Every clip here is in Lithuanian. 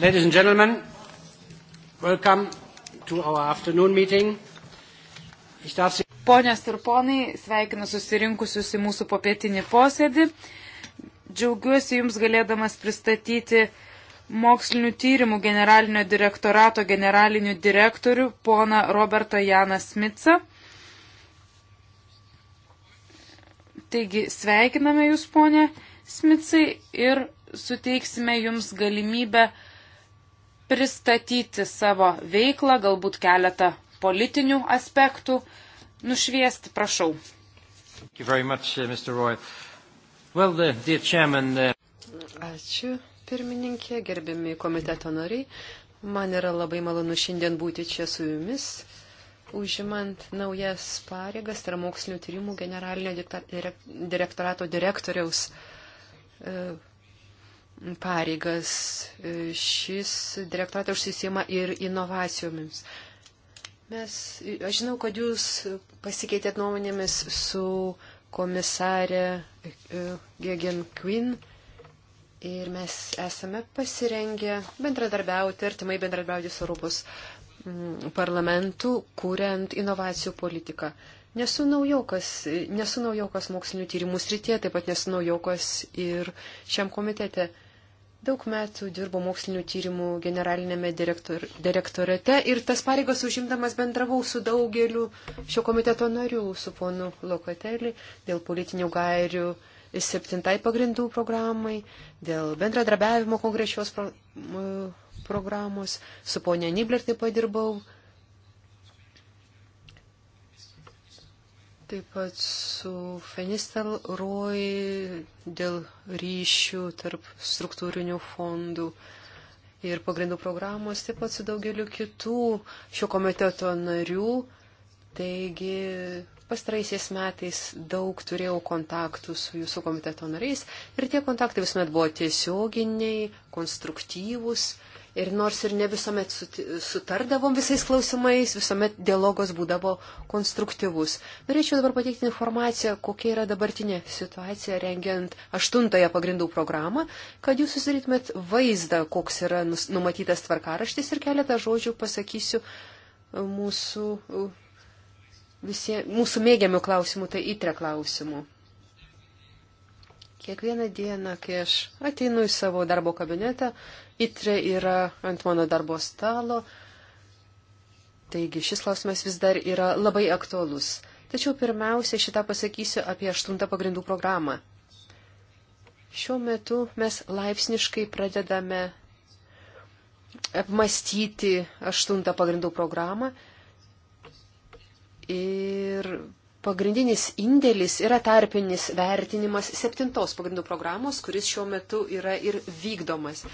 Ladies and gentlemen, welcome to our afternoon meeting. Ich darf Sie Ponios ir ponai, sveikinu susirinkusius į mūsų popietinį posėdį. Džiaugiuosi Jums galėdamas pristatyti mokslinių tyrimų generalinio direktorato generalinių direktorių pona Robertą Janą Smitsą. Taigi sveikiname Jūs, ponė Smitsai, ir suteiksime Jums galimybę uh, pristatyti savo veiklą, galbūt keletą politinių aspektų nušviesti, prašau. Much, uh, well, the, the chairman, uh... Ačiū, pirmininkė, gerbiami komiteto nariai. Man yra labai malonu šiandien būti čia su jumis, užimant naujas pareigas, tai yra mokslinio tyrimų generalinio direktorato direktoriaus. Uh, pareigas. E, šis direktoratas užsisima ir inovacijomis. Mes, aš žinau, kad jūs pasikeitėt nuomonėmis su komisarė e, Gegen Quinn ir mes esame pasirengę bendradarbiauti, artimai bendradarbiauti su Europos mm, parlamentu, kuriant inovacijų politiką. Nesu naujokas, nesu naujokas mokslinių tyrimų srityje, taip pat nesu naujokas ir šiam komitete. Daug metų dirbo mokslinių tyrimų generalinėme direktor, direktorate ir tas pareigas užimdamas bendravau su daugeliu šio komiteto narių, su ponu Lokatelį, dėl politinių gairių septintai pagrindų programai, dėl bendradarbiavimo konkrečios pro, programos, su ponia Nibler taip pat dirbau Taip pat su Fenistel Roy dėl ryšių tarp struktūrinių fondų ir pagrindų programos, taip pat su daugeliu kitų šio komiteto narių. Taigi pastaraisiais metais daug turėjau kontaktų su jūsų komiteto nariais ir tie kontaktai visuomet buvo tiesioginiai, konstruktyvūs Ir nors ir ne visuomet sutardavom visais klausimais, visuomet dialogos būdavo konstruktyvus. Norėčiau dabar pateikti informaciją, kokia yra dabartinė situacija rengiant aštuntąją pagrindų programą, kad jūs susidarytumėt vaizdą, koks yra numatytas tvarkaraštis ir keletą žodžių pasakysiu mūsų, visie, mūsų mėgiamių klausimų, tai įtre klausimų. Kiekvieną dieną, kai aš ateinu į savo darbo kabinetą, itre yra ant mano darbo stalo, taigi šis klausimas vis dar yra labai aktuolus. Tačiau pirmiausia, šitą pasakysiu apie aštuntą pagrindų programą. Šiuo metu mes laipsniškai pradedame apmastyti aštuntą pagrindų programą ir pagrindinis indėlis yra tarpinis vertinimas septintos pagrindų programos, kuris šiuo metu yra ir vykdomas.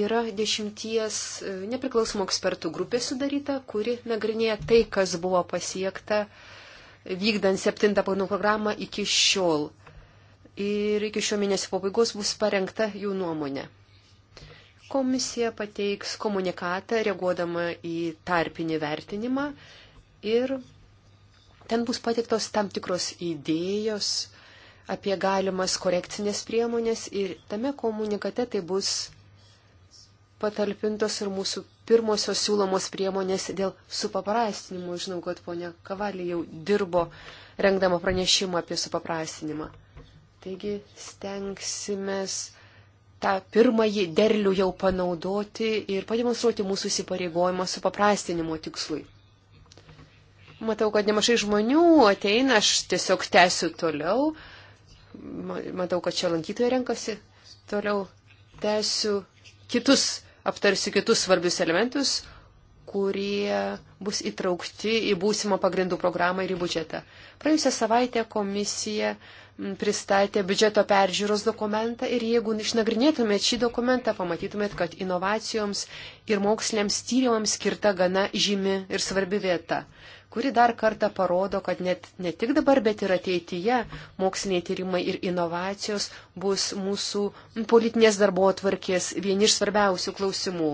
Yra dešimties e, nepriklausomų ekspertų grupė sudaryta, kuri nagrinėja tai, kas buvo pasiekta e, vykdant septintą pagrindų programą iki šiol. Ir iki šio mėnesio pabaigos bus parengta jų nuomonė. Komisija pateiks komunikatą reaguodama į tarpinį vertinimą ir Ten bus patiktos tam tikros idėjos apie galimas korekcinės priemonės ir tame komunikate tai bus patalpintos ir mūsų pirmosios siūlomos priemonės dėl supaprastinimo. Žinau, kad ponia Kavalį jau dirbo rengdama pranešimą apie supaprastinimą. Taigi stengsimės tą pirmąjį derlių jau panaudoti ir pademonstruoti mūsų įsipareigojimą supaprastinimo tikslui. Matau, kad nemažai žmonių ateina, aš tiesiog tęsiu toliau. Matau, kad čia lankytojai renkasi. Toliau tęsiu kitus, aptarsiu kitus svarbius elementus, kurie bus įtraukti į būsimą pagrindų programą ir į biudžetą. Praėjusią savaitę komisija pristatė biudžeto peržiūros dokumentą ir jeigu išnagrinėtumėt šį dokumentą, pamatytumėt, kad inovacijoms ir moksliniams tyrimams skirta gana žymi ir svarbi vieta kuri dar kartą parodo, kad net, ne tik dabar, bet ir ateityje moksliniai tyrimai ir inovacijos bus mūsų politinės darbo atvarkės vieni iš svarbiausių klausimų.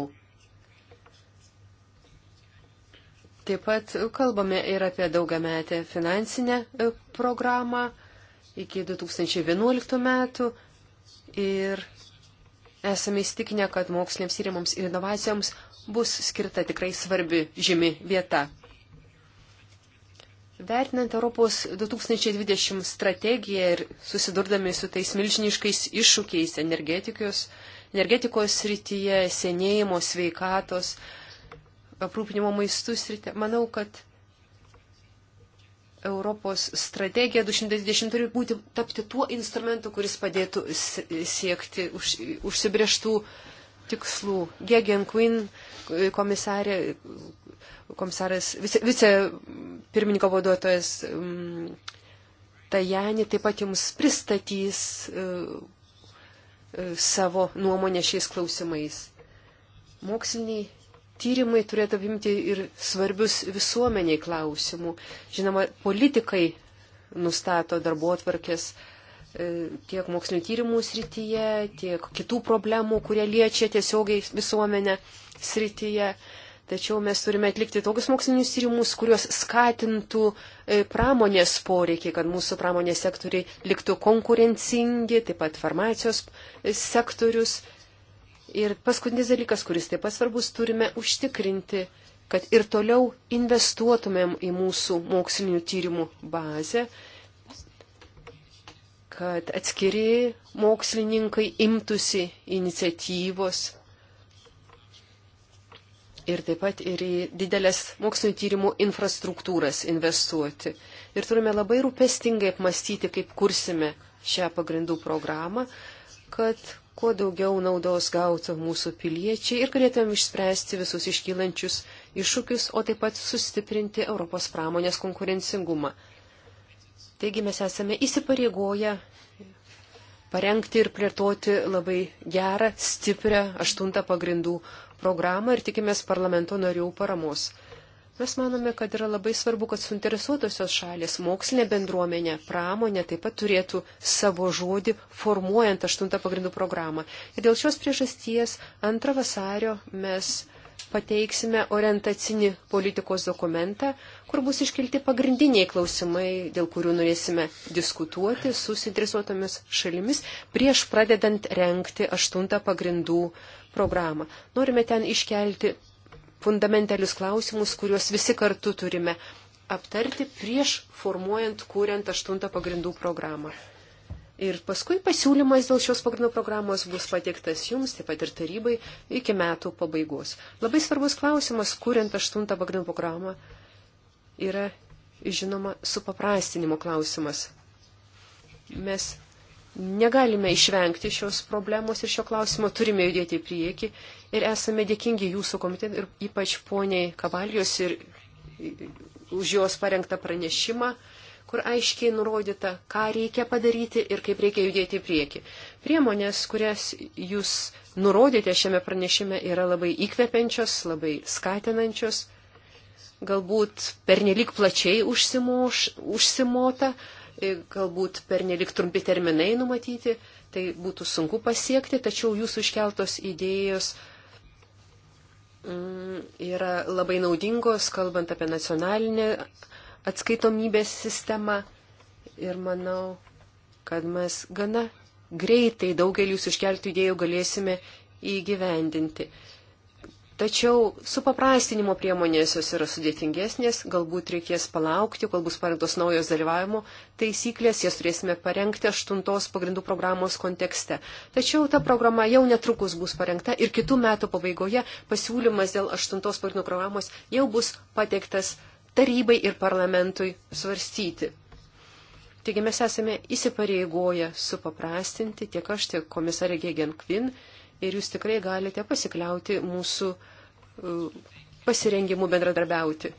Taip pat kalbame ir apie daugiametę finansinę e, programą iki 2011 metų ir esame įstikinę, kad moksliniams tyrimams ir inovacijoms bus skirta tikrai svarbi žymi vieta. Vertinant Europos 2020 strategiją ir susidurdami su tais milžiniškais iššūkiais energetikos, energetikos srityje, senėjimo, sveikatos, aprūpinimo maistų srityje, manau, kad Europos strategija 220 turi būti tapti tuo instrumentu, kuris padėtų siekti už, užsibrieštų tikslų. Gegen Quinn komisarė komisaras, vice, vice pirmininko vaduotojas um, Tajani taip pat jums pristatys uh, savo nuomonę šiais klausimais. Moksliniai tyrimai turėtų apimti ir svarbius visuomeniai klausimų. Žinoma, politikai nustato darbo atvarkės e, tiek mokslinio tyrimų srityje, tiek kitų problemų, kurie liečia tiesiogiai visuomenę srityje. Tačiau mes turime atlikti tokius mokslinius tyrimus, kuriuos skatintų e, pramonės poreikiai, kad mūsų pramonės sektoriai liktų konkurencingi, taip pat farmacijos e, sektorius. Ir paskutinis dalykas, kuris taip pat svarbus, turime užtikrinti, kad ir toliau investuotumėm į mūsų mokslinių tyrimų bazę kad atskiri mokslininkai imtųsi iniciatyvos ir taip pat ir į didelės mokslinio tyrimų infrastruktūras investuoti. Ir turime labai rūpestingai apmastyti, kaip kursime šią pagrindų programą, kad kuo daugiau naudos gautų mūsų piliečiai ir galėtumėm išspręsti visus iškylančius iššūkius, o taip pat sustiprinti Europos pramonės konkurencingumą. Taigi mes esame įsipareigoję parengti ir plėtoti labai gerą, stiprią aštuntą pagrindų programą ir tikimės parlamento narių paramos. Mes manome, kad yra labai svarbu, kad suinteresuotosios šalis, mokslinė bendruomenė, pramonė taip pat turėtų savo žodį formuojant aštuntą pagrindų programą. Ir dėl šios priežasties antrą vasario mes pateiksime orientacinį politikos dokumentą, kur bus iškelti pagrindiniai klausimai, dėl kurių norėsime diskutuoti su suinteresuotomis šalimis prieš pradedant renkti aštuntą pagrindų programą. Norime ten iškelti fundamentalius klausimus, kuriuos visi kartu turime aptarti prieš formuojant, kuriant aštuntą pagrindų programą. Ir paskui pasiūlymas dėl šios pagrindų programos bus pateiktas jums, taip pat ir tarybai, iki metų pabaigos. Labai svarbus klausimas, kuriant aštuntą pagrindų programą, yra, žinoma, supaprastinimo klausimas. Mes negalime išvengti šios problemos ir šio klausimo, turime judėti į priekį ir esame dėkingi jūsų komitetui ir ypač poniai Kavalijos ir už jos parengtą pranešimą kur aiškiai nurodyta, ką reikia padaryti ir kaip reikia judėti į priekį. Priemonės, kurias jūs nurodėte šiame pranešime, yra labai įkvepiančios, labai skatinančios, galbūt pernelik plačiai užsimoš, užsimota, e, galbūt pernelik trumpi terminai numatyti, tai būtų sunku pasiekti, tačiau jūsų iškeltos idėjos mm, yra labai naudingos, kalbant apie nacionalinę atskaitomybės sistema ir manau, kad mes gana greitai daugelį jūsų iškeltų idėjų galėsime įgyvendinti. Tačiau su paprastinimo priemonės jos yra sudėtingesnės, galbūt reikės palaukti, kol bus parengtos naujos dalyvavimo taisyklės, jas turėsime parengti aštuntos pagrindų programos kontekste. Tačiau ta programa jau netrukus bus parengta ir kitų metų pabaigoje pasiūlymas dėl aštuntos pagrindų programos jau bus pateiktas tarybai ir parlamentui svarstyti. Taigi mes esame įsipareigoję supaprastinti tiek aš, tiek komisarė Gegen Kvin ir jūs tikrai galite pasikliauti mūsų e, pasirengimu bendradarbiauti.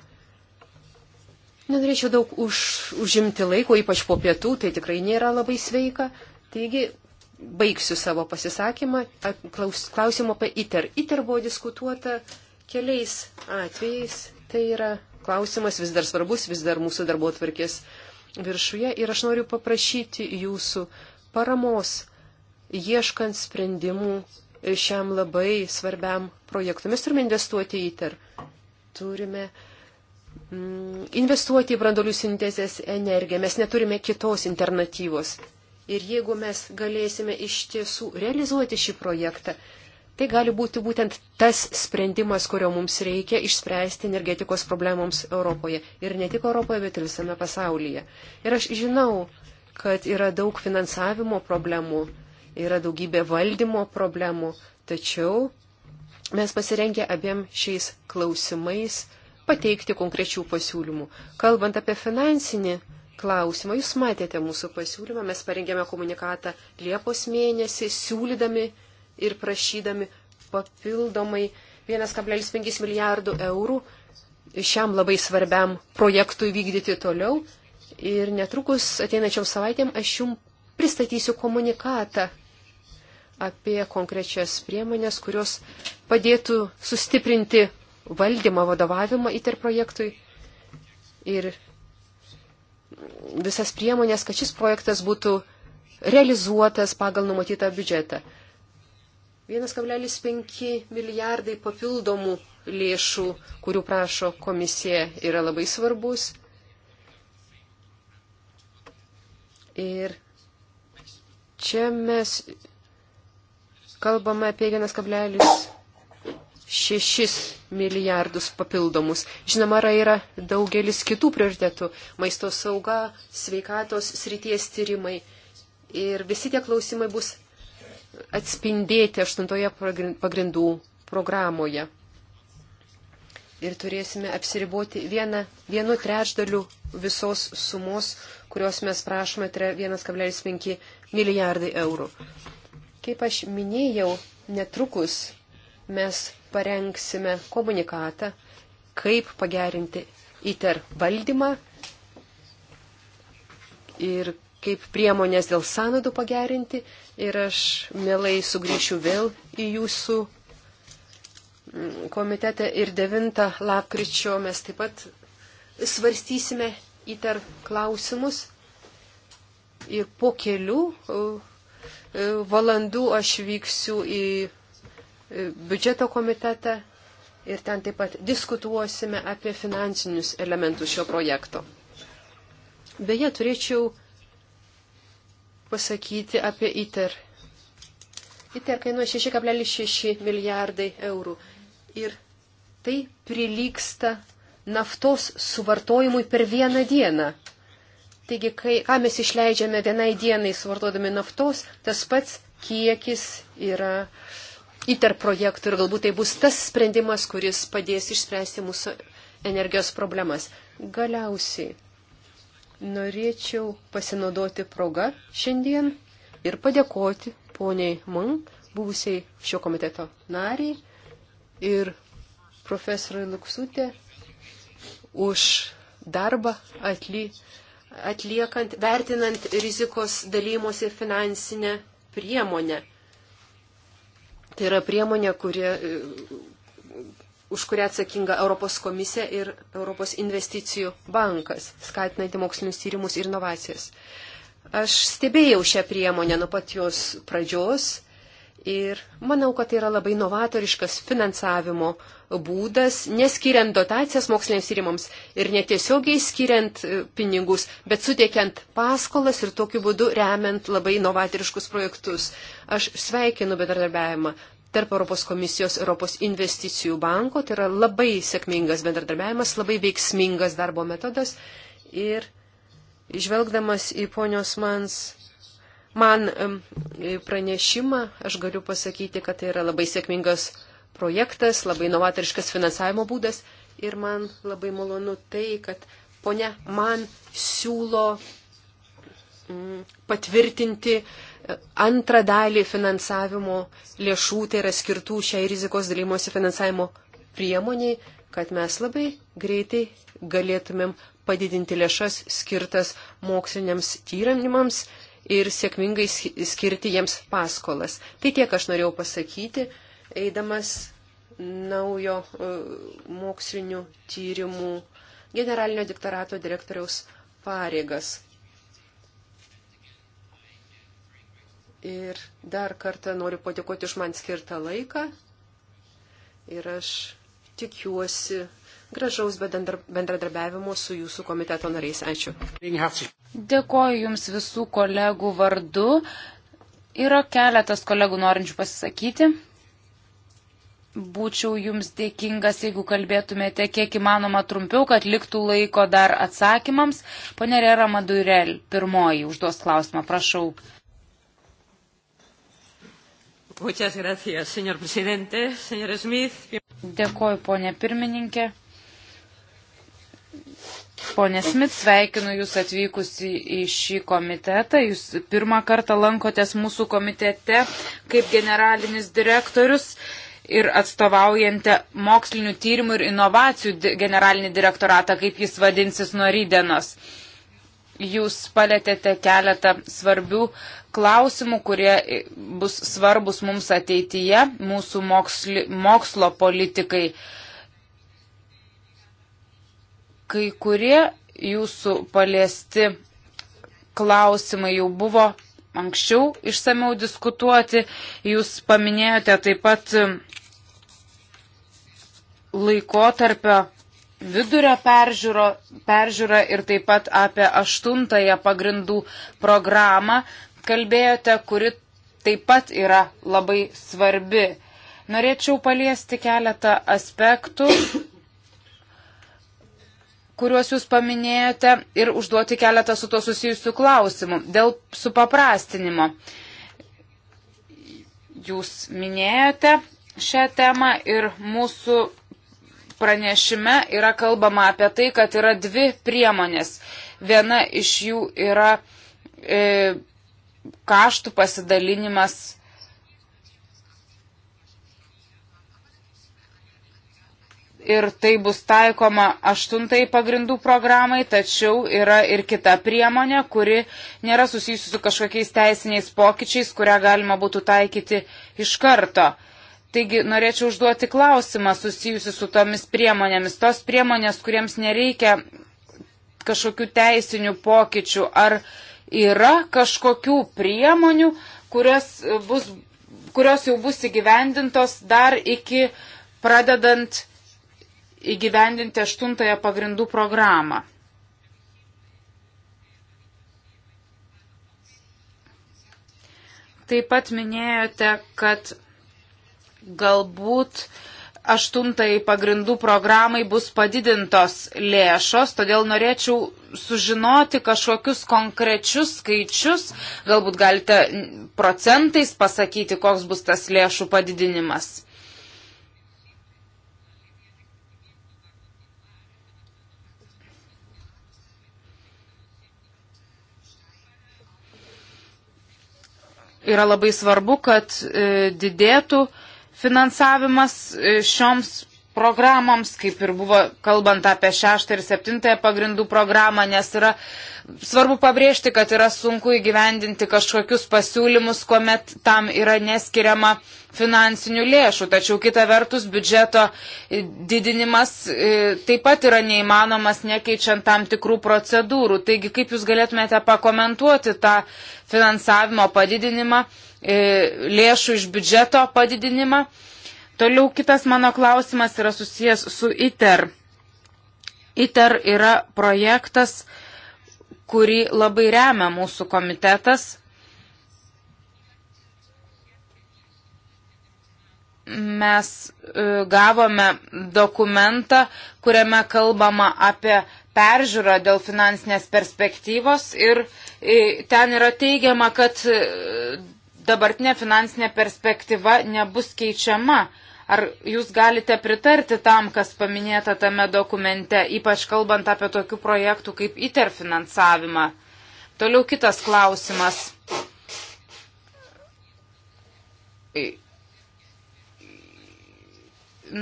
Nenorėčiau daug už, užimti laiko, ypač po pietų, tai tikrai nėra labai sveika. Taigi baigsiu savo pasisakymą klaus, klausimu apie ITER. ITER buvo diskutuota keliais atvejais. Tai yra klausimas vis dar svarbus, vis dar mūsų darbo atvarkės viršuje ir aš noriu paprašyti jūsų paramos, ieškant sprendimų šiam labai svarbiam projektui. Mes turime investuoti į ITER. Turime mm, investuoti į brandolių sintezės energiją. Mes neturime kitos alternatyvos. Ir jeigu mes galėsime iš tiesų realizuoti šį projektą, Tai gali būti būtent tas sprendimas, kurio mums reikia išspręsti energetikos problemoms Europoje. Ir ne tik Europoje, bet ir visame pasaulyje. Ir aš žinau, kad yra daug finansavimo problemų, yra daugybė valdymo problemų, tačiau mes pasirengę abiem šiais klausimais pateikti konkrečių pasiūlymų. Kalbant apie finansinį klausimą, jūs matėte mūsų pasiūlymą, mes parengėme komunikatą Liepos mėnesį, siūlydami ir prašydami papildomai 1,5 milijardų eurų šiam labai svarbiam projektui vykdyti toliau. Ir netrukus ateinačiam savaitėm aš jums pristatysiu komunikatą apie konkrečias priemonės, kurios padėtų sustiprinti valdymą, vadovavimą ITER projektui ir visas priemonės, kad šis projektas būtų realizuotas pagal numatytą biudžetą. 1,5 milijardai papildomų lėšų, kurių prašo komisija, yra labai svarbus. Ir čia mes kalbame apie 1,6 milijardus papildomus. Žinoma, yra daugelis kitų prioritetų - maisto sauga, sveikatos srities tyrimai. Ir visi tie klausimai bus atspindėti aštuntoje pagrindų programoje. Ir turėsime apsiriboti vieną, vienu trečdaliu visos sumos, kurios mes prašome, tai yra 1,5 milijardai eurų. Kaip aš minėjau, netrukus mes parengsime komunikatą, kaip pagerinti ITER valdymą ir kaip priemonės dėl sąnadų pagerinti ir aš mielai sugrįšiu vėl į jūsų mm, komitete ir 9 lapkričio mes taip pat svarstysime įter klausimus ir po kelių e, e, valandų aš vyksiu į e, biudžeto komitetą ir ten taip pat diskutuosime apie finansinius elementus šio projekto. Beje, turėčiau pasakyti apie ITER. ITER kainuoja 6,6 milijardai eurų. Ir tai prilyksta naftos suvartojimui per vieną dieną. Taigi, kai, ką mes išleidžiame vienai dienai suvartodami naftos, tas pats kiekis yra ITER projektų ir galbūt tai bus tas sprendimas, kuris padės išspręsti mūsų energijos problemas. Galiausiai Norėčiau pasinaudoti progą šiandien ir padėkoti poniai man, buvusiai šio komiteto nariai ir profesoriui Luksutė už darbą atly, atliekant, vertinant rizikos dalymosi finansinę priemonę. Tai yra priemonė, kurie, už kurią atsakinga Europos komisija ir Europos investicijų bankas, skatinanti mokslinius tyrimus ir inovacijas. Aš stebėjau šią priemonę nuo pat jos pradžios ir manau, kad tai yra labai novatoriškas finansavimo būdas, neskiriant dotacijas moksliniams tyrimams ir netiesiogiai skiriant e, pinigus, bet suteikiant paskolas ir tokiu būdu remiant labai novatoriškus projektus. Aš sveikinu bedarbiavimą tarp Europos komisijos Europos investicijų banko. Tai yra labai sėkmingas bendradarbiavimas, labai veiksmingas darbo metodas. Ir žvelgdamas į ponios mans, man pranešimą, aš galiu pasakyti, kad tai yra labai sėkmingas projektas, labai novatoriškas finansavimo būdas. Ir man labai malonu tai, kad ponia man siūlo mm, patvirtinti uh, antrą dalį finansavimo lėšų, tai yra skirtų šiai rizikos dalymosi finansavimo priemoniai, kad mes labai greitai galėtumėm padidinti lėšas skirtas moksliniams tyrimams ir sėkmingai skirti jiems paskolas. Tai tiek aš norėjau pasakyti, eidamas naujo e, mokslinių tyrimų generalinio diktorato direktoriaus pareigas. Ir dar kartą noriu padėkoti už man skirtą laiką. Ir aš tikiuosi gražaus bendradarbiavimo su jūsų komiteto nariais. Ačiū. Dėkoju Jums visų kolegų vardu. Yra keletas kolegų norinčių pasisakyti. Būčiau Jums dėkingas, jeigu kalbėtumėte kiek įmanoma trumpiau, kad liktų laiko dar atsakymams. Pane Rera Madurel, pirmoji užduos klausimą, prašau. Muchas gracias, señor presidente. Señor Smith. Dėkoju, ponė pirmininkė. Pone Smith, sveikinu Jūs atvykus į, į šį komitetą. Jūs pirmą kartą lankotės mūsų komitete kaip generalinis direktorius ir atstovaujate mokslinių tyrimų ir inovacijų generalinį direktoratą, kaip jis vadinsis nuo rydenos. Jūs palėtėte keletą svarbių klausimų, kurie bus svarbus mums ateityje, mūsų moksli, mokslo politikai. Kai kurie jūsų paliesti klausimai jau buvo anksčiau išsameu diskutuoti. Jūs paminėjote taip pat laikotarpio vidurio peržiūro, peržiūrą ir taip pat apie aštuntąją pagrindų programą kalbėjote, kuri taip pat yra labai svarbi. Norėčiau paliesti keletą aspektų, kuriuos jūs paminėjote ir užduoti keletą su to susijusių klausimų. Dėl supaprastinimo. Jūs minėjote šią temą ir mūsų pranešime yra kalbama apie tai, kad yra dvi priemonės. Viena iš jų yra e, kaštų pasidalinimas. Ir tai bus taikoma aštuntai pagrindų programai, tačiau yra ir kita priemonė, kuri nėra susijusi su kažkokiais teisiniais pokyčiais, kurią galima būtų taikyti iš karto. Taigi norėčiau užduoti klausimą susijusi su tomis priemonėmis. Tos priemonės, kuriems nereikia kažkokių teisinių pokyčių, ar uh, yra kažkokių priemonių, kurios, e, bus, kurios jau bus įgyvendintos dar iki pradedant įgyvendinti aštuntąją pagrindų programą. Taip pat minėjote, kad galbūt uh, aštuntai pagrindų programai bus padidintos lėšos, todėl norėčiau sužinoti kažkokius konkrečius skaičius, galbūt galite procentais pasakyti, koks bus tas lėšų padidinimas. Yra labai svarbu, kad e, didėtų e, finansavimas e, šioms programoms, kaip ir buvo kalbant apie šeštą ir septintąją pagrindų programą, nes yra svarbu pabrėžti, kad yra sunku įgyvendinti kažkokius pasiūlymus, kuomet tam yra neskiriama finansinių lėšų. Tačiau kita vertus, biudžeto didinimas e, taip pat yra neįmanomas nekeičiant tam tikrų procedūrų. Taigi, kaip Jūs galėtumėte pakomentuoti tą finansavimo padidinimą, e, lėšų iš biudžeto padidinimą? Toliau kitas mano klausimas yra susijęs su ITER. ITER yra projektas, kurį labai remia mūsų komitetas. Mes e, gavome dokumentą, kuriame kalbama apie peržiūrą dėl finansinės perspektyvos ir e, ten yra teigiama, kad e, dabartinė finansinė perspektyva nebus keičiama. Ar jūs galite pritarti tam, kas paminėta tame dokumente, ypač kalbant apie tokių projektų kaip įterfinansavimą? Toliau kitas klausimas.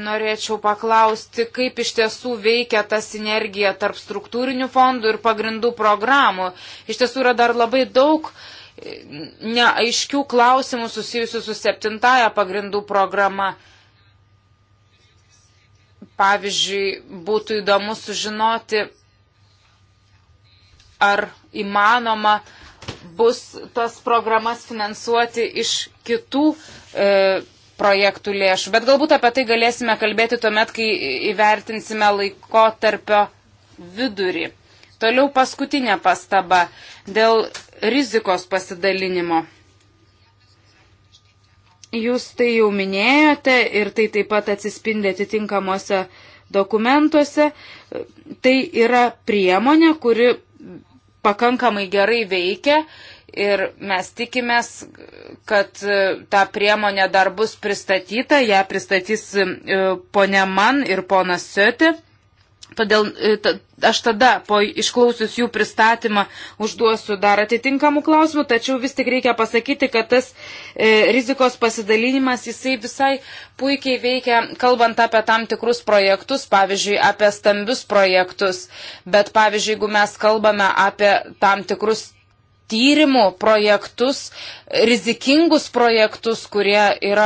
Norėčiau paklausti, kaip iš tiesų veikia ta sinergija tarp struktūrinių fondų ir pagrindų programų. Iš tiesų yra dar labai daug e, neaiškių klausimų susijusių su septintaja pagrindų programa. Pavyzdžiui, būtų įdomu sužinoti, ar įmanoma bus tas programas finansuoti iš kitų e, projektų lėšų. Bet galbūt apie tai galėsime kalbėti tuomet, kai įvertinsime laikotarpio vidurį. Toliau paskutinė pastaba dėl rizikos pasidalinimo. Jūs tai jau minėjote ir tai taip pat atsispindi atitinkamuose dokumentuose. Tai yra priemonė, kuri pakankamai gerai veikia ir mes tikimės, kad e, ta priemonė dar bus pristatyta, ją pristatys e, ponė man ir ponas Söti. Todėl e, aš tada po išklausius jų pristatymą užduosiu dar atitinkamų klausimų, tačiau vis tik reikia pasakyti, kad tas e, rizikos pasidalinimas jisai visai puikiai veikia, kalbant apie tam tikrus projektus, pavyzdžiui, apie stambius projektus. Bet pavyzdžiui, jeigu mes kalbame apie tam tikrus tyrimų projektus, rizikingus projektus, kurie yra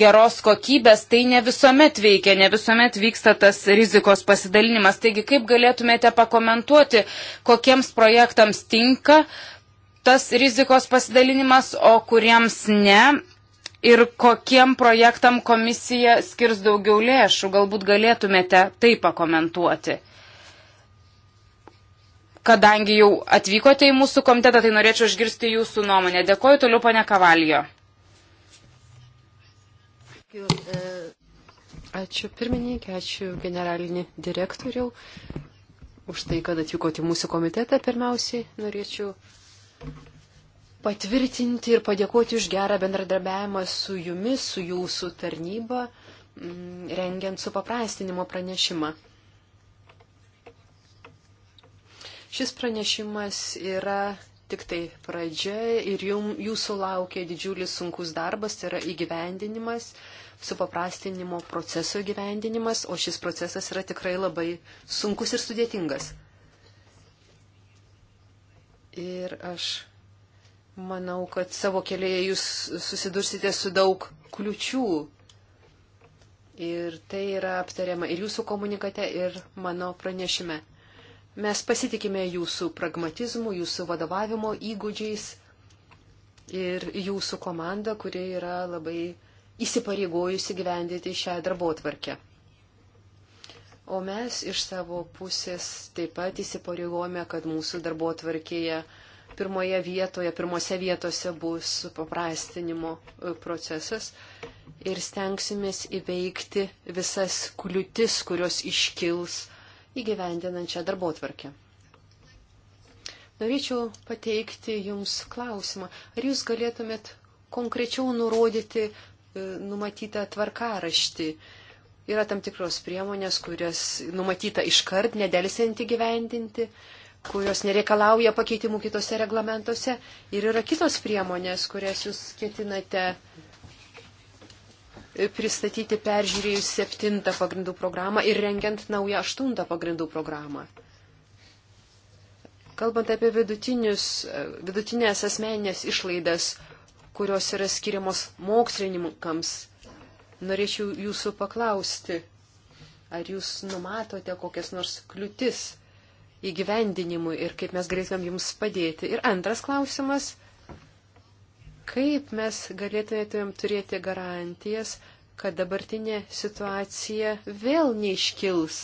geros kokybės, tai ne visuomet veikia, ne visuomet vyksta tas rizikos pasidalinimas. Taigi, kaip galėtumėte pakomentuoti, kokiems projektams tinka tas rizikos pasidalinimas, o kuriems ne? Ir kokiem projektam komisija skirs daugiau lėšų, galbūt galėtumėte tai pakomentuoti kadangi jau atvykote į mūsų komitetą, tai norėčiau išgirsti jūsų nuomonę. Dėkoju toliau, pane Kavalijo. Ačiū pirmininkė, ačiū generalinį direktoriau už tai, kad atvykote į mūsų komitetą. Pirmiausiai norėčiau patvirtinti ir padėkoti už gerą bendradarbiavimą su jumis, su jūsų tarnyba, mm, rengiant supaprastinimo pranešimą. Šis pranešimas yra tik tai pradžia ir jum, jūsų laukia didžiulis sunkus darbas, tai yra įgyvendinimas, supaprastinimo proceso įgyvendinimas, o šis procesas yra tikrai labai sunkus ir sudėtingas. Ir aš manau, kad savo kelyje jūs susidursite su daug kliučių. Ir tai yra aptariama ir jūsų komunikate, ir mano pranešime. Mes pasitikime jūsų pragmatizmu, jūsų vadovavimo įgūdžiais ir jūsų komanda, kuri yra labai įsipareigojusi gyvendyti šią darbo tvarkę. O mes iš savo pusės taip pat įsipareigojame, kad mūsų darbo tvarkėje pirmoje vietoje, pirmose vietose bus paprastinimo e, procesas ir stengsimės įveikti visas kliūtis, kurios iškils įgyvendinančią darbo tvarkę. Norėčiau pateikti Jums klausimą, ar Jūs galėtumėt konkrečiau nurodyti e, numatytą tvarkaraštį. Yra tam tikros priemonės, kurias numatyta iškart nedelsiant įgyvendinti, kurios nereikalauja pakeitimų kitose reglamentuose. Ir yra kitos priemonės, kurias jūs ketinate pristatyti peržiūrėjus septintą pagrindų programą ir rengiant naują aštuntą pagrindų programą. Kalbant apie vidutinės asmeninės išlaidas, kurios yra skiriamos mokslininkams, norėčiau jūsų paklausti, ar jūs numatote kokias nors kliūtis įgyvendinimui ir kaip mes galėtumėm jums padėti. Ir antras klausimas Kaip mes galėtumėtumėm turėti garantijas, kad dabartinė situacija vėl neiškils?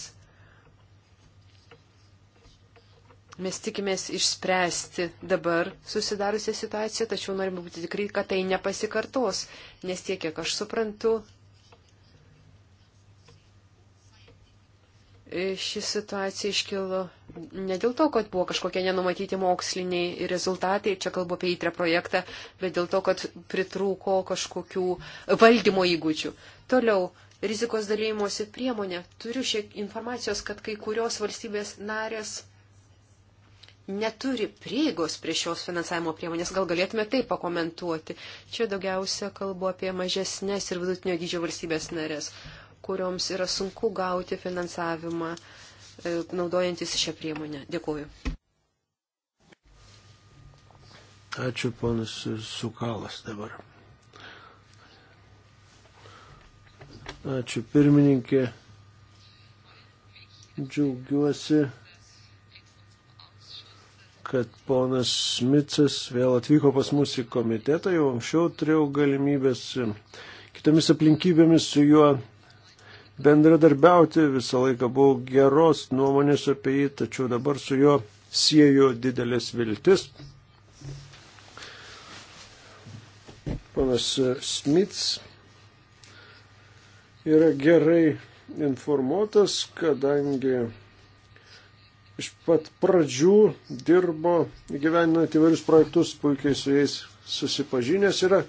Mes tikimės išspręsti dabar susidariusią situaciją, tačiau norime būti tikrai, kad tai nepasikartos, nes tiek, kiek aš suprantu, ši situacija iškilo ne dėl to, kad buvo kažkokie nenumatyti moksliniai rezultatai, čia kalbu apie įtrę projektą, bet dėl to, kad pritrūko kažkokių valdymo įgūdžių. Toliau, rizikos dalymosi priemonė. Turiu šiek informacijos, kad kai kurios valstybės narės neturi prieigos prie šios finansavimo priemonės. Gal galėtume tai pakomentuoti. Čia daugiausia kalbu apie mažesnės ir vidutinio dydžio valstybės narės kurioms yra sunku gauti finansavimą e, naudojantis šią priemonę. Dėkuoju. Ačiū, ponas Sukalas dabar. Ačiū, pirmininkė. Džiaugiuosi, kad ponas Smicas vėl atvyko pas mus į komitetą, jau anksčiau turėjau galimybės kitomis aplinkybėmis su juo bendradarbiauti, visą laiką buvau geros nuomonės apie jį, tačiau dabar su juo sieju didelės viltis. Panas Smits yra gerai informuotas, kadangi iš pat pradžių dirbo gyveninant įvairius projektus, puikiai su jais susipažinęs yra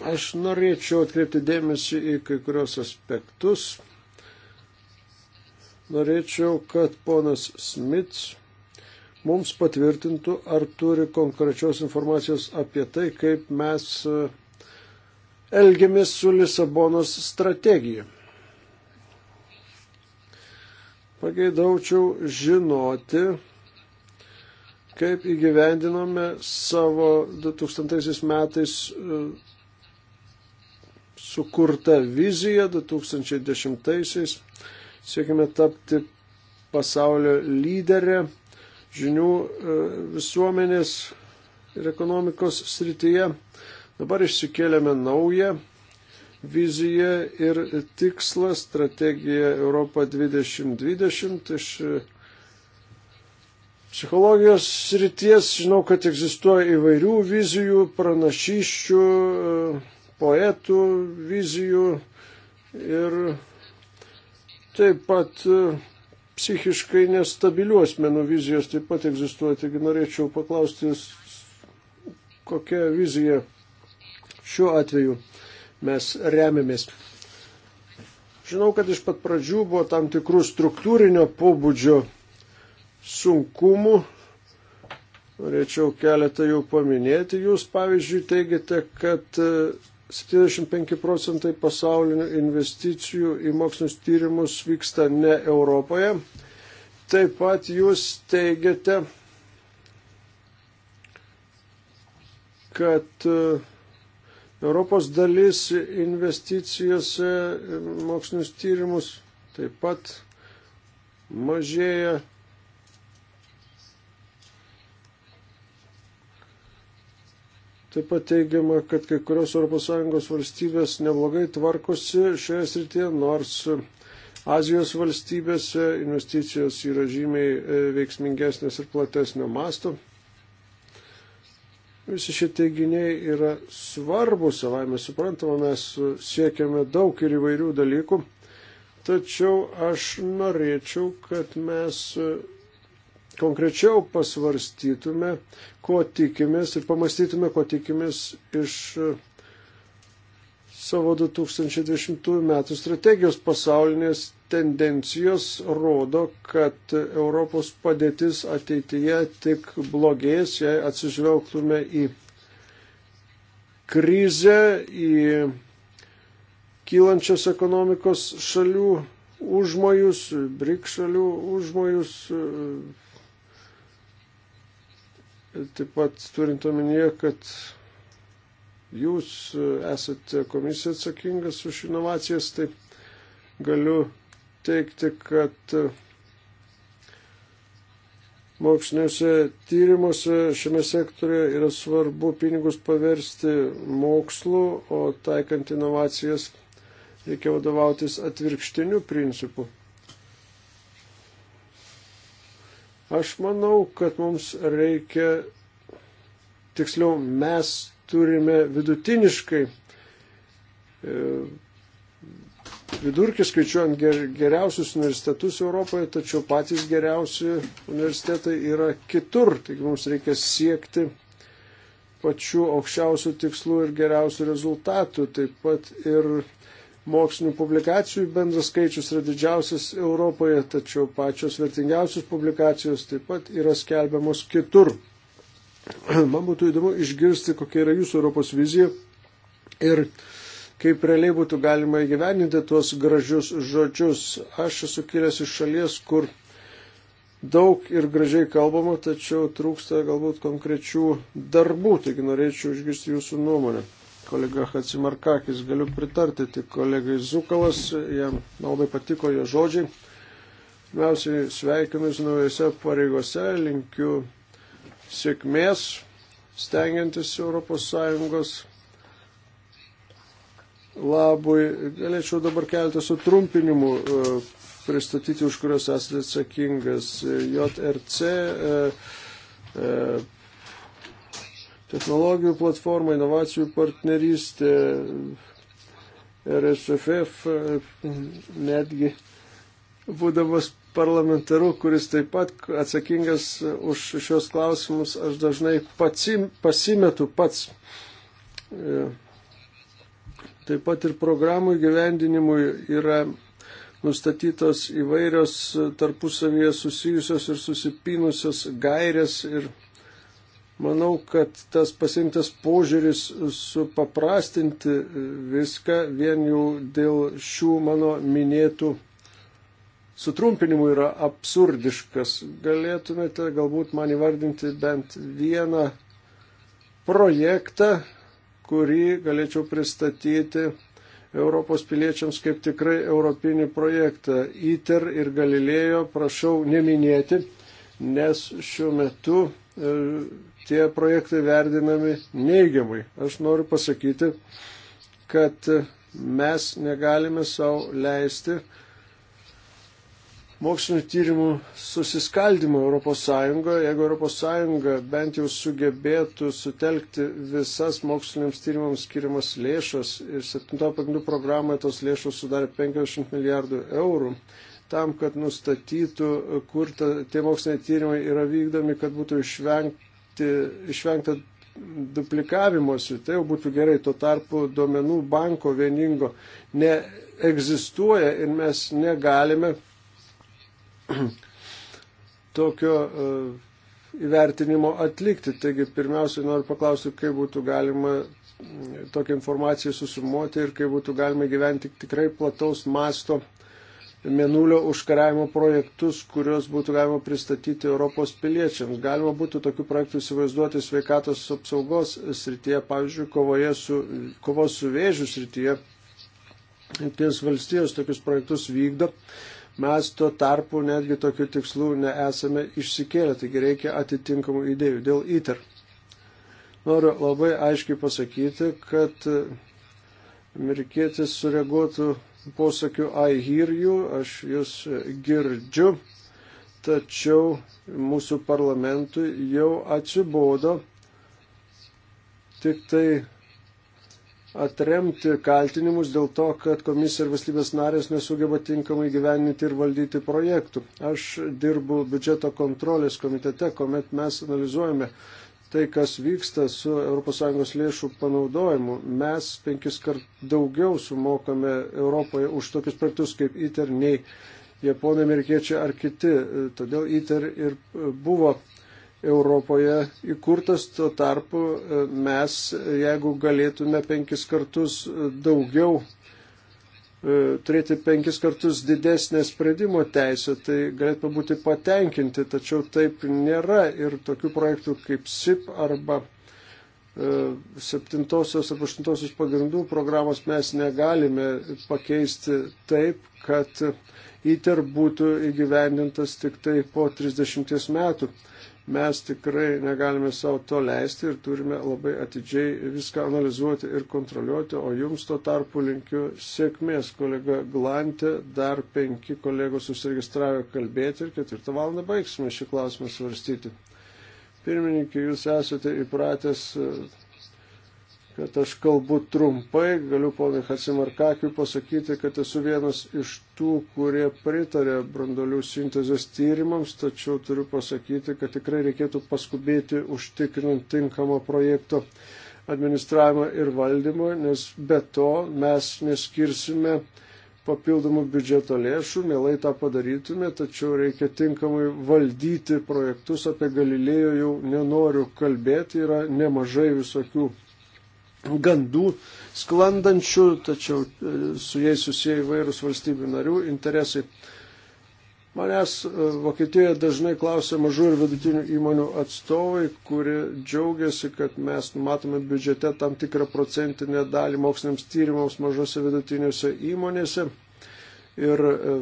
Aš norėčiau atkreipti dėmesį į kai kurios aspektus. Norėčiau, kad ponas Smits mums patvirtintų, ar turi konkrečios informacijos apie tai, kaip mes e, elgiamės su Lisabonos strategija. Pageidaučiau žinoti, kaip įgyvendinome savo 2000 metais e, sukurta vizija 2010-aisiais. Siekime tapti pasaulio lyderę žinių e, visuomenės ir ekonomikos srityje. Dabar išsikėlėme naują viziją ir tikslą strategiją Europą 2020. Iš e, psichologijos srities žinau, kad egzistuoja įvairių vizijų, pranašyščių, e, poetų vizijų ir taip pat e, psichiškai nestabilių asmenų vizijos taip pat egzistuoja. Taigi norėčiau paklausti, kokią viziją šiuo atveju mes remiamės. Žinau, kad iš pat pradžių buvo tam tikrų struktūrinio pobūdžio sunkumų. Norėčiau keletą jų paminėti. Jūs, pavyzdžiui, teigiate, kad e, 75 procentai pasaulinių investicijų į mokslinius tyrimus vyksta ne Europoje. Taip pat jūs teigiate, kad e, Europos dalis investicijose mokslinius tyrimus taip pat mažėja Taip pat teigiama, kad kai kurios ES valstybės neblogai tvarkosi šioje srityje, nors Azijos valstybėse investicijos yra žymiai e, veiksmingesnės ir platesnio masto. Visi šie teiginiai yra svarbus, savaime suprantama, mes siekiame daug ir įvairių dalykų. Tačiau aš norėčiau, kad mes konkrečiau pasvarstytume, ko tikimės ir pamastytume, ko tikimės iš e, savo 2020 metų strategijos pasaulinės tendencijos rodo, kad Europos padėtis ateityje tik blogės, jei atsižvelgtume į krizę, į kylančios ekonomikos šalių užmojus, brik šalių užmojus, Taip pat turint omenyje, kad jūs esate komisija atsakingas už inovacijas, tai galiu teikti, kad moksliniuose tyrimuose šiame sektorioje yra svarbu pinigus paversti mokslu, o taikant inovacijas reikia vadovautis atvirkštiniu principu. Aš manau, kad mums reikia, tiksliau, mes turime vidutiniškai, e, vidurkį skaičiuojant geriausius universitetus Europoje, tačiau patys geriausi universitetai yra kitur. Taigi mums reikia siekti pačių aukščiausių tikslų ir geriausių rezultatų, taip pat ir Mokslinių publikacijų bendras skaičius yra didžiausias Europoje, tačiau pačios vertingiausios publikacijos taip pat yra skelbiamos kitur. Man būtų įdomu išgirsti, kokia yra jūsų Europos vizija ir kaip realiai būtų galima įgyveninti tuos gražius žodžius. Aš esu kilęs iš šalies, kur daug ir gražiai kalbama, tačiau trūksta galbūt konkrečių darbų, taigi norėčiau išgirsti jūsų nuomonę kolega Hatsimarkakis. Galiu pritarti tik kolegai Zukalas, jam labai patiko jo žodžiai. Pirmiausiai sveikinu jūs naujose pareigose, linkiu sėkmės stengiantis ES labui. Galėčiau dabar kelti sutrumpinimų e, pristatyti, už kurios esate atsakingas. JRC e, e, technologijų platforma, inovacijų partnerystė, RSFF, netgi būdamas parlamentaru, kuris taip pat atsakingas už šios klausimus, aš dažnai pasim, pasimetu pats. E, taip pat ir programų gyvendinimui yra nustatytos įvairios tarpusavyje susijusios ir susipinusios gairės ir Manau, kad tas pasirinktas požiūris supaprastinti viską vien jau dėl šių mano minėtų sutrumpinimų yra absurdiškas. Galėtumėte galbūt man įvardinti bent vieną projektą, kurį galėčiau pristatyti Europos piliečiams kaip tikrai europinį projektą. ITER ir Galilėjo prašau neminėti, nes šiuo metu e, tie projektai verdinami neigiamai. Aš noriu pasakyti, kad mes negalime savo leisti mokslinio tyrimų susiskaldimo ES, jeigu ES bent jau sugebėtų sutelkti visas moksliniams tyrimams skiriamas lėšas ir 7 pagrindų programoje tos lėšos sudarė 50 milijardų eurų tam, kad nustatytų, kur ta, tie moksliniai tyrimai yra vykdomi, kad būtų išvengta išvengta duplikavimuose, tai jau būtų gerai. Tuo tarpu duomenų banko vieningo neegzistuoja ir mes negalime tokio e, įvertinimo atlikti. Taigi pirmiausia, noriu paklausti, kaip būtų galima tokią informaciją susumuoti ir kaip būtų galima gyventi tikrai plataus masto menulio užkariavimo projektus, kuriuos būtų galima pristatyti Europos piliečiams. Galima būtų tokių projektų įsivaizduoti sveikatos apsaugos srityje, pavyzdžiui, kovoje su, kovos su vėžiu srityje. Jungtinės valstijos tokius projektus vykdo. Mes tuo tarpu netgi tokių tikslų nesame išsikėlę, taigi reikia atitinkamų idėjų dėl ITER. Noriu labai aiškiai pasakyti, kad amerikietis sureaguotų posakiu I hear you, aš jūs girdžiu, tačiau mūsų parlamentui jau atsibodo tik tai atremti kaltinimus dėl to, kad komisija ir valstybės narės nesugeba tinkamai gyveninti ir valdyti projektų. Aš dirbu biudžeto kontrolės komitete, kuomet mes analizuojame tai, kas vyksta su ES lėšų panaudojimu. Mes penkis kart daugiau sumokame Europoje už tokius projektus kaip ITER nei Japonai, amerikiečiai ar kiti. Todėl ITER ir buvo Europoje įkurtas, tuo tarpu mes, jeigu galėtume penkis kartus daugiau E, turėti penkis kartus didesnę sprendimo teisę, tai galėtume būti patenkinti, tačiau taip nėra ir tokių projektų kaip SIP arba e, septintosios ar aštuntosios pagrindų programos mes negalime pakeisti taip, kad ITER būtų įgyvendintas tik tai po 30 metų mes tikrai negalime savo to leisti ir turime labai atidžiai viską analizuoti ir kontroliuoti, o jums tuo tarpu linkiu sėkmės, kolega Glantė, dar penki kolegos užsiregistravę kalbėti ir ketvirtą valandą baigsime šį klausimą svarstyti. Pirmininkė, jūs esate įpratęs kad aš kalbu trumpai, galiu ponui Hatsimarkakiu pasakyti, kad esu vienas iš tų, kurie pritarė brandolių sintezės tyrimams, tačiau turiu pasakyti, kad tikrai reikėtų paskubėti užtikrinant tinkamą projekto administravimą ir valdymą, nes be to mes neskirsime papildomų biudžeto lėšų, mielai tą padarytume, tačiau reikia tinkamai valdyti projektus, apie Galilėjo jau nenoriu kalbėti, yra nemažai visokių gandų sklandančių, tačiau e, su jais susiję įvairūs valstybių narių interesai. Manęs e, Vokietijoje dažnai klausia mažų ir vidutinių įmonių atstovai, kurie džiaugiasi, kad mes numatome biudžete tam tikrą procentinę dalį moksliniams tyrimams mažose vidutinėse įmonėse. Ir e,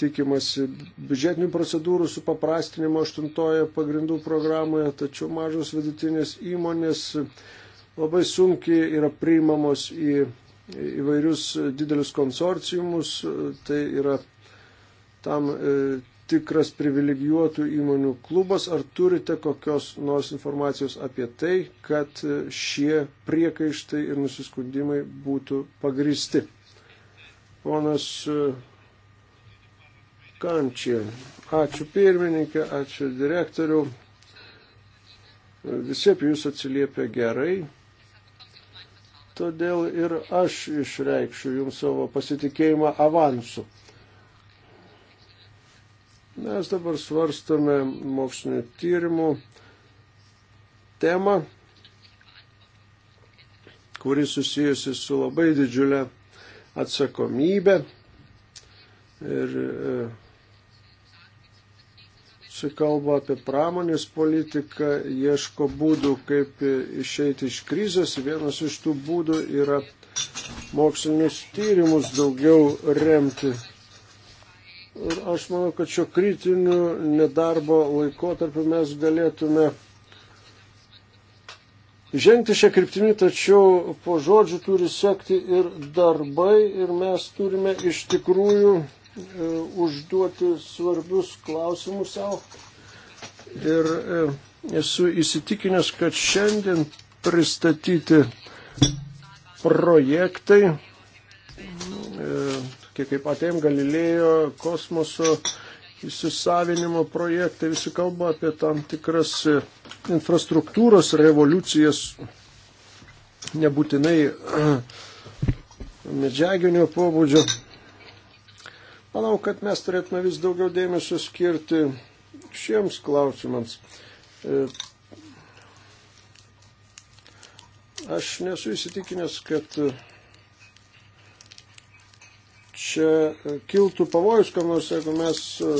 tikimasi biudžetinių procedūrų supaprastinimo aštuntoje pagrindų programoje, tačiau mažos vidutinės įmonės labai sunkiai yra priimamos į įvairius didelius konsorciumus, tai yra tam e, tikras privilegijuotų įmonių klubas. Ar turite kokios nors informacijos apie tai, kad šie priekaištai ir nusiskundimai būtų pagristi? Ponas e, Kančia. Ačiū pirmininkė, ačiū direktorių. Visi apie jūs atsiliepia gerai todėl ir aš išreikšiu jums savo pasitikėjimą avansu. Mes dabar svarstame mokslinio tyrimų temą, kuri susijusi su labai didžiulė atsakomybė ir e, Čia kalba apie pramonės politiką, ieško būdų, kaip išeiti iš krizės. Vienas iš tų būdų yra mokslinius tyrimus daugiau remti. Ir aš manau, kad šio kritiniu nedarbo laikotarpiu mes galėtume žengti šią kryptimį, tačiau po žodžių turi sekti ir darbai ir mes turime iš tikrųjų E, užduoti svarbius klausimus savo. Ir e, esu įsitikinęs, kad šiandien pristatyti projektai, e, kiek kaip atėjom Galilėjo kosmoso įsisavinimo projektai, visi kalba apie tam tikras infrastruktūros revoliucijas, nebūtinai medžiaginio pobūdžio Manau, kad mes turėtume vis daugiau dėmesio skirti šiems klausimams. E, aš nesu įsitikinęs, kad čia kiltų pavojus, kam nors, jeigu mes e,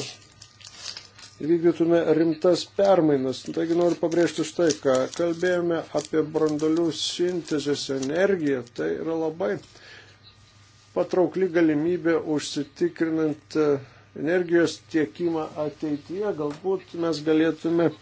vykdytume rimtas permainas. Taigi noriu pabrėžti štai, ką kalbėjome apie brandolių sintezės energiją. Tai yra labai uh, patraukli galimybė užsitikrinant e, energijos tiekimą ateityje. Galbūt mes galėtume e,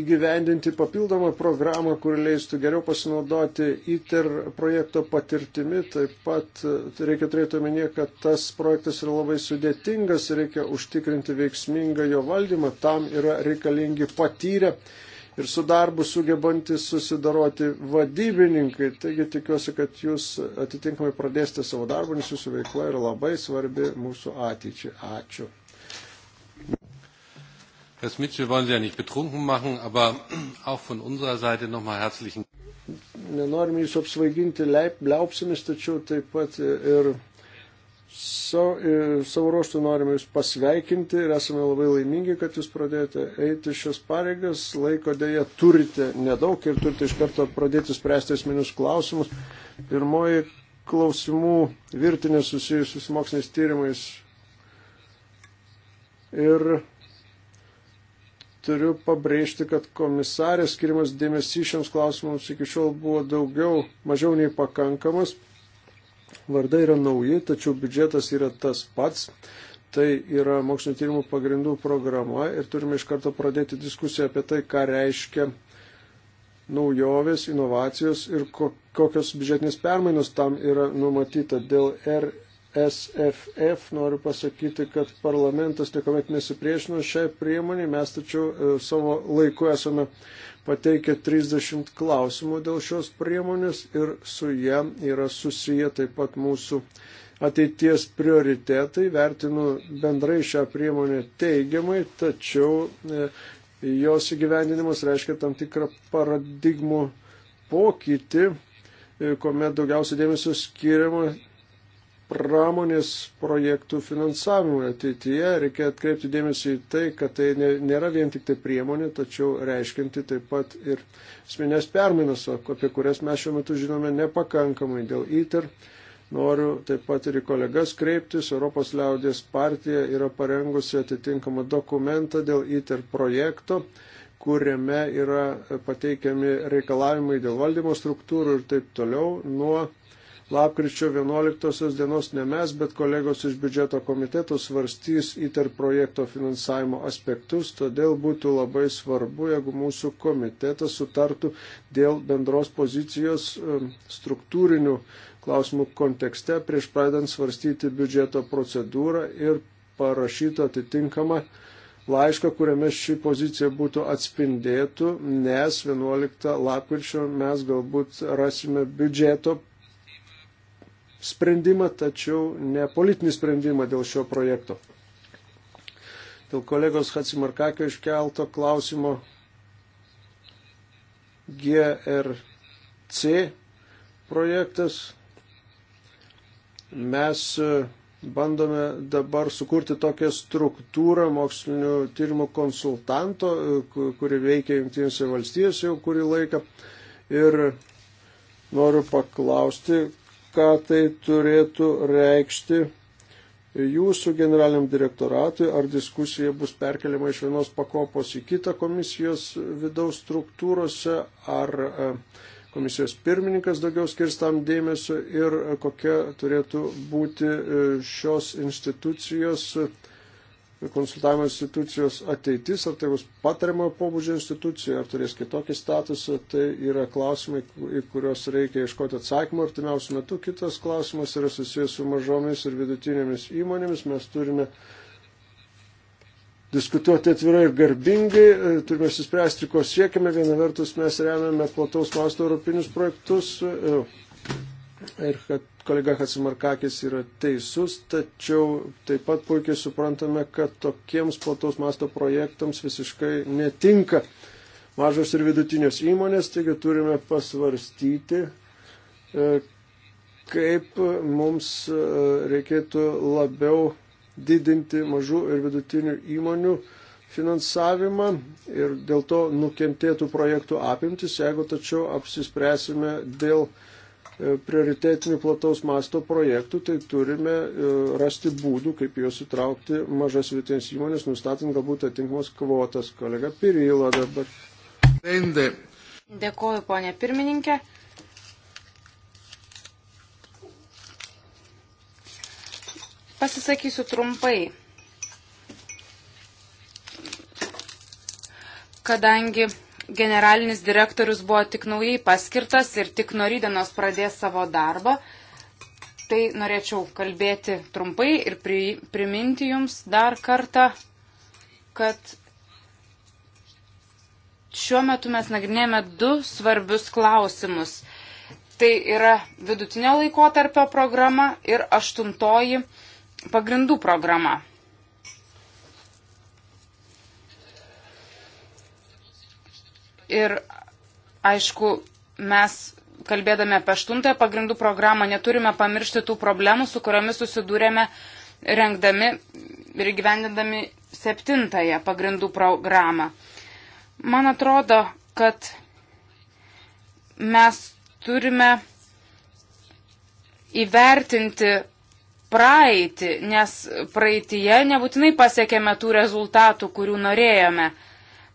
įgyvendinti papildomą programą, kuri leistų geriau pasinaudoti ITER projekto patirtimi. Taip pat e, reikia turėti omenyje, kad tas projektas yra labai sudėtingas, reikia užtikrinti veiksmingą jo valdymą, tam yra reikalingi patyrę ir su darbu sugebantis susidaroti vadybininkai. Taigi tikiuosi, kad jūs atitinkamai pradėsite savo darbą, nes jūsų veikla yra labai svarbi mūsų ateičiai. Ačiū. Herr Smith, wir wollen Sie ja nicht betrunken machen, aber auch von unserer Seite nochmal herzlichen Dank. Nenorime jūsų apsvaiginti liaupsimis, tačiau taip pat ir E, savo ruoštų norime Jūs pasveikinti ir esame labai laimingi, kad Jūs pradėjote eiti šios pareigas. Laiko dėja turite nedaug ir turite iš karto pradėti spręsti esminius klausimus. Pirmoji klausimų virtinė susijusius su moksliniais tyrimais. Ir turiu pabrėžti, kad komisarės skirimas dėmesys šiems klausimams iki šiol buvo daugiau, mažiau nei pakankamas. Vardai yra nauji, tačiau biudžetas yra tas pats. Tai yra mokslinio tyrimų pagrindų programa ir turime iš karto pradėti diskusiją apie tai, ką reiškia naujovės, inovacijos ir kokios biudžetinės permainos tam yra numatyta. Dėl RSFF noriu pasakyti, kad parlamentas niekuomet nesipriešino šiai priemonė, mes tačiau e, savo laiku esame pateikia 30 klausimų dėl šios priemonės ir su ją yra susiję taip pat mūsų ateities prioritetai. Vertinu bendrai šią priemonę teigiamai, tačiau e, jos įgyvendinimas reiškia tam tikrą paradigmų pokytį e, kuomet daugiausia dėmesio skiriama pramonės projektų finansavimui ateityje. Reikia atkreipti dėmesį į tai, kad tai nėra vien tik tai priemonė, tačiau reiškinti taip pat ir esminės perminas, apie kurias mes šiuo metu žinome nepakankamai dėl ITER. Noriu taip pat ir į kolegas kreiptis. Europos liaudės partija yra parengusi atitinkamą dokumentą dėl ITER projekto, kuriame yra pateikiami reikalavimai dėl valdymo struktūrų ir taip toliau nuo Lapkričio 11 dienos ne mes, bet kolegos iš biudžeto komiteto svarstys įter projekto finansavimo aspektus, todėl būtų labai svarbu, jeigu mūsų komitetas sutartų dėl bendros pozicijos um, struktūrinių klausimų kontekste prieš pradedant svarstyti biudžeto procedūrą ir parašytų atitinkamą laišką, kuriame ši pozicija būtų atspindėtų, nes 11 lapkričio mes galbūt rasime biudžeto sprendimą, tačiau ne politinį sprendimą dėl šio projekto. Dėl kolegos Hatsimarkakio iškelto klausimo GRC projektas. Mes e, bandome dabar sukurti tokią struktūrą mokslinio tyrimo konsultanto, e, kuri veikia Junktinėse valstijose jau kurį laiką. Ir noriu paklausti, ką tai turėtų reikšti jūsų generaliniam direktoratui, ar diskusija bus perkeliama iš vienos pakopos į kitą komisijos vidaus struktūrose, ar e, komisijos pirmininkas daugiau skirs tam dėmesio ir kokia turėtų būti e, šios institucijos konsultavimo institucijos ateitis, ar tai bus patariamojo pobūdžio institucija, ar turės kitokį statusą, tai yra klausimai, į kuriuos reikia iškoti atsakymą artimiausių metų. Kitas klausimas yra susijęs su mažomis ir vidutinėmis įmonėmis. Mes turime diskutuoti atvirai ir garbingai, e, turime suspręsti, ko siekime. Viena vertus mes remiame plataus masto europinius projektus e, ir kad kolega Hatsimarkakis yra teisus, tačiau taip pat puikiai suprantame, kad tokiems plataus masto projektams visiškai netinka mažos ir vidutinės įmonės, taigi turime pasvarstyti, e, kaip mums e, reikėtų labiau didinti mažų ir vidutinių įmonių finansavimą ir dėl to nukentėtų projektų apimtis, jeigu tačiau apsispręsime dėl E, prioritetinių plataus masto projektų, tai turime e, rasti būdų, kaip juos įtraukti mažas vietinės įmonės, nustatant galbūt atinkamos kvotas. Kolega Pirilo dabar. Endė. Dėkuoju, ponė pirmininkė. Pasisakysiu trumpai, kadangi generalinis direktorius buvo tik naujai paskirtas ir tik norydienos pradės savo darbą. Tai norėčiau kalbėti trumpai ir pri, priminti jums dar kartą, kad šiuo metu mes nagrinėjame du svarbius klausimus. Tai yra vidutinio laikotarpio programa ir aštuntoji pagrindų programa. Ir aišku, mes kalbėdami apie aštuntąją pagrindų programą neturime pamiršti tų problemų, su kuriomis susidūrėme rengdami ir gyvendindami septintąją pagrindų programą. Man atrodo, kad mes turime įvertinti praeitį, nes praeitie nebūtinai pasiekėme tų rezultatų, kurių norėjome.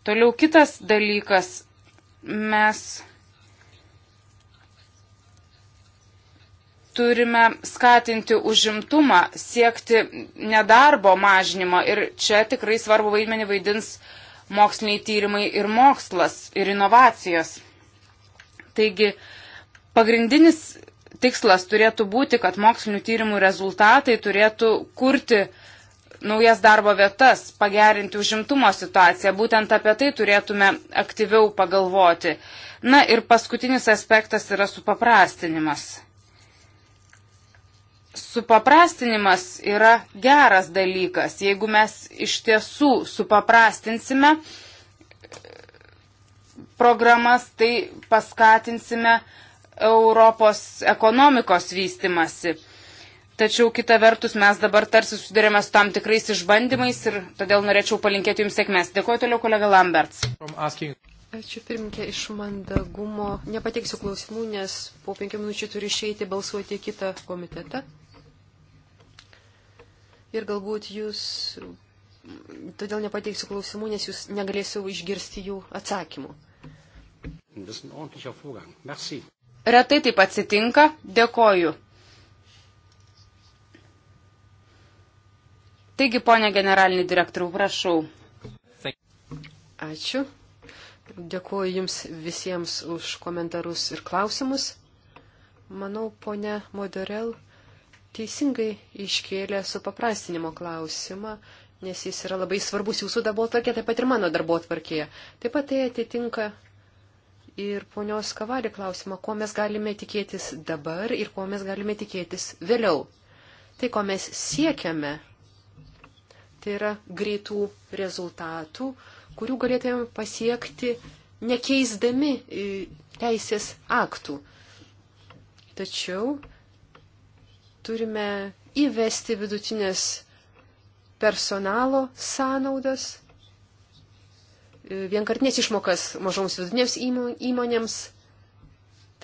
Toliau kitas dalykas mes turime skatinti užimtumą, siekti nedarbo mažinimo ir čia tikrai svarbu vaidmenį vaidins moksliniai tyrimai ir mokslas ir inovacijos. Taigi, pagrindinis tikslas turėtų būti, kad mokslinių tyrimų rezultatai turėtų kurti uh, naujas darbo vietas, pagerinti užimtumo situaciją. Būtent apie tai turėtume aktyviau pagalvoti. Na ir paskutinis aspektas yra supaprastinimas. Supaprastinimas yra geras dalykas. Jeigu mes iš tiesų supaprastinsime programas, tai paskatinsime Europos ekonomikos vystimasi. Tačiau kita vertus mes dabar tarsi susidurėme su tam tikrais išbandymais ir todėl norėčiau palinkėti Jums sėkmės. Dėkuoju toliau kolega Lamberts. Ačiū pirmininkė, iš mandagumo nepateiksiu klausimų, nes po penkių minučių turiu išeiti balsuoti į kitą komitetą. Ir galbūt Jūs, todėl nepateiksiu klausimų, nes Jūs negalėsiu išgirsti jų atsakymų. Retai taip atsitinka. Dėkoju. Taigi, ponė generalinį direktorių, prašau. Ačiū. Dėkuoju Jums visiems už komentarus ir klausimus. Manau, ponė Moderel teisingai iškėlė supaprastinimo klausimą, nes jis yra labai svarbus Jūsų darbo tvarkė, taip pat ir mano darbo tvarkėje. Taip pat tai atitinka ir ponios Kavalį klausimą, ko mes galime tikėtis dabar ir ko mes galime tikėtis vėliau. Tai, ko mes siekiame Tai yra greitų rezultatų, kurių galėtume pasiekti nekeisdami e, teisės aktų. Tačiau turime įvesti vidutinės personalo sąnaudas, e, vienkartinės išmokas mažoms vidutinėms įmonėms,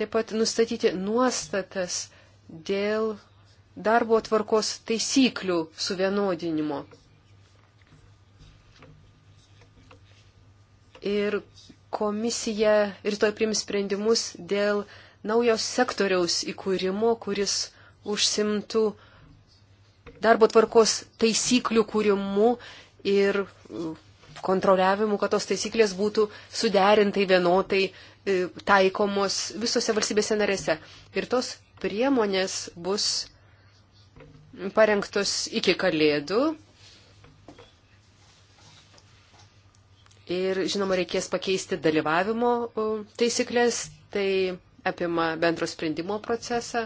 taip pat nustatyti nuostatas dėl darbo tvarkos taisyklių suvienodinimo. ir komisija rytoj prims sprendimus dėl naujo sektoriaus įkūrimo, kuris užsimtų darbo tvarkos taisyklių kūrimu ir uh, kontroliavimu, kad tos taisyklės būtų suderintai vienodai uh, taikomos visose valstybėse narėse. Ir tos priemonės bus parengtos iki kalėdų, Ir, žinoma, reikės pakeisti dalyvavimo taisyklės, tai apima bendro sprendimo procesą,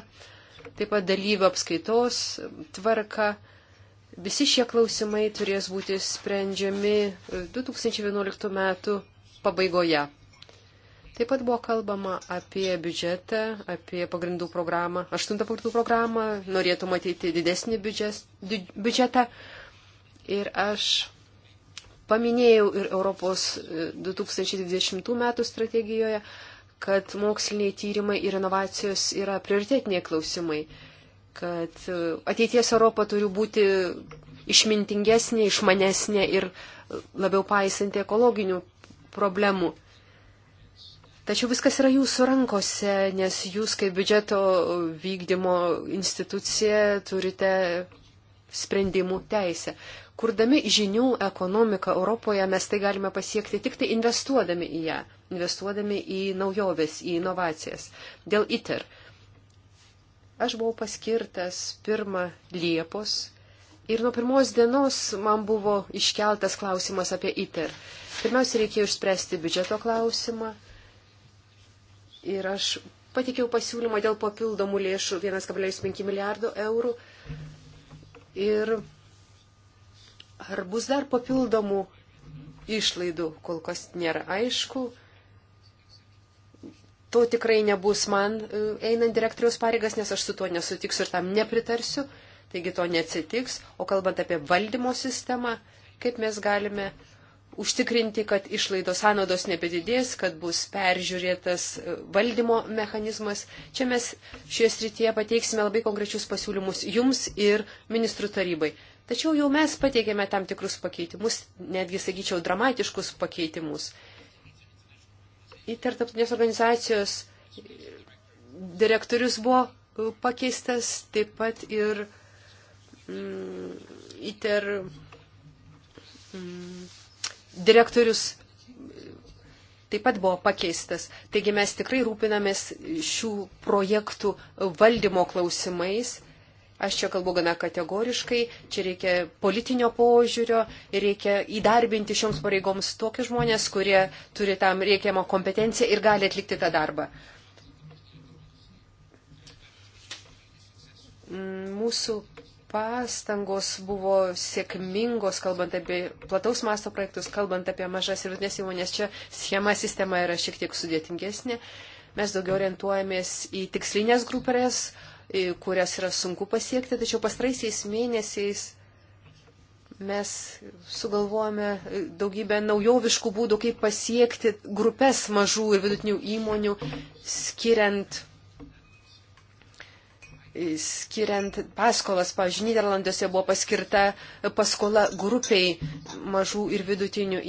taip pat dalyvių apskaitos tvarka. Visi šie klausimai turės būti sprendžiami 2011 e, metų pabaigoje. Taip pat buvo kalbama apie biudžetą, apie pagrindų programą, aštuntą pagrindų programą, norėtų matyti didesnį biudžes, biudžetą. Ir aš Paminėjau ir Europos 2020 e, metų strategijoje, kad moksliniai tyrimai ir inovacijos yra prioritetiniai klausimai, kad e, ateities Europa turi būti išmintingesnė, išmanesnė ir e, labiau paisanti ekologinių problemų. Tačiau viskas yra jūsų rankose, nes jūs kaip biudžeto vykdymo institucija turite sprendimų teisę. Kurdami žinių ekonomiką Europoje mes tai galime pasiekti tik tai investuodami į ją, investuodami į naujoves, į inovacijas. Dėl ITER. Aš buvau paskirtas pirmą Liepos ir nuo pirmos dienos man buvo iškeltas klausimas apie ITER. Pirmiausia, reikėjo išspręsti biudžeto klausimą ir aš pateikiau pasiūlymą dėl papildomų lėšų 1,5 milijardo eurų. Ir Ar bus dar papildomų išlaidų, kol kas nėra aišku. To tikrai nebus man e, einant direktoriaus pareigas, nes aš su tuo nesutiksiu ir tam nepritarsiu, taigi to neatsitiks. O kalbant apie valdymo sistemą, kaip mes galime užtikrinti, kad išlaidos sąnaudos nebedidės, kad bus peržiūrėtas e, valdymo mechanizmas. Čia mes šioje srityje pateiksime labai konkrečius pasiūlymus jums ir ministrų tarybai. Tačiau jau mes pateikėme tam tikrus pakeitimus, netgi, sakyčiau, dramatiškus pakeitimus. Į tarptautinės organizacijos direktorius buvo e, pakeistas, taip pat ir mm, ITER mm, direktorius taip pat buvo pakeistas. Taigi mes tikrai rūpinamės šių projektų valdymo klausimais Aš čia kalbu gana kategoriškai, čia reikia politinio požiūrio ir reikia įdarbinti šioms pareigoms tokius žmonės, kurie turi tam reikiamą kompetenciją ir gali atlikti tą darbą. Mūsų pastangos buvo sėkmingos, kalbant apie plataus masto projektus, kalbant apie mažas ir vidutinės įmonės. Čia schema sistema yra šiek tiek sudėtingesnė. Mes daugiau orientuojamės į tikslinės grupės kurias yra sunku pasiekti, tačiau pastraisiais mėnesiais mes sugalvojame daugybę naujoviškų būdų, kaip pasiekti grupės mažų ir vidutinių įmonių, skiriant skiriant paskolas, pavyzdžiui, Niderlanduose buvo paskirta paskola grupiai mažų ir vidutinių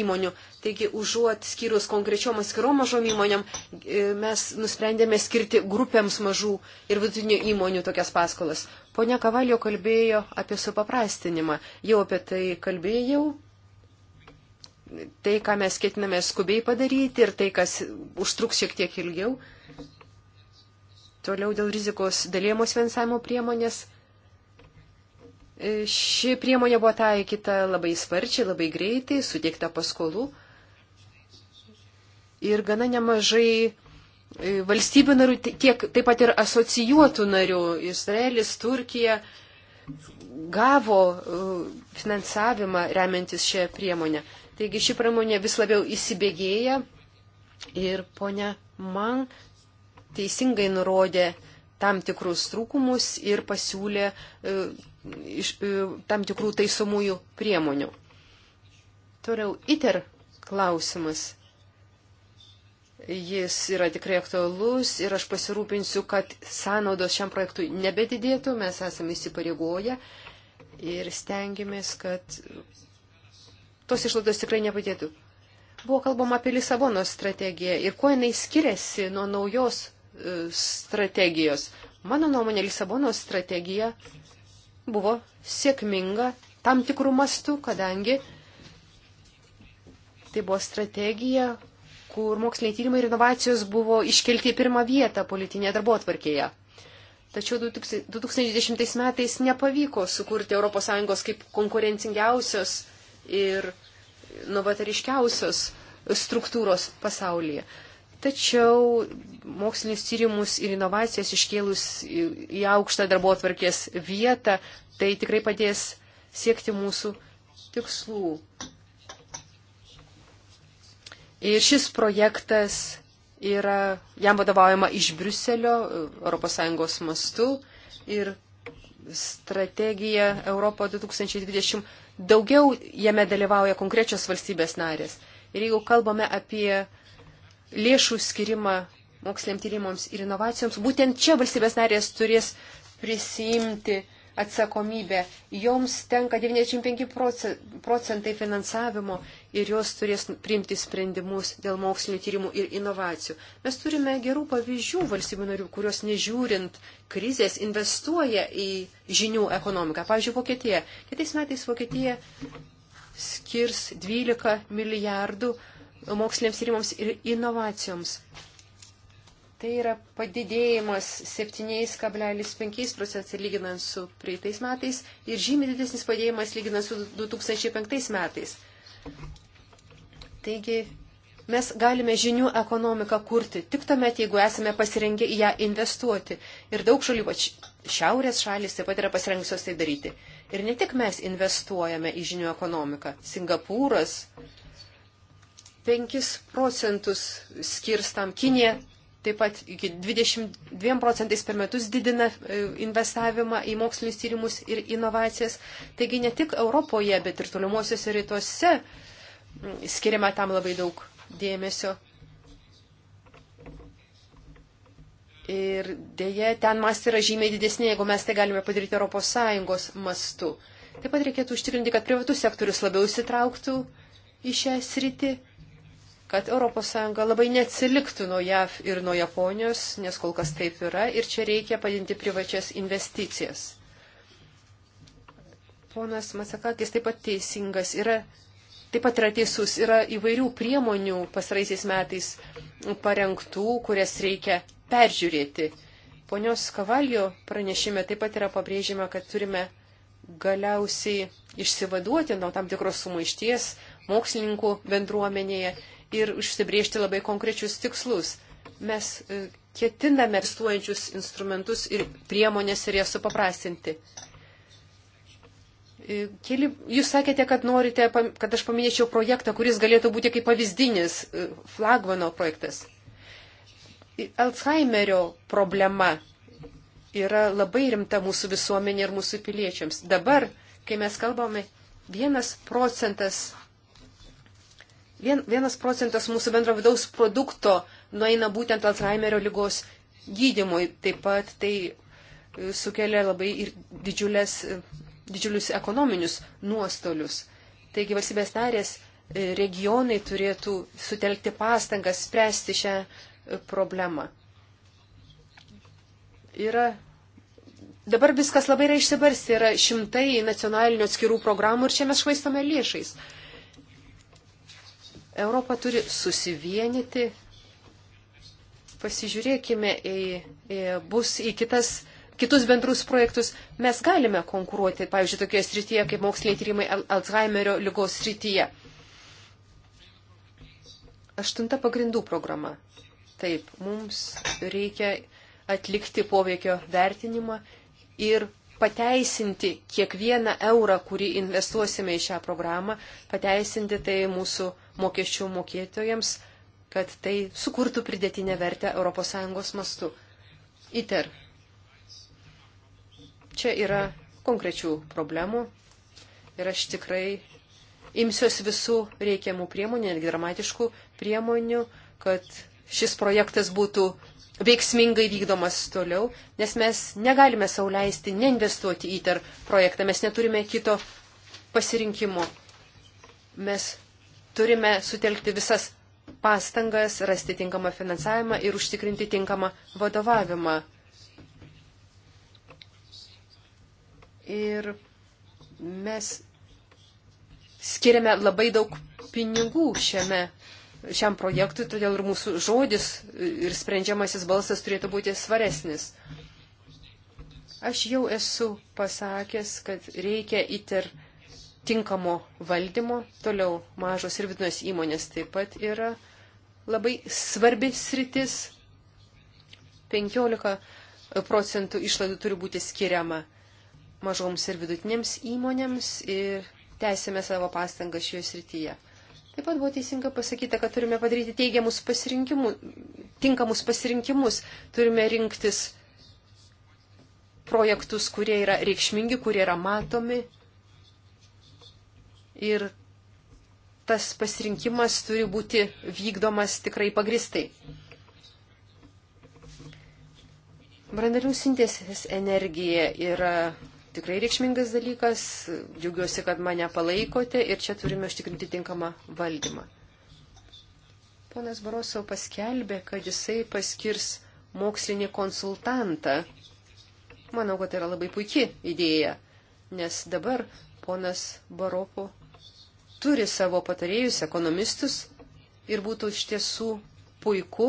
įmonių. Taigi, užuot skyrus konkrečiom atskirom mažom įmonėm, e, mes nusprendėme skirti grupėms mažų ir vidutinių įmonių tokias paskolas. Pone Kavalio kalbėjo apie supaprastinimą. Jau apie tai kalbėjau. Tai, ką mes ketiname skubiai padaryti ir tai, kas užtruks šiek tiek ilgiau. Toliau dėl rizikos dalėjimos finansavimo priemonės. E, ši priemonė buvo taikyta labai sparčiai, labai greitai, suteikta paskolų. Ir gana nemažai e, valstybių narių, tiek taip pat ir asocijuotų narių, Izraelis, Turkija, gavo e, finansavimą remiantis šią priemonę. Taigi ši priemonė vis labiau įsibėgėja ir ponia man teisingai nurodė tam tikrus trūkumus ir pasiūlė e, iš, e, tam tikrų taisomųjų priemonių. Toliau ITER klausimas. Jis yra tikrai aktualus ir aš pasirūpinsiu, kad sąnaudos šiam projektui nebedidėtų, mes esame įsipareigoję ir stengiamės, kad tos išlaidos tikrai nepadėtų. Buvo kalbama apie Lisabonos strategiją ir kuo jinai skiriasi nuo naujos strategijos. Mano nuomonė, Lisabonos strategija buvo sėkminga tam tikrų mastų, kadangi tai buvo strategija, kur moksliniai tyrimai ir inovacijos buvo iškelti į pirmą vietą politinėje darbo atvarkėje. Tačiau 2010 metais nepavyko sukurti ES kaip konkurencingiausios ir novatariškiausios struktūros pasaulyje. Tačiau mokslinis tyrimus ir inovacijas iškėlus į aukštą darbo atvarkės vietą, tai tikrai padės siekti mūsų tikslų. Ir šis projektas yra, jam vadovaujama iš Briuselio, ES mastu ir strategija Europo 2020 daugiau jame dalyvauja konkrečios valstybės narės. Ir jeigu kalbame apie lėšų skirimą moksliniam tyrimams ir inovacijoms, būtent čia valstybės narės turės prisimti atsakomybę. Joms tenka 95 procentai finansavimo ir jos turės priimti sprendimus dėl mokslinio tyrimų ir inovacijų. Mes turime gerų pavyzdžių valstybių narių, kurios nežiūrint krizės investuoja į žinių ekonomiką. Pavyzdžiui, Vokietija. Kitais metais Vokietija skirs 12 milijardų moksliniams tyrimams ir inovacijoms. Tai yra padidėjimas 7,5 procentai lyginant su prieitais metais ir žymiai didesnis padėjimas lyginant su 2005 metais. Taigi mes galime žinių ekonomiką kurti tik tuomet, jeigu esame pasirengę į ją investuoti. Ir daug šalių, ypač šiaurės šalis, taip pat yra pasirengusios tai daryti. Ir ne tik mes investuojame į žinių ekonomiką. Singapūras, 5 procentus skirstam Kinė, taip pat iki 22 procentais per metus didina e, investavimą į mokslinius tyrimus ir inovacijas. Taigi ne tik Europoje, bet ir tolimuosiuose rytuose skiriama tam labai daug dėmesio. Ir dėje ten mastai yra žymiai didesnė, jeigu mes tai galime padaryti ES mastu. Taip pat reikėtų užtikrinti, kad privatus sektorius labiau įsitrauktų į šią sritį kad ES labai neatsiliktų nuo JAV ir nuo Japonijos, nes kol kas taip yra ir čia reikia padinti privačias investicijas. Ponas Masakakis taip pat teisingas yra taip pat yra teisus. Yra įvairių priemonių pasraisiais metais parengtų, kurias reikia peržiūrėti. Ponios Kavalio pranešime taip pat yra pabrėžima, kad turime galiausiai išsivaduoti nuo tam tikros sumaišties mokslininkų bendruomenėje ir užsibriežti labai konkrečius tikslus. Mes e, ketiname egzistuojančius instrumentus ir priemonės ir jas supaprastinti. E, keli, jūs sakėte, kad norite, kad aš paminėčiau projektą, kuris galėtų būti kaip pavyzdinis e, flagvano projektas. Alzheimerio problema yra labai rimta mūsų visuomenė ir mūsų piliečiams. Dabar, kai mes kalbame, vienas procentas Vien, vienas procentas mūsų bendro vidaus produkto nueina būtent Alzheimerio lygos gydimui. Taip pat tai e, sukelia labai ir didžiulės, e, didžiulius ekonominius nuostolius. Taigi valstybės narės e, regionai turėtų sutelkti pastangas spręsti šią problemą. Yra Dabar viskas labai yra išsibarsti, yra šimtai nacionalinių atskirų programų ir čia mes švaistome lėšais. Europa turi susivienyti. Pasižiūrėkime į, į, bus į kitas, kitus bendrus projektus. Mes galime konkuruoti, pavyzdžiui, tokioje srityje kaip moksliniai tyrimai Alzheimerio lygos srityje. Aštunta pagrindų programa. Taip, mums reikia atlikti poveikio vertinimą ir pateisinti kiekvieną eurą, kurį investuosime į šią programą, pateisinti tai mūsų mokesčių mokėtojams, kad tai sukurtų pridėtinę vertę ES mastu. ITER. Čia yra konkrečių problemų ir aš tikrai imsiuos visų reikiamų priemonių, netgi dramatiškų priemonių, kad šis projektas būtų veiksmingai vykdomas toliau, nes mes negalime sauliaisti neinvestuoti į ITER projektą, mes neturime kito pasirinkimo. Mes turime sutelkti visas pastangas, rasti tinkamą finansavimą ir užtikrinti tinkamą vadovavimą. Ir mes skiriame labai daug pinigų šiame, šiam projektui, todėl ir mūsų žodis ir sprendžiamasis balsas turėtų būti svaresnis. Aš jau esu pasakęs, kad reikia įtir. Ir tinkamo valdymo. Toliau mažos ir vidinės įmonės taip pat yra labai svarbi sritis. 15 procentų išlaidų turi būti skiriama mažoms ir vidutinėms įmonėms ir tęsime savo pastangą šioje srityje. Taip pat buvo teisinga pasakyta, kad turime padaryti teigiamus pasirinkimus, tinkamus pasirinkimus, turime rinktis projektus, kurie yra reikšmingi, kurie yra matomi ir tas pasirinkimas turi būti vykdomas tikrai pagristai. Brandalių sintesės energija yra tikrai reikšmingas dalykas. Džiaugiuosi, kad mane palaikote ir čia turime užtikrinti tinkamą valdymą. Ponas Baroso paskelbė, kad jisai paskirs mokslinį konsultantą. Manau, kad tai yra labai puikia idėja, nes dabar ponas Baropo turi savo patarėjus, ekonomistus ir būtų iš tiesų puiku,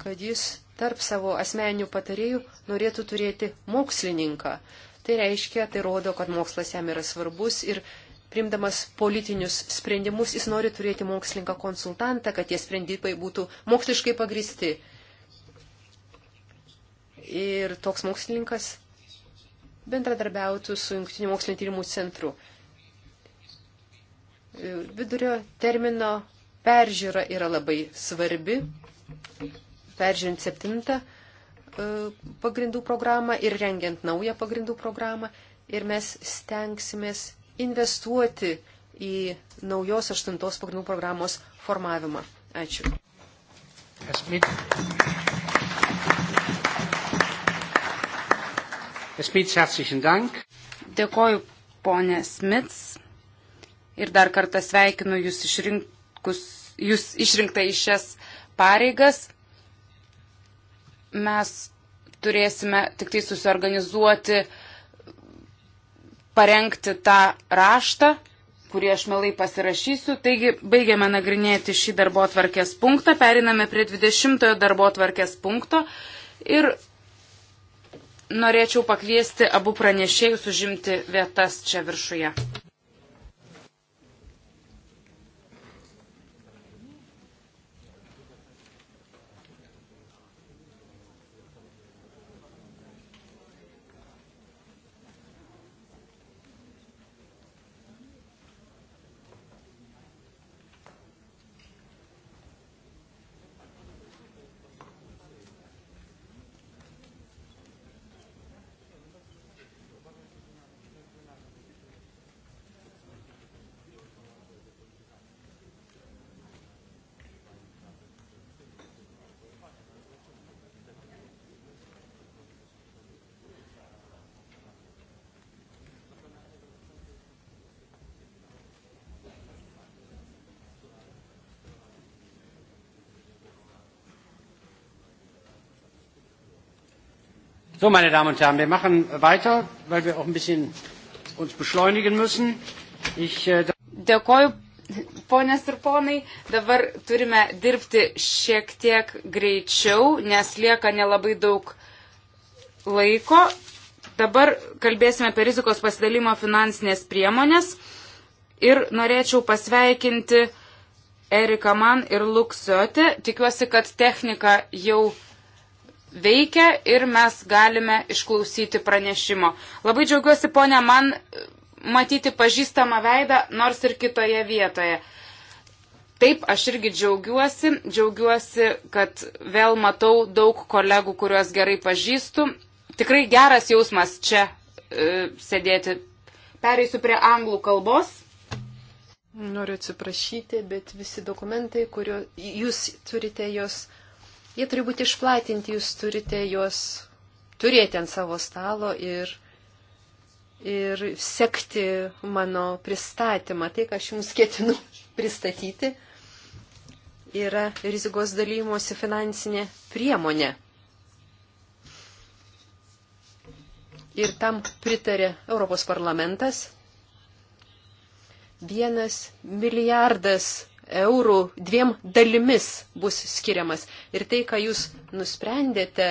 kad jis tarp savo asmeninių patarėjų norėtų turėti mokslininką. Tai reiškia, tai rodo, kad mokslas jam yra svarbus ir primdamas politinius sprendimus jis nori turėti mokslininką konsultantą, kad tie sprendimai būtų moksliškai pagristi. Ir toks mokslininkas bendradarbiautų su Junktiniu mokslinio tyrimų centru vidurio termino peržiūra yra labai svarbi, peržiūrint septintą e, pagrindų programą ir rengiant naują pagrindų programą. Ir mes stengsimės investuoti į naujos aštuntos pagrindų programos formavimą. Ačiū. Dėkoju, ponė Smits ir dar kartą sveikinu jūs, išrinkus, jūs išrinktą į šias pareigas. Mes turėsime tik tai susiorganizuoti, parengti tą raštą, kurį aš melai pasirašysiu. Taigi, baigiame nagrinėti šį darbo atvarkės punktą, periname prie 20 darbo atvarkės punkto ir norėčiau pakviesti abu pranešėjus užimti vietas čia viršuje. So, meine Damen und Herren, wir machen weiter, weil wir auch ein bisschen uns beschleunigen müssen. Ich, äh, Dėkoju, ponės ir ponai. Dabar turime dirbti šiek tiek greičiau, nes lieka nelabai daug laiko. Dabar kalbėsime apie rizikos pasidalimo finansinės priemonės. Ir norėčiau pasveikinti Erika Man ir Luksiotė. Tikiuosi, kad technika jau veikia ir mes galime išklausyti pranešimo. Labai džiaugiuosi, ponia, man e, matyti pažįstamą veidą, nors ir kitoje vietoje. Taip, aš irgi džiaugiuosi, džiaugiuosi, kad vėl matau daug kolegų, kuriuos gerai pažįstu. Tikrai geras jausmas čia e, sėdėti. Pereisiu prie anglų kalbos. Noriu atsiprašyti, bet visi dokumentai, kuriuos jūs turite, jos Jie turi būti išplatinti, jūs turite juos turėti ant savo stalo ir, ir sekti mano pristatymą. Tai, ką aš jums ketinu pristatyti, yra rizikos dalymosi finansinė priemonė. Ir tam pritarė Europos parlamentas. Vienas milijardas eurų dviem dalimis bus skiriamas. Ir tai, ką jūs nusprendėte,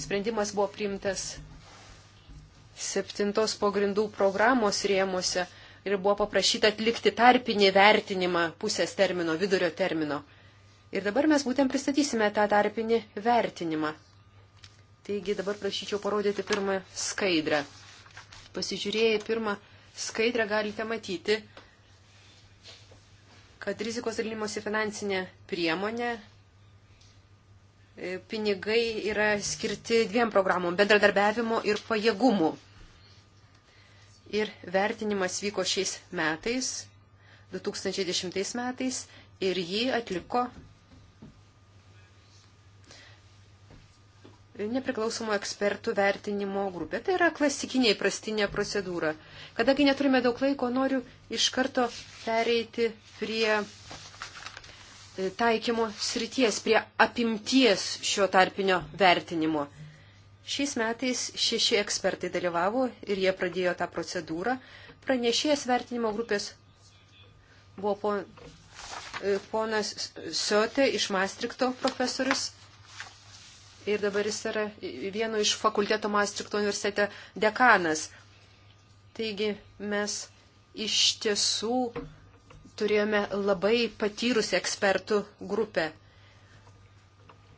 sprendimas buvo priimtas septintos pagrindų programos rėmose ir buvo paprašyta atlikti tarpinį vertinimą pusės termino, vidurio termino. Ir dabar mes būtent pristatysime tą tarpinį vertinimą. Taigi dabar prašyčiau parodyti pirmą skaidrę. Pasižiūrėję pirmą skaidrę galite matyti, kad rizikos dalymosi finansinė priemonė, e, pinigai yra skirti dviem programom - bendradarbiavimo ir pajėgumų. Ir vertinimas vyko šiais metais, 2010 metais, ir jį atliko nepriklausomų ekspertų vertinimo grupė. Tai yra klasikinė įprastinė procedūra. Kadangi neturime daug laiko, noriu iš karto pereiti prie e, taikymo srities, prie apimties šio tarpinio vertinimo. Šiais metais šeši ekspertai dalyvavo ir jie pradėjo tą procedūrą. Pranešėjas vertinimo grupės buvo e, ponas Sote iš Mastrikto profesorius ir dabar jis yra vieno iš fakulteto Maastrichto universitete dekanas. Taigi mes iš tiesų turėjome labai patyrusią ekspertų grupę.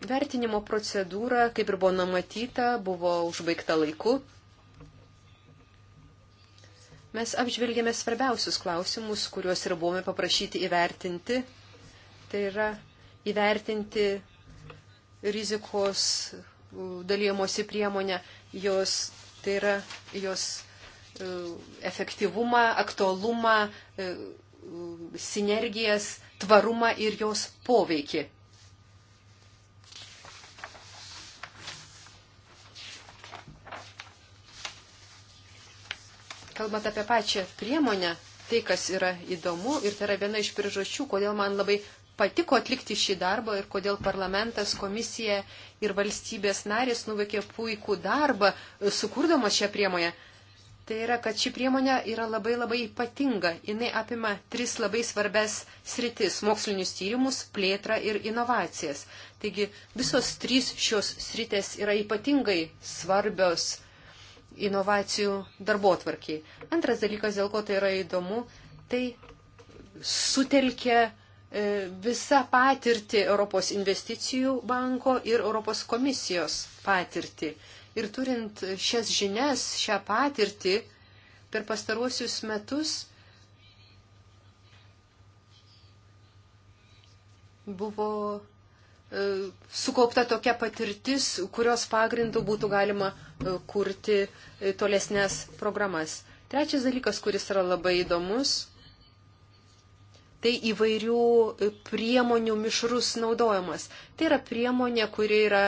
Vertinimo procedūra, kaip ir buvo numatyta, buvo užbaigta laiku. Mes apžvelgėme svarbiausius klausimus, kuriuos ir buvome paprašyti įvertinti. Tai yra įvertinti rizikos dalymosi priemonę, jos, tai yra jos efektyvumą, aktualumą, e, sinergijas, tvarumą ir jos poveikį. kalbant apie pačią priemonę, tai, kas yra įdomu ir tai yra viena iš priežasčių, kodėl man labai patiko atlikti šį darbą ir kodėl parlamentas, komisija ir valstybės narės nuveikė puikų darbą, e, sukūrdamas šią priemonę. Tai yra, kad ši priemonė yra labai labai ypatinga. Jis apima tris labai svarbes sritis - mokslinius tyrimus, plėtrą ir inovacijas. Taigi visos trys šios sritis yra ypatingai svarbios inovacijų darbotvarkiai. Antras dalykas, dėl ko tai yra įdomu, tai sutelkia E, visą patirtį Europos investicijų banko ir Europos komisijos patirtį. Ir turint šias žinias, šią patirtį per pastaruosius metus buvo e, sukaupta tokia patirtis, kurios pagrindų būtų galima e, kurti tolesnės programas. Trečias dalykas, kuris yra labai įdomus tai įvairių priemonių mišrus naudojimas. Tai yra priemonė, kuri, yra,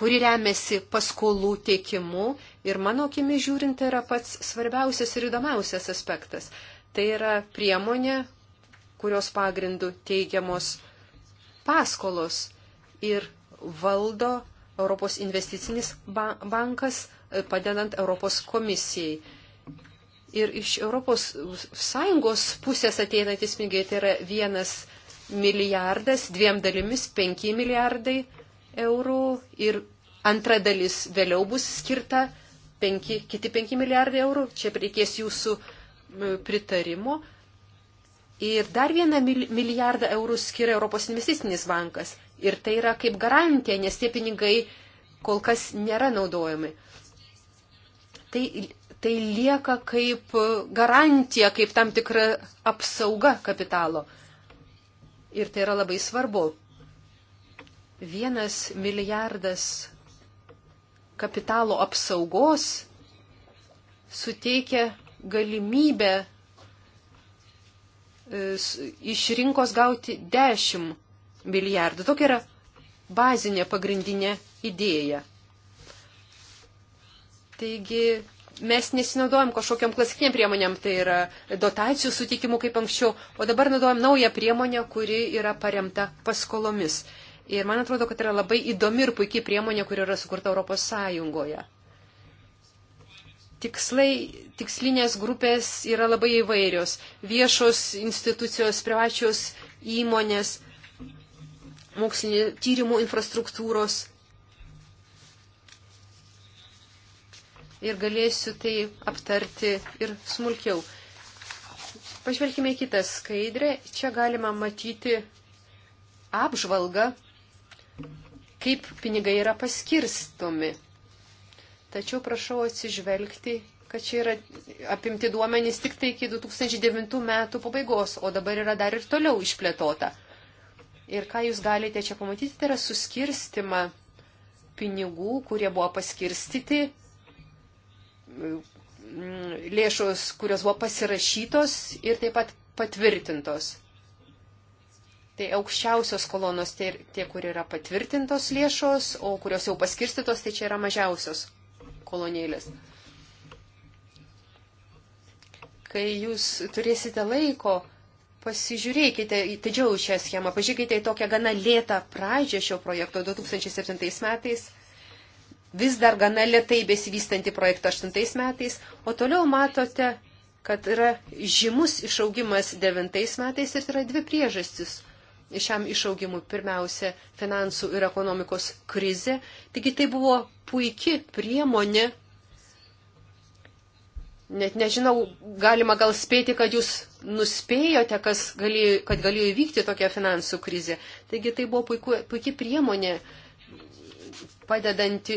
kuri remiasi paskolų tiekimu ir mano akimi žiūrint tai yra pats svarbiausias ir įdomiausias aspektas. Tai yra priemonė, kurios pagrindų teikiamos paskolos ir valdo Europos investicinis bankas, padedant Europos komisijai ir iš ES pusės ateinantis pinigai tai yra vienas milijardas, dviem dalimis penki milijardai eurų ir antra dalis vėliau bus skirta penki, kiti penki milijardai eurų, čia reikės jūsų pritarimo. Ir dar vieną milijardą eurų skiria Europos investicinis bankas. Ir tai yra kaip garantija, nes tie pinigai kol kas nėra naudojami. Tai tai lieka kaip garantija, kaip tam tikra apsauga kapitalo. Ir tai yra labai svarbu. Vienas milijardas kapitalo apsaugos suteikia galimybę e, iš rinkos gauti 10 milijardų. Tokia yra bazinė pagrindinė idėja. Taigi mes nesinaudojam kažkokiam klasikiniam priemonėm, tai yra dotacijų sutikimu kaip anksčiau, o dabar naudojam naują priemonę, kuri yra paremta paskolomis. Ir man atrodo, kad yra labai įdomi ir puikiai priemonė, kuri yra sukurta Europos Sąjungoje. Tikslai, tikslinės grupės yra labai įvairios. Viešos institucijos, privačios įmonės, mokslinio tyrimų infrastruktūros ir galėsiu tai aptarti ir smulkiau. Pažvelkime į kitą skaidrę. Čia galima matyti apžvalgą, kaip pinigai yra paskirstomi. Tačiau prašau atsižvelgti, kad čia yra apimti duomenys tik tai iki 2009 metų pabaigos, o dabar yra dar ir toliau išplėtota. Ir ką jūs galite čia pamatyti, tai yra suskirstima pinigų, kurie buvo paskirstyti lėšos, kurios buvo pasirašytos ir taip pat patvirtintos. Tai aukščiausios kolonos tie, tie kur yra patvirtintos lėšos, o kurios jau paskirstytos, tai čia yra mažiausios kolonėlės. Kai jūs turėsite laiko, Pasižiūrėkite įtidžiau šią schemą, pažiūrėkite į tokią gana lėtą pradžią šio projekto 2007 metais vis dar gana lietai besivystanti projektą 8 metais, o toliau matote, kad yra žymus išaugimas 9 metais ir yra dvi priežastis šiam išaugimui. Pirmiausia, finansų ir ekonomikos krizė. Taigi tai buvo puikia priemonė. Net nežinau, galima gal spėti, kad jūs nuspėjote, galėjo, kad galėjo įvykti tokia finansų krizė. Taigi tai buvo puiku, puikia priemonė padedanti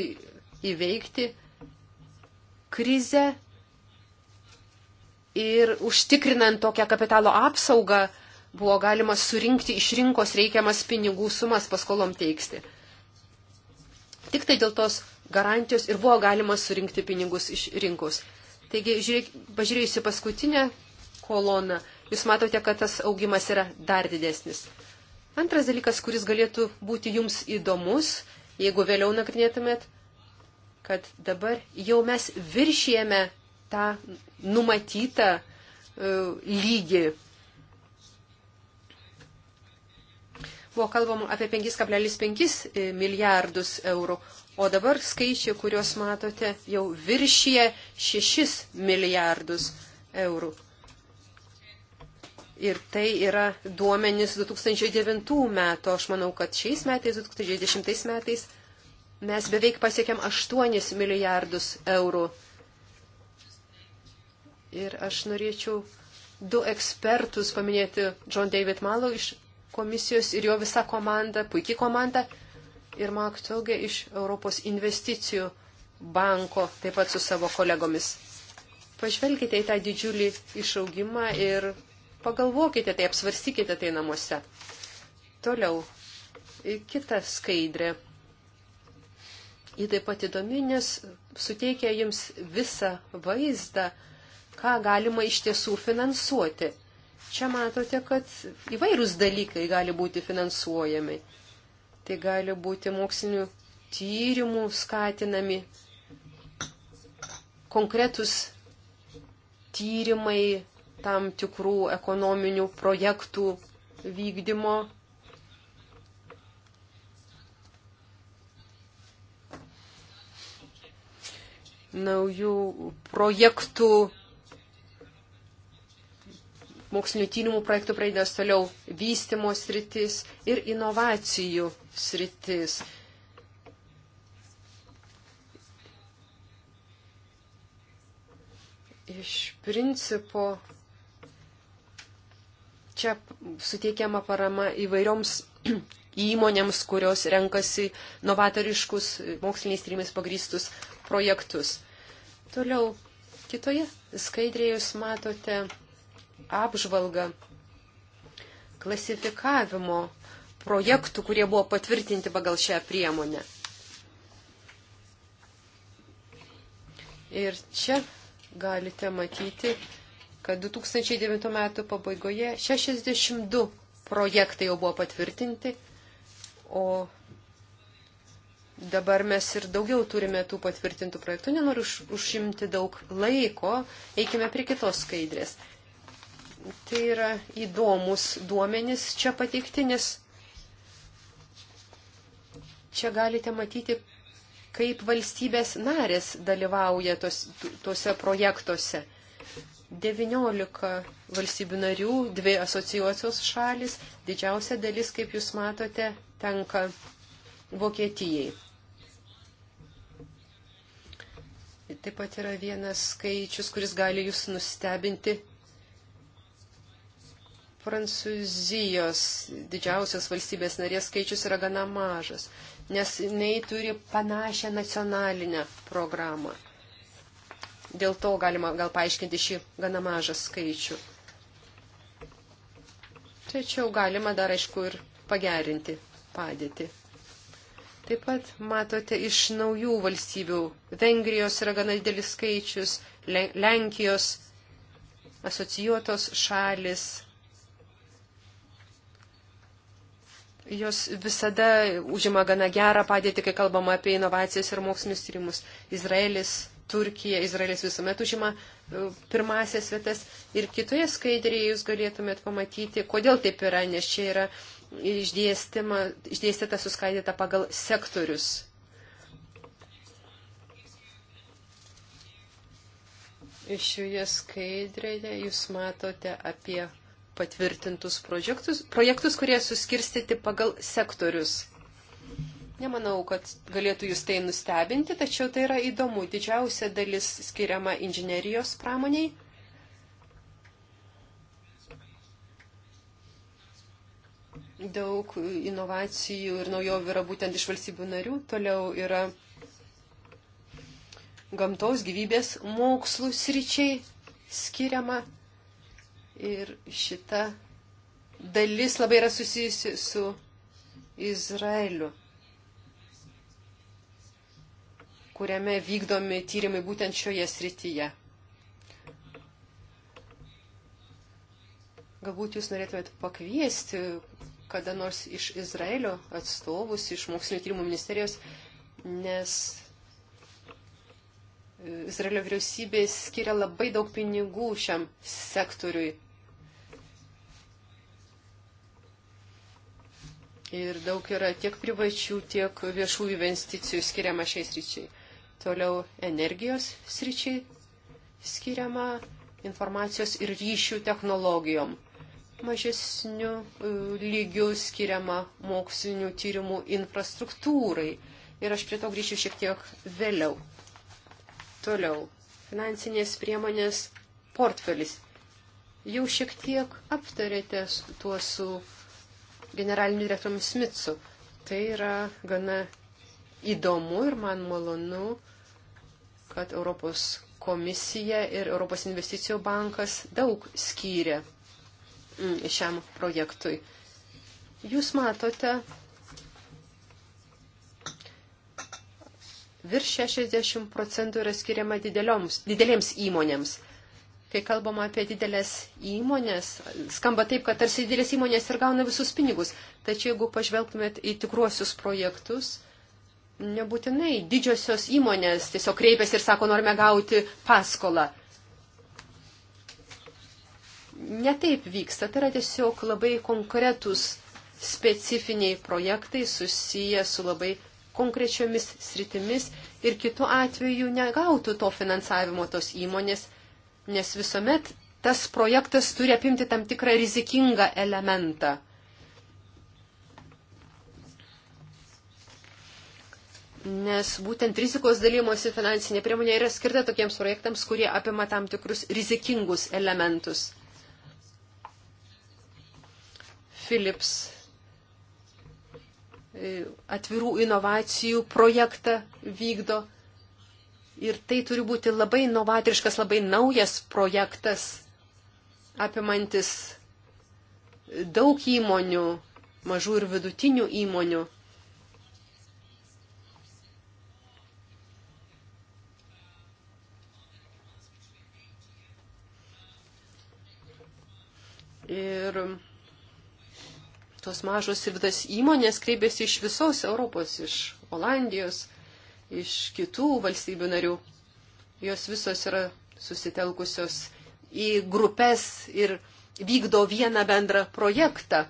įveikti krizę ir užtikrinant tokią kapitalo apsaugą buvo galima surinkti iš rinkos reikiamas pinigų sumas paskolom teiksti. Tik tai dėl tos garantijos ir buvo galima surinkti pinigus iš rinkos. Taigi, žiūrėk, pažiūrėjusi paskutinę koloną, jūs matote, kad tas augimas yra dar didesnis. Antras dalykas, kuris galėtų būti jums įdomus jeigu vėliau nagrinėtumėt, kad dabar jau mes viršijame tą numatytą e, lygį. Buvo kalbama apie 5,5 e, milijardus eurų, o dabar skaičiai, kuriuos matote, jau viršyje 6 milijardus eurų. Ir tai yra duomenys 2009 metų. Aš manau, kad šiais metais, 2010 metais, mes beveik pasiekėm 8 milijardus eurų. Ir aš norėčiau du ekspertus paminėti, John David Malo iš komisijos ir jo visa komanda, puikiai komanda, ir Mark Togė iš Europos investicijų banko, taip pat su savo kolegomis. Pažvelkite į tą didžiulį išaugimą ir Pagalvokite tai, apsvarstykite tai namuose. Toliau, kita skaidrė. Ji taip pat įdomi, nes suteikia jums visą vaizdą, ką galima iš tiesų finansuoti. Čia matote, kad įvairūs dalykai gali būti finansuojami. Tai gali būti mokslinių tyrimų skatinami, konkretus tyrimai, tam tikrų ekonominių projektų vykdymo. Naujų projektų, mokslinio tyrimų projektų praeidės toliau vystimo sritis ir inovacijų sritis. Iš principo Čia suteikiama parama įvairioms įmonėms, kurios renkasi novatoriškus moksliniais tyrimais pagrįstus projektus. Toliau kitoje skaidrėje jūs matote apžvalgą klasifikavimo projektų, kurie buvo patvirtinti pagal šią priemonę. Ir čia galite matyti kad 2009 metų pabaigoje 62 projektai jau buvo patvirtinti, o dabar mes ir daugiau turime tų patvirtintų projektų. Nenoriu už, užimti daug laiko, eikime prie kitos skaidrės. Tai yra įdomus duomenys čia pateikti, nes čia galite matyti, kaip valstybės narės dalyvauja tos, tuose projektuose. 19 valstybių narių, dvi asocijuotos šalis, didžiausia dalis, kaip jūs matote, tenka Vokietijai. Taip pat yra vienas skaičius, kuris gali jūs nustebinti. Prancūzijos didžiausios valstybės narės skaičius yra gana mažas, nes jinai turi panašią nacionalinę programą. Dėl to galima gal paaiškinti šį gana mažą skaičių. Tačiau galima dar aišku ir pagerinti padėtį. Taip pat matote iš naujų valstybių. Vengrijos yra gana didelis skaičius, Lenkijos asocijuotos šalis. Jos visada užima gana gerą padėtį, kai kalbama apie inovacijas ir mokslinius tyrimus. Izraelis, Turkija, Izraelis visuomet užima e, pirmasias vietas. Ir kitoje skaidrėje jūs galėtumėt pamatyti, kodėl taip yra, nes čia yra išdėstyta suskaidyta pagal sektorius. Šioje skaidrėje jūs matote apie patvirtintus projektus, projektus kurie suskirstyti pagal sektorius. Nemanau, kad galėtų jūs tai nustebinti, tačiau tai yra įdomu. Didžiausia dalis skiriama inžinerijos pramoniai. Daug inovacijų ir naujovių yra būtent iš valstybių narių. Toliau yra gamtos gyvybės mokslų sričiai skiriama. Ir šita dalis labai yra susijusi su Izraeliu. kuriame vykdomi tyrimai būtent šioje srityje. Galbūt jūs norėtumėt pakviesti kada nors iš Izraelio atstovus, iš mokslinio tyrimų ministerijos, nes e, Izraelio vyriausybė skiria labai daug pinigų šiam sektoriui. Ir daug yra tiek privačių, tiek viešų investicijų skiriama šiais ryčiai. Toliau energijos sričiai skiriama informacijos ir ryšių technologijom. Mažesnių e, lygių skiriama mokslinių tyrimų infrastruktūrai. Ir aš prie to grįšiu šiek tiek vėliau. Toliau. Finansinės priemonės portfelis. Jau šiek tiek aptarėte tuo su generaliniu direktoriumi Smitsu. Tai yra gana įdomu ir man malonu uh, kad Europos komisija ir Europos investicijų bankas daug skyrė mm, šiam projektui. Jūs matote virš 60 procentų yra skiriama didelėms įmonėms. Kai kalbama apie didelės įmonės, skamba taip, kad tarsi didelės įmonės ir gauna visus pinigus. Tačiau jeigu pažvelgtumėt į tikruosius projektus, nebūtinai didžiosios įmonės tiesiog kreipiasi ir sako, norime gauti paskolą. Netaip vyksta, tai yra tiesiog labai konkretus specifiniai projektai susiję su labai konkrečiomis sritimis ir kitu atveju negautų to finansavimo tos įmonės, nes visuomet tas projektas turi apimti tam tikrą rizikingą elementą. Nes būtent rizikos dalymosi finansinė priemonė yra skirta tokiems projektams, kurie apima tam tikrus rizikingus elementus. Philips e, atvirų inovacijų projektą vykdo. Ir tai turi būti labai novatoriškas, labai naujas projektas, apimantis daug įmonių, mažų ir vidutinių įmonių. Ir tos mažos ir vidas įmonės kreipėsi iš visos Europos, iš Olandijos, iš kitų valstybių narių. Jos visos yra susitelkusios į grupės ir vykdo vieną bendrą projektą.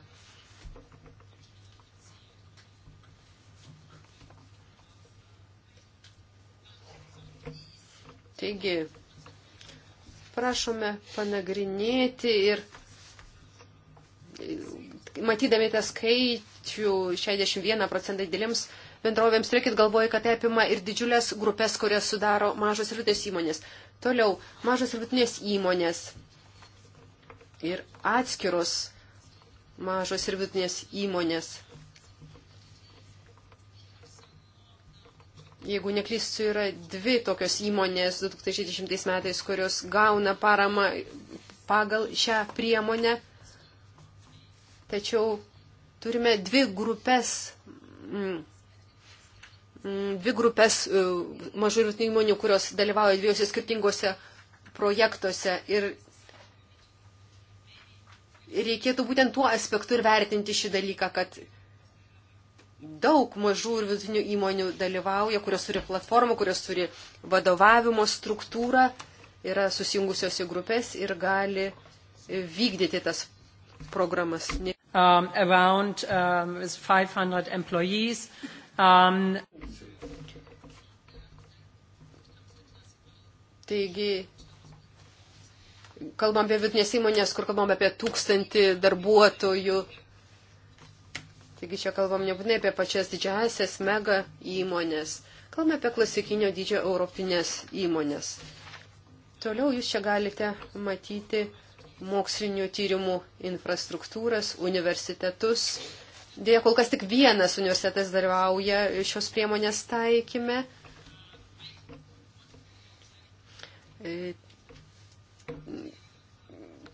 Taigi, prašome panagrinėti ir matydami tą skaičių 61 procentai dėlėms bendrovėms, turėkit galvoje, kad tai apima ir didžiulės grupės, kurias sudaro mažos ir vidutinės įmonės. Toliau, mažos ir vidutinės įmonės ir atskiros mažos ir vidutinės įmonės. Jeigu neklystu, yra dvi tokios įmonės 2010 metais, kurios gauna paramą pagal šią priemonę Tačiau turime dvi grupės. Mm, mm Dvi grupės e, mažų ir įmonių, kurios dalyvauja dviejose skirtingose projektuose ir reikėtų būtent tuo aspektu ir vertinti šį dalyką, kad daug mažų ir vidutinių įmonių dalyvauja, kurios turi platformą, kurios turi vadovavimo struktūrą, yra susijungusios į grupės ir gali vykdyti tas programas. Um, around um, 500 employees. Um, Taigi, kalbam apie vidinės įmonės, kur kalbam apie tūkstantį darbuotojų. Taigi čia kalbam nebūtinai apie pačias didžiasias mega įmonės. Kalbame apie klasikinio dydžio europinės įmonės. Toliau jūs čia galite matyti mokslinių tyrimų infrastruktūras, universitetus. Dėja, kol kas tik vienas universitetas dalyvauja šios priemonės taikyme. E,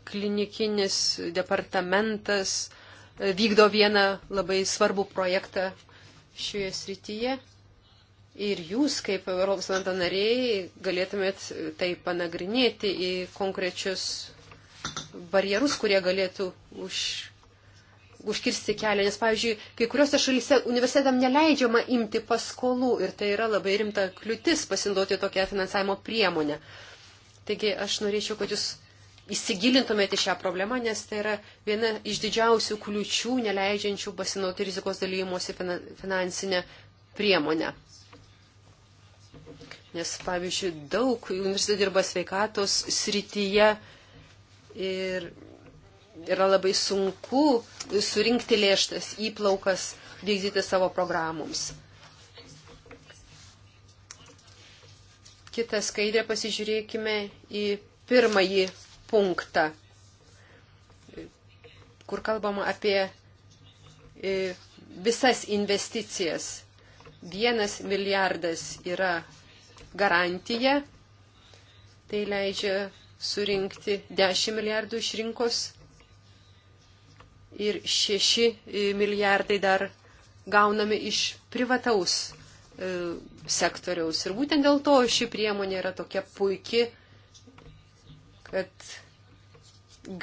klinikinis departamentas e, vykdo vieną labai svarbų projektą šioje srityje. Ir jūs, kaip Europos parlamento nariai, galėtumėt tai panagrinėti į konkrečius barjerus, kurie galėtų už, užkirsti kelią. Nes, pavyzdžiui, kai kuriuose šalyse universitetam neleidžiama imti paskolų ir tai yra labai rimta kliūtis pasinaudoti tokią finansavimo priemonę. Taigi aš norėčiau, kad jūs įsigilintumėte šią problemą, nes tai yra viena iš didžiausių kliučių neleidžiančių pasinauti rizikos dalymosi finansinę priemonę. Nes, pavyzdžiui, daug universitetų dirba sveikatos srityje ir yra labai sunku surinkti lėštas įplaukas, vykdyti savo programoms. Kitą skaidrę pasižiūrėkime į pirmąjį punktą, kur kalbama apie e, visas investicijas. Vienas milijardas yra garantija, tai leidžia surinkti 10 milijardų iš rinkos ir 6 e, milijardai dar gaunami iš privataus e, sektoriaus. Ir būtent dėl to ši priemonė yra tokia puikia, kad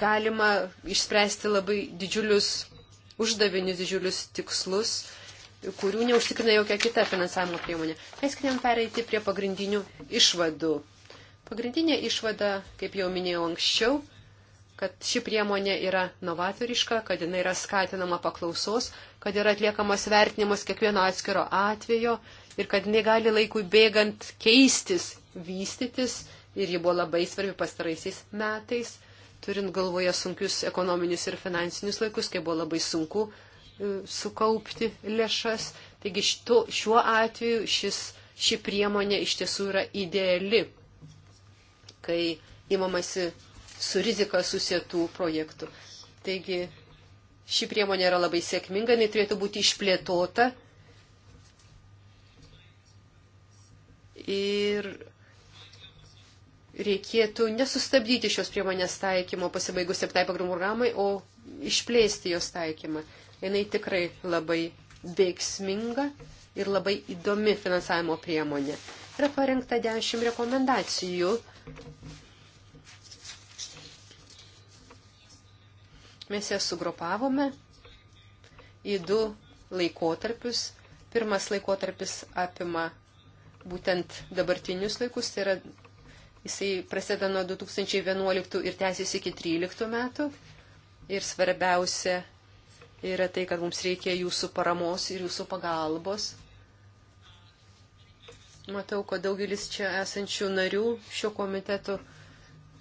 galima išspręsti labai didžiulius uždavinius, didžiulius tikslus, kurių neužtikrina jokia kita finansavimo priemonė. Leiskite man pereiti prie pagrindinių išvadų. Pagrindinė išvada, kaip jau minėjau anksčiau, kad ši priemonė yra novatoriška, kad jinai yra skatinama paklausos, kad yra atliekamas vertinimas kiekvieno atskiro atvejo ir kad jinai gali laikui bėgant keistis, vystytis ir ji buvo labai svarbi pastaraisiais metais, turint galvoje sunkius ekonominius ir finansinius laikus, kai buvo labai sunku e, sukaupti lėšas. Taigi šito, šiuo atveju šis, ši priemonė iš tiesų yra ideali kai įmamasi su rizika susietų projektų. Taigi ši priemonė yra labai sėkminga, jinai turėtų būti išplėtota. Ir reikėtų nesustabdyti šios priemonės taikymo pasibaigus septai programai, o išplėsti jos taikymą. Jinai tikrai labai veiksminga ir labai įdomi finansavimo priemonė. Yra parengta dešimt rekomendacijų Mes jas sugrupavome į du laikotarpius. Pirmas laikotarpis apima būtent dabartinius laikus, tai yra jisai prasideda nuo 2011 ir tęsiasi iki 2013 metų. Ir svarbiausia yra tai, kad mums reikia jūsų paramos ir jūsų pagalbos Matau, kad daugelis čia esančių narių šio komiteto,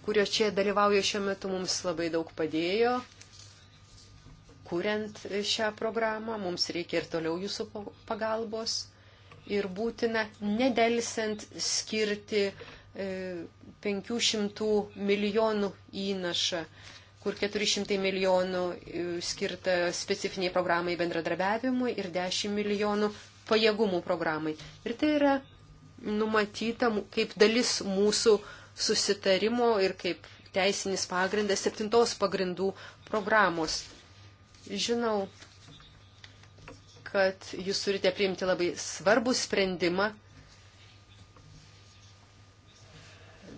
kurio čia dalyvauja šiuo metu, mums labai daug padėjo, kuriant šią programą. Mums reikia ir toliau jūsų pagalbos. Ir būtina nedelsiant skirti 500 e, milijonų įnašą, kur 400 milijonų e, skirta specifiniai programai bendradarbiavimui ir 10 milijonų pajėgumų programai. Ir tai yra numatyta kaip dalis mūsų susitarimo ir kaip teisinis pagrindas septintos pagrindų programos. Žinau, kad jūs turite priimti labai svarbų sprendimą.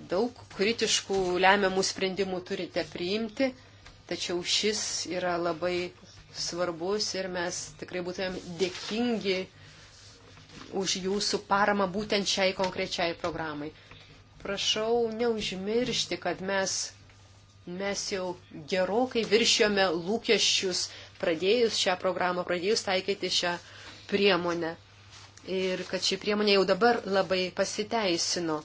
Daug kritiškų lemiamų sprendimų turite priimti, tačiau šis yra labai svarbus ir mes tikrai būtumėm dėkingi už jūsų paramą būtent šiai konkrečiai programai. Prašau neužmiršti, kad mes, mes jau gerokai viršijome lūkesčius pradėjus šią programą, pradėjus taikyti šią priemonę. Ir kad ši priemonė jau dabar labai pasiteisino.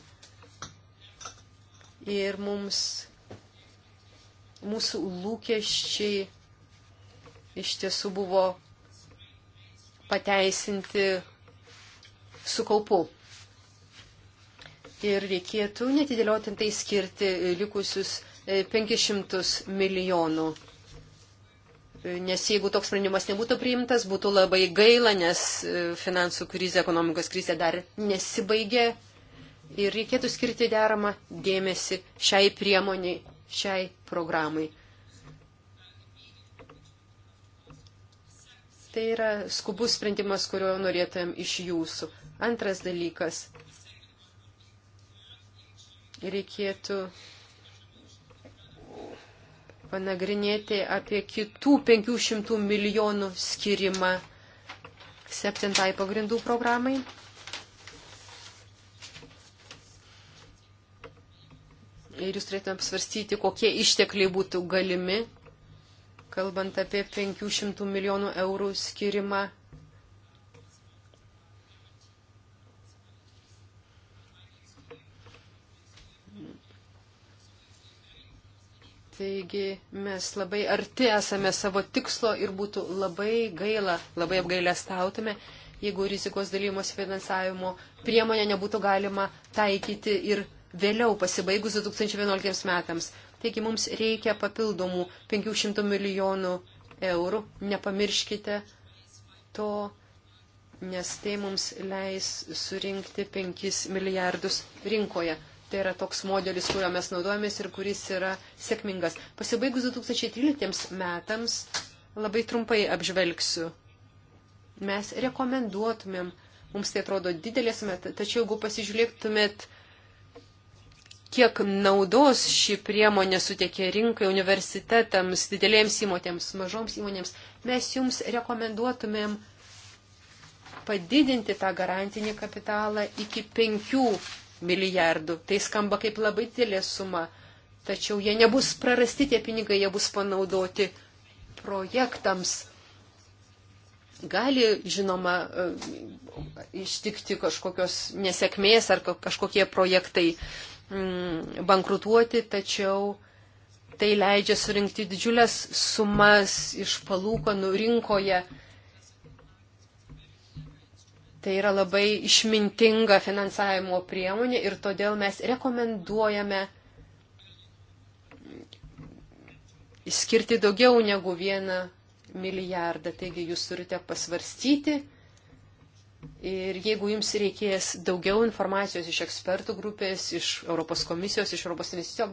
Ir mums, mūsų lūkesčiai iš tiesų buvo pateisinti su kaupu. Ir reikėtų netidėliotintai skirti likusius 500 e, milijonų. E, nes jeigu toks sprendimas nebūtų priimtas, būtų labai gaila, nes e, finansų krizė, ekonomikos krizė dar nesibaigė. Ir reikėtų skirti deramą dėmesį šiai priemoniai, šiai programai. Tai yra skubus sprendimas, kurio norėtumėm iš jūsų. Antras dalykas. Reikėtų panagrinėti apie kitų 500 milijonų skirimą septintai pagrindų programai. Ir jūs turėtume apsvarstyti, kokie ištekliai būtų galimi, kalbant apie 500 milijonų eurų skirimą Taigi mes labai arti esame savo tikslo ir būtų labai gaila, labai apgailę stautume, jeigu rizikos dalymos finansavimo priemonę nebūtų galima taikyti ir vėliau pasibaigus 2011 metams. Taigi mums reikia papildomų 500 milijonų eurų, nepamirškite to, nes tai mums leis surinkti 5 milijardus rinkoje. Tai yra toks modelis, kurio mes naudojamės ir kuris yra sėkmingas. Pasibaigus 2013 metams, labai trumpai apžvelgsiu. Mes rekomenduotumėm, mums tai atrodo didelės metas, tačiau jeigu pasižiūrėtumėt, kiek naudos ši priemonė sutiekė rinkai, universitetams, didelėms įmonėms, mažoms įmonėms, mes jums rekomenduotumėm padidinti tą garantinį kapitalą iki 5 milijardų. Tai skamba kaip labai didelė suma, tačiau jie nebus prarasti tie pinigai, jie bus panaudoti projektams. Gali, žinoma, e, ištikti kažkokios nesėkmės ar kažkokie projektai mm, bankrutuoti, tačiau tai leidžia surinkti didžiulės sumas iš palūkanų rinkoje Tai yra labai išmintinga finansavimo priemonė ir todėl mes rekomenduojame skirti daugiau negu vieną milijardą. Taigi jūs turite pasvarstyti ir jeigu jums reikės daugiau informacijos iš ekspertų grupės, iš Europos komisijos, iš Europos investicijų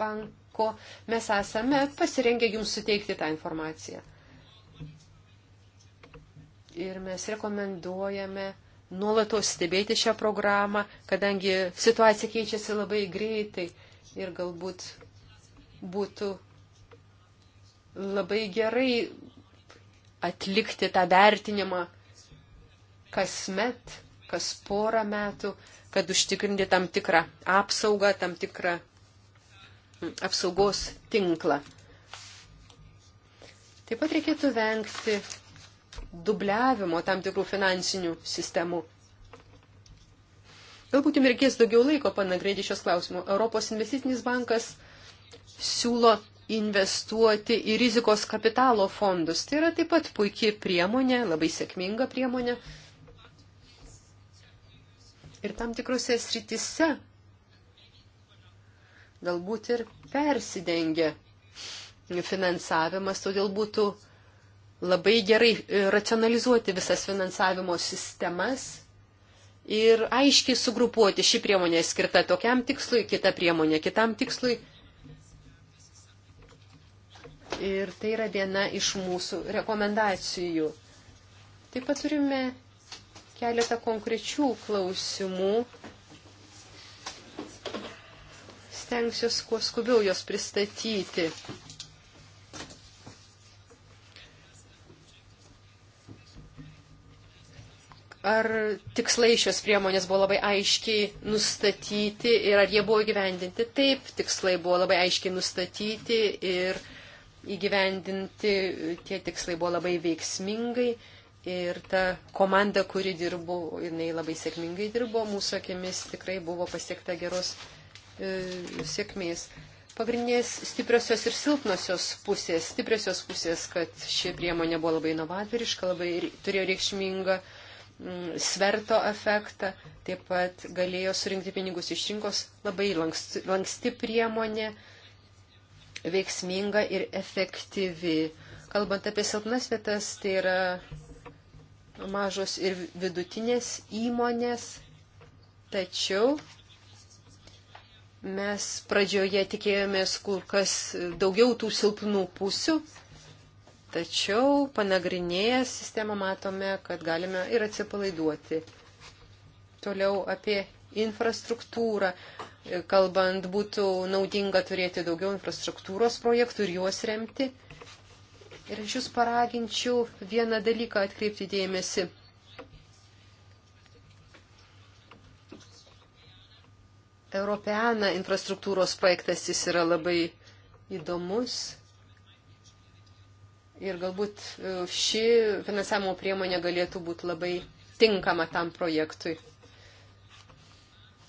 banko, mes esame pasirengę jums suteikti tą informaciją. Ir mes rekomenduojame nuolatos stebėti šią programą, kadangi situacija keičiasi labai greitai ir galbūt būtų labai gerai atlikti tą vertinimą kasmet, kas porą metų, kad užtikrinti tam tikrą apsaugą, tam tikrą mm, apsaugos tinklą. Taip pat reikėtų vengti dubliavimo tam tikrų finansinių sistemų. Galbūt jums reikės daugiau laiko panagrėti šios klausimų. Europos investicinis bankas siūlo investuoti į rizikos kapitalo fondus. Tai yra taip pat puikiai priemonė, labai sėkminga priemonė. Ir tam tikrose sritise galbūt ir persidengia finansavimas, todėl būtų labai gerai e, racionalizuoti visas finansavimo sistemas ir aiškiai sugrupuoti šį priemonę skirtą tokiam tikslui, kitą priemonę kitam tikslui. Ir tai yra viena iš mūsų rekomendacijų. Taip pat turime keletą konkrečių klausimų. Stengsiuos kuo skubiau jos pristatyti. Ar tikslai šios priemonės buvo labai aiškiai nustatyti ir ar jie buvo įgyvendinti? Taip, tikslai buvo labai aiškiai nustatyti ir įgyvendinti, tie tikslai buvo labai veiksmingai. Ir ta komanda, kuri dirbo, jinai labai sėkmingai dirbo, mūsų akimis tikrai buvo pasiekta geros e, sėkmės. Pagrindinės stipriosios ir silpnosios pusės. Stipriosios pusės, kad ši priemonė buvo labai inovatoriška, labai turėjo reikšmingą Mm, sverto efektą, taip pat galėjo surinkti pinigus iš rinkos, labai lanksti, lanksti priemonė, veiksminga ir efektyvi. Kalbant apie silpnas vietas, tai yra mažos ir vidutinės įmonės, tačiau mes pradžioje tikėjomės kur kas daugiau tų silpnų pusių, Tačiau panagrinėję sistemą matome, kad galime ir atsipalaiduoti. Toliau apie infrastruktūrą. Kalbant, būtų naudinga turėti daugiau infrastruktūros projektų ir juos remti. Ir aš jūs paraginčiau vieną dalyką atkreipti dėmesį. Europeana infrastruktūros projektas jis yra labai įdomus. Ir galbūt e, ši finansavimo priemonė galėtų būti labai tinkama tam projektui.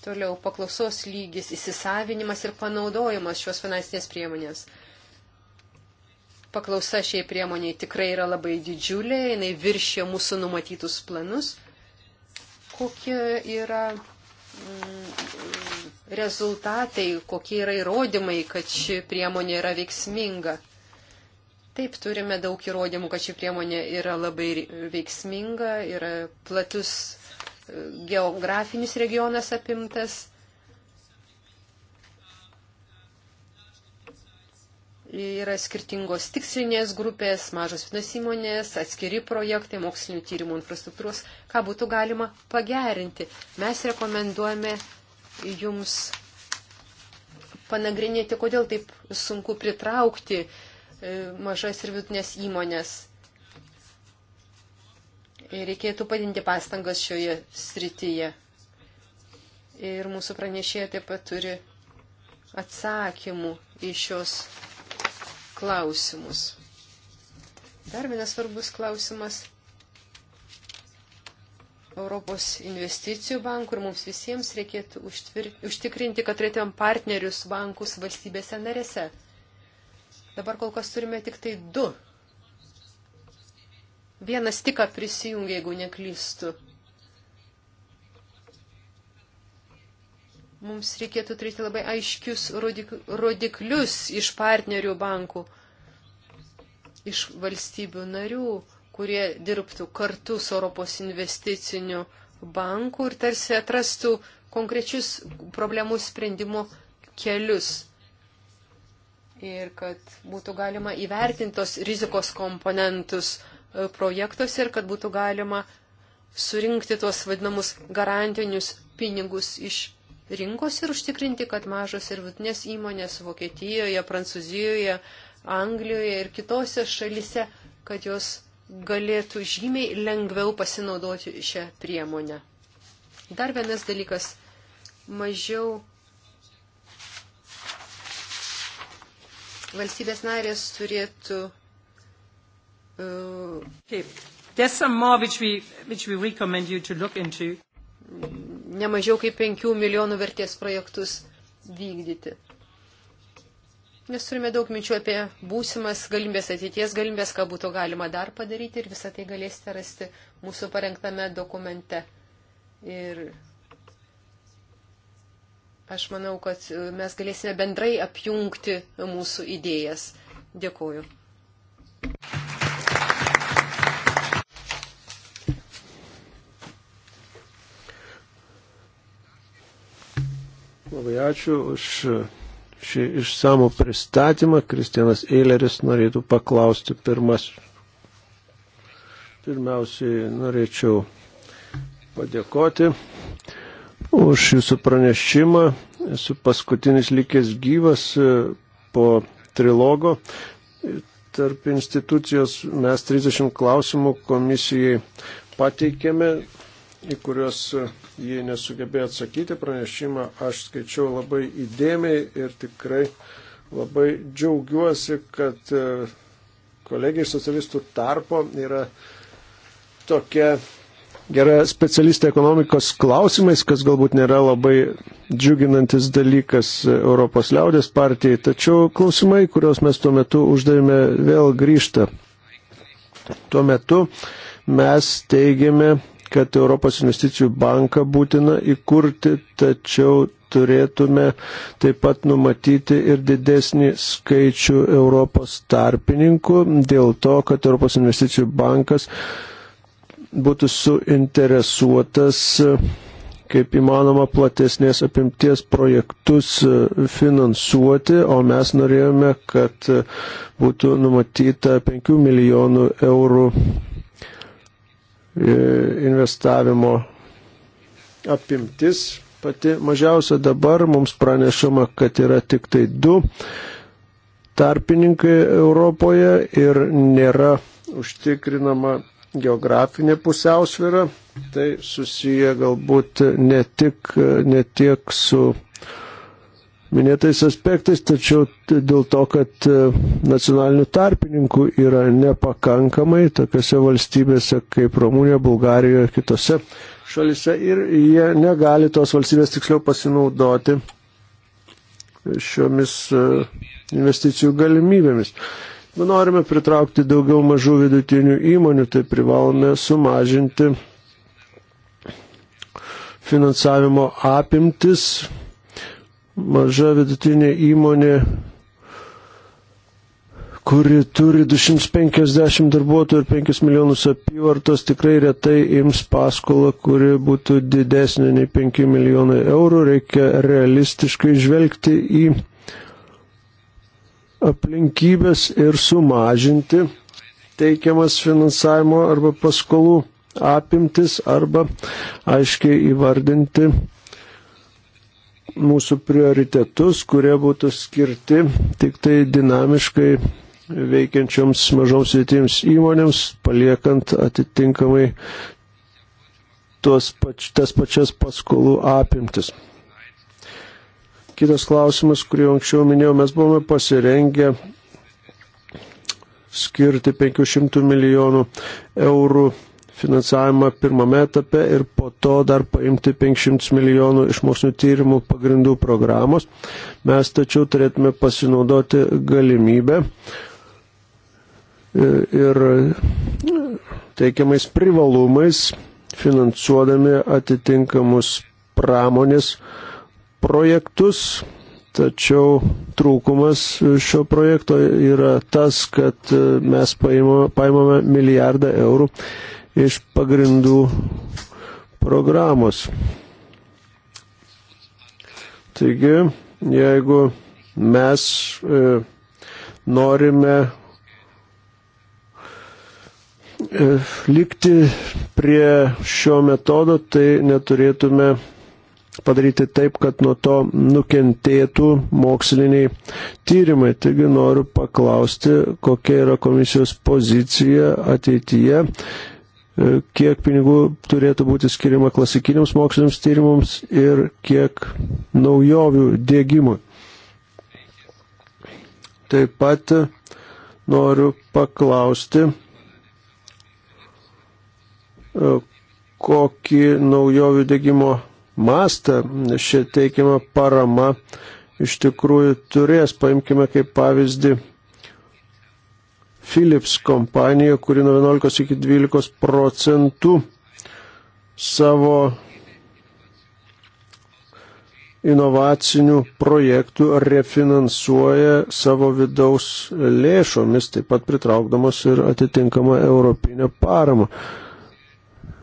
Toliau paklausos lygis, įsisavinimas ir panaudojimas šios finansinės priemonės. Paklausa šiai priemoniai tikrai yra labai didžiulė, jinai viršė mūsų numatytus planus. Kokie yra mm, rezultatai, kokie yra įrodymai, kad ši priemonė yra veiksminga. Taip, turime daug įrodymų, kad ši priemonė yra labai veiksminga, yra platus e, geografinis regionas apimtas. Yra skirtingos tikslinės grupės, mažos finos įmonės, atskiri projektai, mokslinių tyrimų infrastruktūros, ką būtų galima pagerinti. Mes rekomenduojame jums panagrinėti, kodėl taip sunku pritraukti uh, E, mažas ir vidutinės įmonės. Ir reikėtų padinti pastangas šioje srityje. Ir mūsų pranešėja taip pat turi atsakymų į šios klausimus. Dar vienas svarbus klausimas. Europos investicijų bankų ir mums visiems reikėtų užtvirti, užtikrinti, kad turėtumėm partnerius bankus valstybėse narėse. Dabar kol kas turime tik tai du. Vienas tik prisijungia, jeigu neklystu. Mums reikėtų turėti labai aiškius rodiklius iš partnerių bankų, iš valstybių narių, kurie dirbtų kartu su Europos investiciniu banku ir tarsi atrastų konkrečius problemų sprendimo kelius ir kad būtų galima įvertintos rizikos komponentus e, projektuose ir kad būtų galima surinkti tuos vadinamus garantinius pinigus iš rinkos ir užtikrinti, kad mažos ir vidutinės įmonės Vokietijoje, Prancūzijoje, Anglijoje ir kitose šalise, kad jos galėtų žymiai lengviau pasinaudoti šią priemonę. Dar vienas dalykas - mažiau valstybės narės turėtų. Uh, okay. which we, which we nemažiau kaip 5 milijonų vertės projektus vykdyti. Mes turime daug minčių apie būsimas galimybės ateities galimybės, ką būtų galima dar padaryti ir visą tai galėsite rasti mūsų parengtame dokumente. Ir Aš manau, kad e, mes galėsime bendrai apjungti mūsų idėjas. Dėkuoju. Labai ačiū už šį išsamų pristatymą. Kristianas Eileris norėtų paklausti pirmas. Pirmiausiai norėčiau padėkoti už jūsų pranešimą. Esu paskutinis likęs gyvas e, po trilogo. Tarp institucijos mes 30 klausimų komisijai pateikėme, į kuriuos e, jie nesugebėjo atsakyti. Pranešimą aš skaičiau labai įdėmiai ir tikrai labai džiaugiuosi, kad e, kolegiai iš socialistų tarpo yra tokia gera specialistė ekonomikos klausimais, kas galbūt nėra labai džiuginantis dalykas Europos liaudės partijai, tačiau klausimai, kuriuos mes tuo metu uždavėme, vėl grįžta. Tuo metu mes teigiame, kad Europos investicijų banką būtina įkurti, tačiau turėtume taip pat numatyti ir didesnį skaičių Europos tarpininkų dėl to, kad Europos investicijų bankas būtų suinteresuotas kaip įmanoma platesnės apimties projektus e, finansuoti, o mes norėjome, kad e, būtų numatyta 5 milijonų eurų e, investavimo apimtis. Pati mažiausia dabar mums pranešama, kad yra tik tai du tarpininkai Europoje ir nėra užtikrinama geografinė pusiausvėra, tai susiję galbūt ne, tik, ne tiek su minėtais aspektais, tačiau dėl to, kad nacionalinių tarpininkų yra nepakankamai tokiuose valstybėse kaip Rumunija, Bulgarija ir kitose šalise ir jie negali tos valstybės tiksliau pasinaudoti šiomis e, investicijų galimybėmis. Jeigu nu, norime pritraukti daugiau mažų vidutinių įmonių, tai privalome sumažinti finansavimo apimtis. Maža vidutinė įmonė, kuri turi 250 darbuotojų ir 5 milijonus apyvartos, tikrai retai ims paskolą, kuri būtų didesnė nei 5 milijonai eurų. Reikia realistiškai žvelgti į aplinkybės ir sumažinti teikiamas finansavimo arba paskolų apimtis arba aiškiai įvardinti mūsų prioritetus, kurie būtų skirti tik tai dinamiškai veikiančioms mažoms vietims įmonėms, paliekant atitinkamai tuos pač, tas pačias paskolų apimtis. Kitas klausimas, kurį anksčiau minėjau, mes buvome pasirengę skirti 500 milijonų eurų finansavimą pirmame etape ir po to dar paimti 500 milijonų iš mokslinio tyrimų pagrindų programos. Mes tačiau turėtume pasinaudoti galimybę ir teikiamais privalumais finansuodami atitinkamus pramonės projektus, tačiau trūkumas šio projekto yra tas, kad e, mes paimame, paimame milijardą eurų iš pagrindų programos. Taigi, jeigu mes e, norime e, likti prie šio metodo, tai neturėtume padaryti taip, kad nuo to nukentėtų moksliniai tyrimai. Taigi noriu paklausti, kokia yra komisijos pozicija ateityje, e, kiek pinigų turėtų būti skiriama klasikiniams moksliniams tyrimams ir kiek naujovių dėgymui. Taip pat e, noriu paklausti, e, kokį naujovių dėgymo mastą šia teikiama parama iš tikrųjų turės. Paimkime kaip pavyzdį Philips kompaniją, kuri nuo 11 iki 12 procentų savo inovacinių projektų refinansuoja savo vidaus lėšomis, taip pat pritraukdamas ir atitinkamą europinę paramą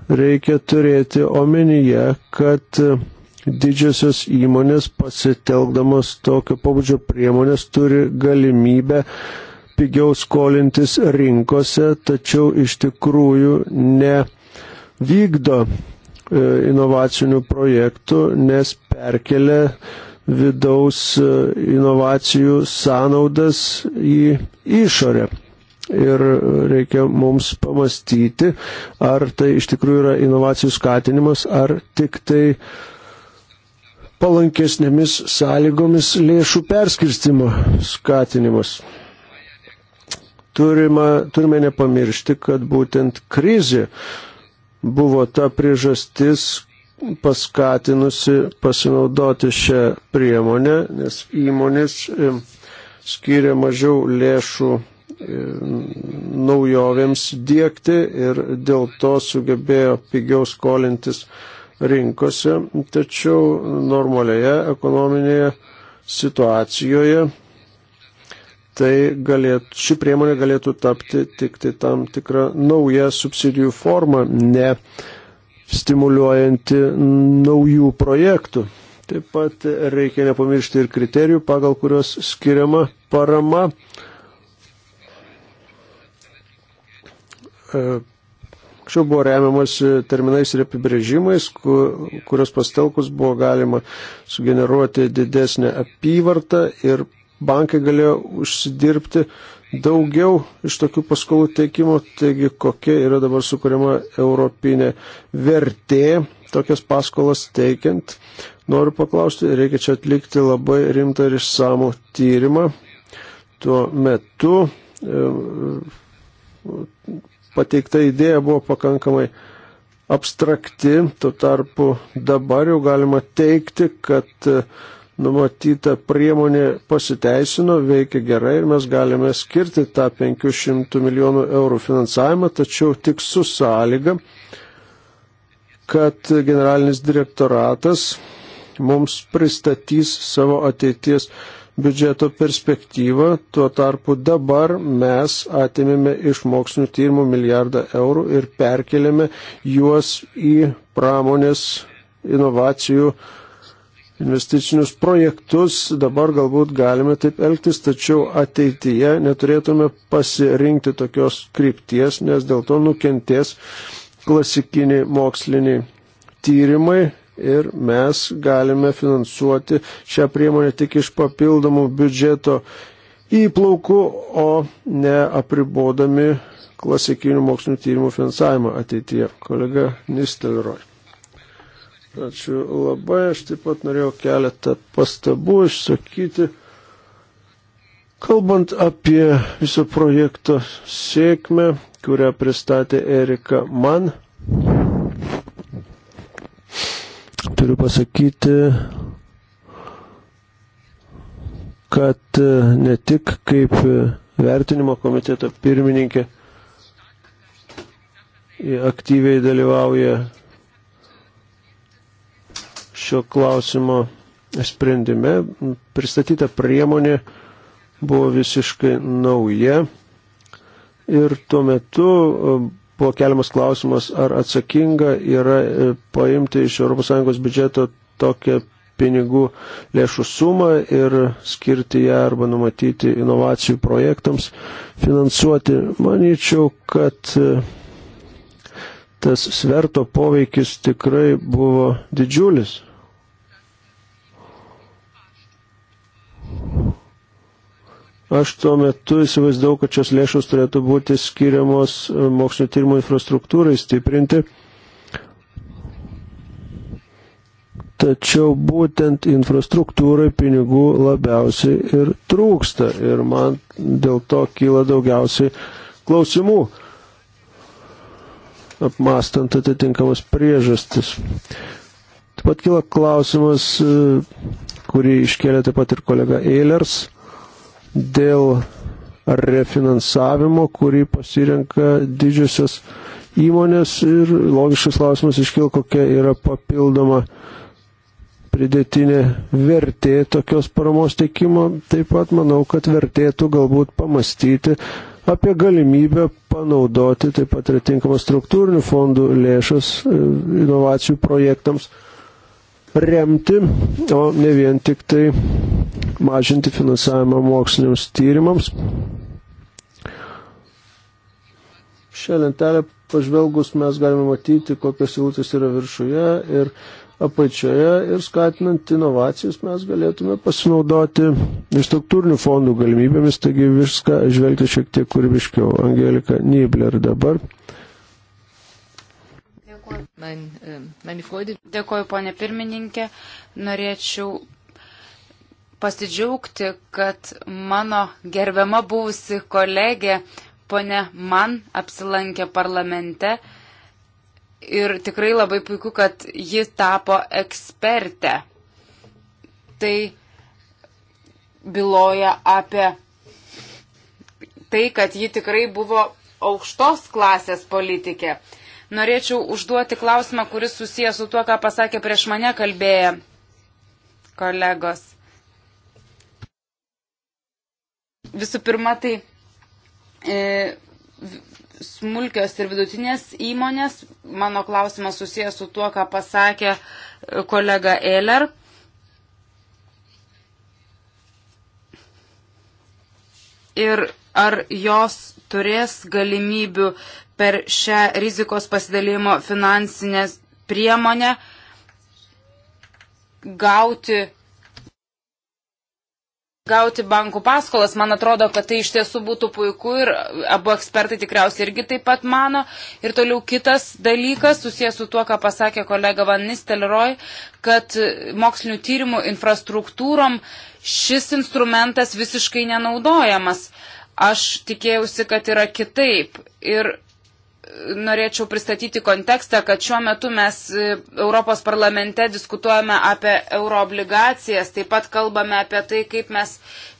reikia turėti omenyje, kad didžiosios įmonės pasitelkdamas tokio pabudžio priemonės turi galimybę pigiau skolintis rinkose, tačiau iš tikrųjų nevykdo e, inovacinių projektų, nes perkelia vidaus e, inovacijų sąnaudas į išorę ir reikia mums pamastyti, ar tai iš tikrųjų yra inovacijų skatinimas, ar tik tai palankesnėmis sąlygomis lėšų perskirstimo skatinimas. Turime, turime nepamiršti, kad būtent krizė buvo ta priežastis, paskatinusi pasinaudoti šią priemonę, nes įmonės e, skiria mažiau lėšų naujovėms dėkti ir dėl to sugebėjo pigiau skolintis rinkose, tačiau normalioje ekonominėje situacijoje tai galėtų, ši priemonė galėtų tapti tik tai tam tikrą naują subsidijų formą, ne stimuliuojanti naujų projektų. Taip pat reikia nepamiršti ir kriterijų, pagal kurios skiriama parama. E, anksčiau buvo remiamas e, terminais ir apibrėžimais, kur, kurios pastelkus buvo galima sugeneruoti didesnę apyvartą ir bankai galėjo užsidirbti daugiau iš tokių paskolų teikimo, taigi kokia yra dabar sukūrima europinė vertė tokias paskolas teikiant. Noriu paklausti, reikia čia atlikti labai rimtą ir išsamų tyrimą. Tuo metu e, pateikta idėja buvo pakankamai abstrakti, tuo tarpu dabar jau galima teikti, kad e, numatyta priemonė pasiteisino, veikia gerai ir mes galime skirti tą 500 milijonų eurų finansavimą, tačiau tik su sąlyga, kad generalinis direktoratas mums pristatys savo ateities biudžeto perspektyvą, tuo tarpu dabar mes atimėme iš mokslinių tyrimų milijardą eurų ir perkelėme juos į pramonės inovacijų investicinius projektus, dabar galbūt galime taip elgtis, tačiau ateityje neturėtume pasirinkti tokios krypties, nes dėl to nukentės klasikiniai moksliniai tyrimai ir mes galime finansuoti šią priemonę tik iš papildomų biudžeto įplaukų, o ne apribodami klasikinių mokslinių tyrimų finansavimą ateityje. Kolega Nistelroj. Ačiū labai, aš taip pat norėjau keletą pastabų išsakyti. Kalbant apie viso projekto sėkmę, kurią pristatė Erika man, turiu pasakyti, kad e, ne tik kaip e, vertinimo komiteto pirmininkė aktyviai dalyvauja šio klausimo sprendime, pristatyta priemonė buvo visiškai nauja ir tuo metu buvo keliamas klausimas, ar atsakinga yra e, paimti iš ES biudžeto tokią pinigų lėšų sumą ir skirti ją arba numatyti inovacijų projektams finansuoti. Manyčiau, kad e, tas sverto poveikis tikrai buvo didžiulis. Aš tuo metu įsivaizdavau, kad šios lėšos turėtų būti skiriamos e, mokslinio tyrimo infrastruktūrai stiprinti. Tačiau būtent infrastruktūrai pinigų labiausiai ir trūksta ir man dėl to kyla daugiausiai klausimų, apmastant atitinkamas priežastis. Taip pat kyla klausimas, e, kurį iškėlė taip pat ir kolega Eilers dėl refinansavimo, kurį pasirenka didžiosios įmonės ir logiškas klausimas iškil, kokia yra papildoma pridėtinė vertė tokios paramos teikimo. Taip pat manau, kad vertėtų galbūt pamastyti apie galimybę panaudoti taip pat ir tinkamas struktūrinių fondų lėšas e, inovacijų projektams remti, o ne vien tik tai mažinti finansavimą moksliniams tyrimams. Šią lentelę pažvelgus mes galime matyti, kokios eilutės yra viršuje ir apačioje ir skatinant inovacijas mes galėtume pasinaudoti ir struktūrinių fondų galimybėmis, taigi viską žvelgti šiek tiek kūrybiškiau. Angelika Nibler dabar. Dėkuoju, ponė pirmininkė. Norėčiau pasidžiaugti, kad mano gerbiama buvusi kolegė ponė man apsilankė parlamente ir tikrai labai puiku, kad ji tapo ekspertė. Tai byloja apie tai, kad ji tikrai buvo aukštos klasės politikė. Norėčiau užduoti klausimą, kuris susijęs su tuo, ką pasakė prieš mane kalbėję kolegos. Visų pirma, tai e, smulkios ir vidutinės įmonės. Mano klausimas susijęs su tuo, ką pasakė e, kolega Eiler. Ir ar jos turės galimybių per šią rizikos pasidalymo finansinę priemonę gauti gauti bankų paskolas. Man atrodo, kad tai iš tiesų būtų puiku ir abu ekspertai tikriausiai irgi taip pat mano. Ir toliau kitas dalykas susijęs su tuo, ką pasakė kolega Van Nistelrooy, kad mokslinių tyrimų infrastruktūrom šis instrumentas visiškai nenaudojamas. Aš tikėjausi, kad yra kitaip. Ir norėčiau pristatyti kontekstą, kad šiuo metu mes e, Europos parlamente diskutuojame apie euroobligacijas, taip pat kalbame apie tai, kaip mes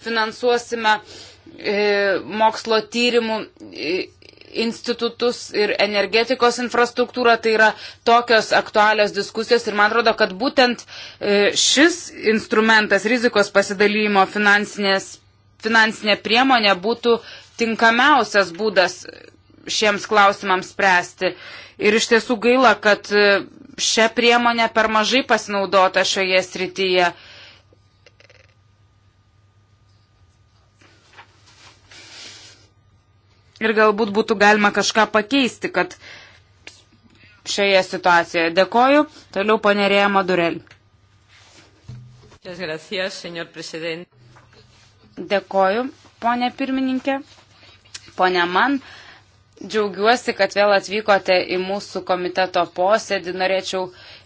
finansuosime e, mokslo tyrimų e, institutus ir energetikos infrastruktūrą. Tai yra tokios aktualios diskusijos ir man atrodo, kad būtent šis instrumentas rizikos pasidalymo finansinė priemonė būtų tinkamiausias būdas šiems klausimams spręsti. Ir iš tiesų gaila, kad e, šią priemonę per mažai pasinaudota šioje srityje. Ir galbūt būtų galima kažką pakeisti, kad šioje situacijoje. Dėkoju. Toliau panerėja Madurel. Dėkoju, ponė pirmininkė. Pone man, Džiaugiuosi, kad vėl atvykote į mūsų komiteto posėdį. Norėčiau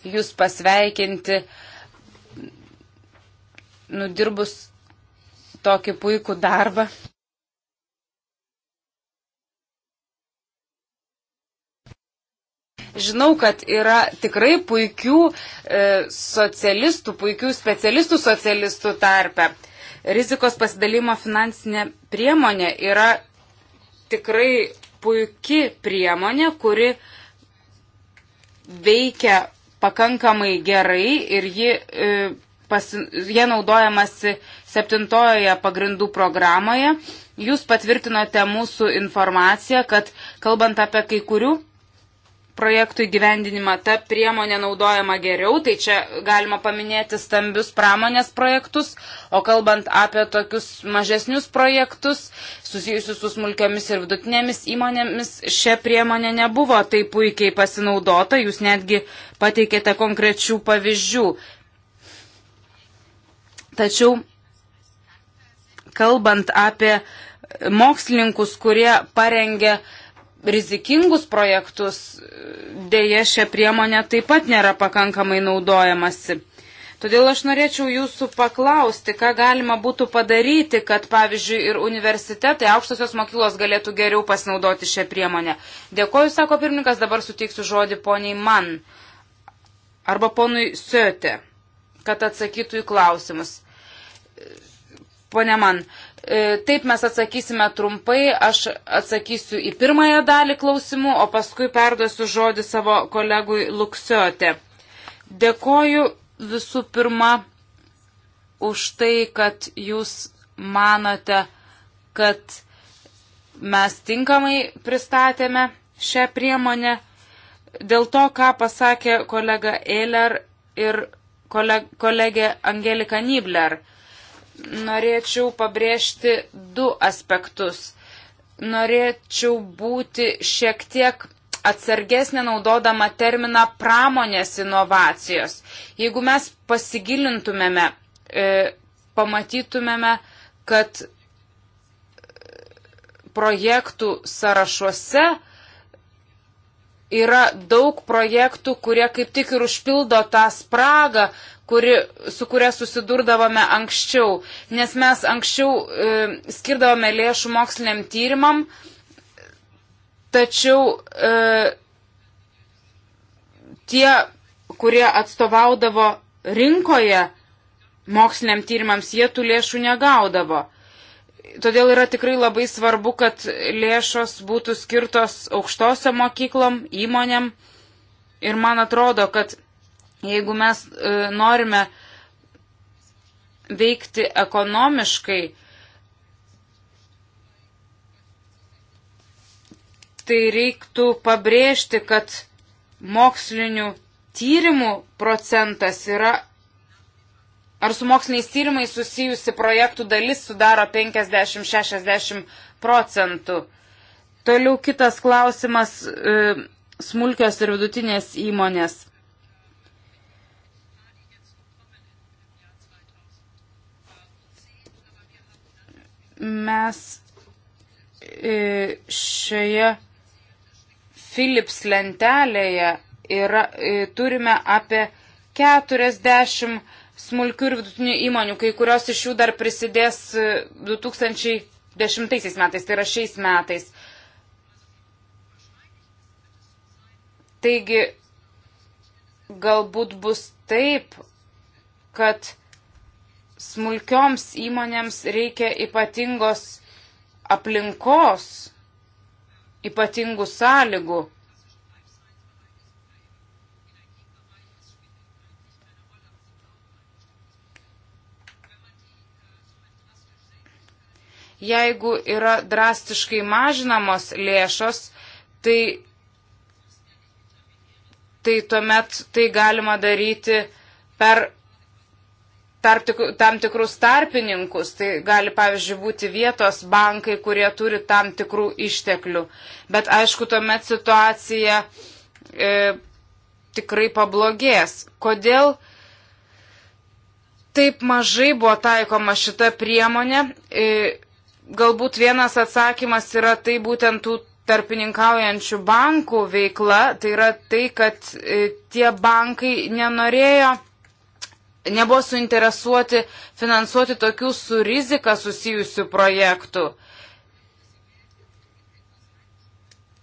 Jūs pasveikinti, nudirbus tokį puikų darbą. Žinau, kad yra tikrai puikių e, socialistų, puikių specialistų socialistų tarpe. Rizikos pasidalimo finansinė priemonė yra tikrai puikia priemonė, kuri veikia pakankamai gerai ir ji, e, pasi, jie naudojamasi septintojoje pagrindų programoje. Jūs patvirtinote mūsų informaciją, kad kalbant apie kai kurių projektų įgyvendinimą, ta priemonė naudojama geriau, tai čia galima paminėti stambius pramonės projektus, o kalbant apie tokius mažesnius projektus, susijusius su smulkiamis ir vidutinėmis įmonėmis, šią priemonę nebuvo taip puikiai pasinaudota, jūs netgi pateikėte konkrečių pavyzdžių. Tačiau, kalbant apie mokslininkus, kurie parengė uh, rizikingus projektus, dėje šią priemonę taip pat nėra pakankamai naudojamasi. Todėl aš norėčiau jūsų paklausti, ką galima būtų padaryti, kad, pavyzdžiui, ir universitetai, aukštosios mokyklos galėtų geriau pasinaudoti šią priemonę. Dėkoju, sako pirmininkas, dabar suteiksiu žodį poniai man arba ponui Söte, kad atsakytų į klausimus. Pone man, E, taip mes atsakysime trumpai, aš atsakysiu į pirmąją dalį klausimų, o paskui perduosiu žodį savo kolegui Luksiote. Dėkoju visų pirma už tai, kad jūs manote, kad mes tinkamai pristatėme šią priemonę. Dėl to, ką pasakė kolega Eiler ir kolegė Angelika Nibler norėčiau pabrėžti du aspektus. Norėčiau būti šiek tiek atsargesnė naudodama terminą pramonės inovacijos. Jeigu mes pasigilintumėme, e, pamatytumėme, kad projektų sąrašuose yra daug projektų, kurie kaip tik ir užpildo tą spragą, kuri, su kuria susidurdavome anksčiau. Nes mes anksčiau e, skirdavome lėšų moksliniam tyrimam, tačiau e, tie, kurie atstovaudavo rinkoje moksliniam tyrimams, jie tų lėšų negaudavo. Todėl yra tikrai labai svarbu, kad lėšos būtų skirtos aukštosio mokyklom, įmonėm. Ir man atrodo, kad jeigu mes e, norime veikti ekonomiškai, tai reiktų pabrėžti, kad mokslinių tyrimų procentas yra ar su moksliniais tyrimais susijusi projektų dalis sudaro 50-60 procentų. Toliau kitas klausimas e, - smulkios ir vidutinės įmonės. Mes e, šioje Philips lentelėje yra, e, turime apie 40 smulkių ir vidutinių įmonių, kai kurios iš jų dar prisidės 2010 e, metais, tai yra šiais metais. Taigi, galbūt bus taip, kad smulkioms įmonėms reikia ypatingos aplinkos, ypatingų sąlygų. jeigu yra drastiškai mažinamos lėšos, tai, tai tuomet tai galima daryti per tam tikrus tarpininkus, tai gali pavyzdžiui būti vietos bankai, kurie turi tam tikrų išteklių. Bet aišku, tuomet situacija e, tikrai pablogės. Kodėl taip mažai buvo taikoma šita priemonė? E, galbūt vienas atsakymas yra tai būtent tų tarpininkaujančių bankų veikla, tai yra tai, kad e, tie bankai nenorėjo, nebuvo suinteresuoti finansuoti tokių su rizika susijusių projektų.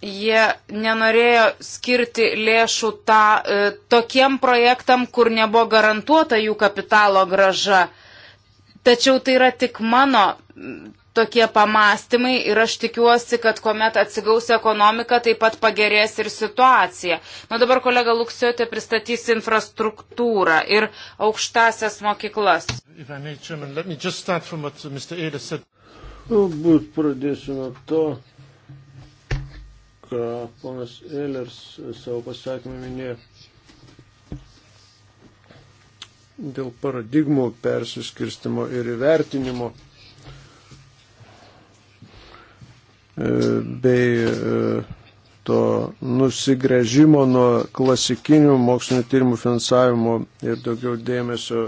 Jie nenorėjo skirti lėšų ta, e, tokiem projektam, kur nebuvo garantuota jų kapitalo graža. Tačiau tai yra tik mano tokie pamastymai ir aš tikiuosi, kad kuomet atsigaus ekonomika, taip pat pagerės ir situacija. Na nu, dabar kolega Luksiotė pristatys infrastruktūrą ir aukštasias mokyklas. Galbūt pradėsiu nuo to, ką ponas Eilers savo pasakymą minėjo dėl paradigmų persiskirstimo ir įvertinimo E, bei e, to nusigrėžimo nuo klasikinių mokslinio tyrimų finansavimo ir daugiau dėmesio,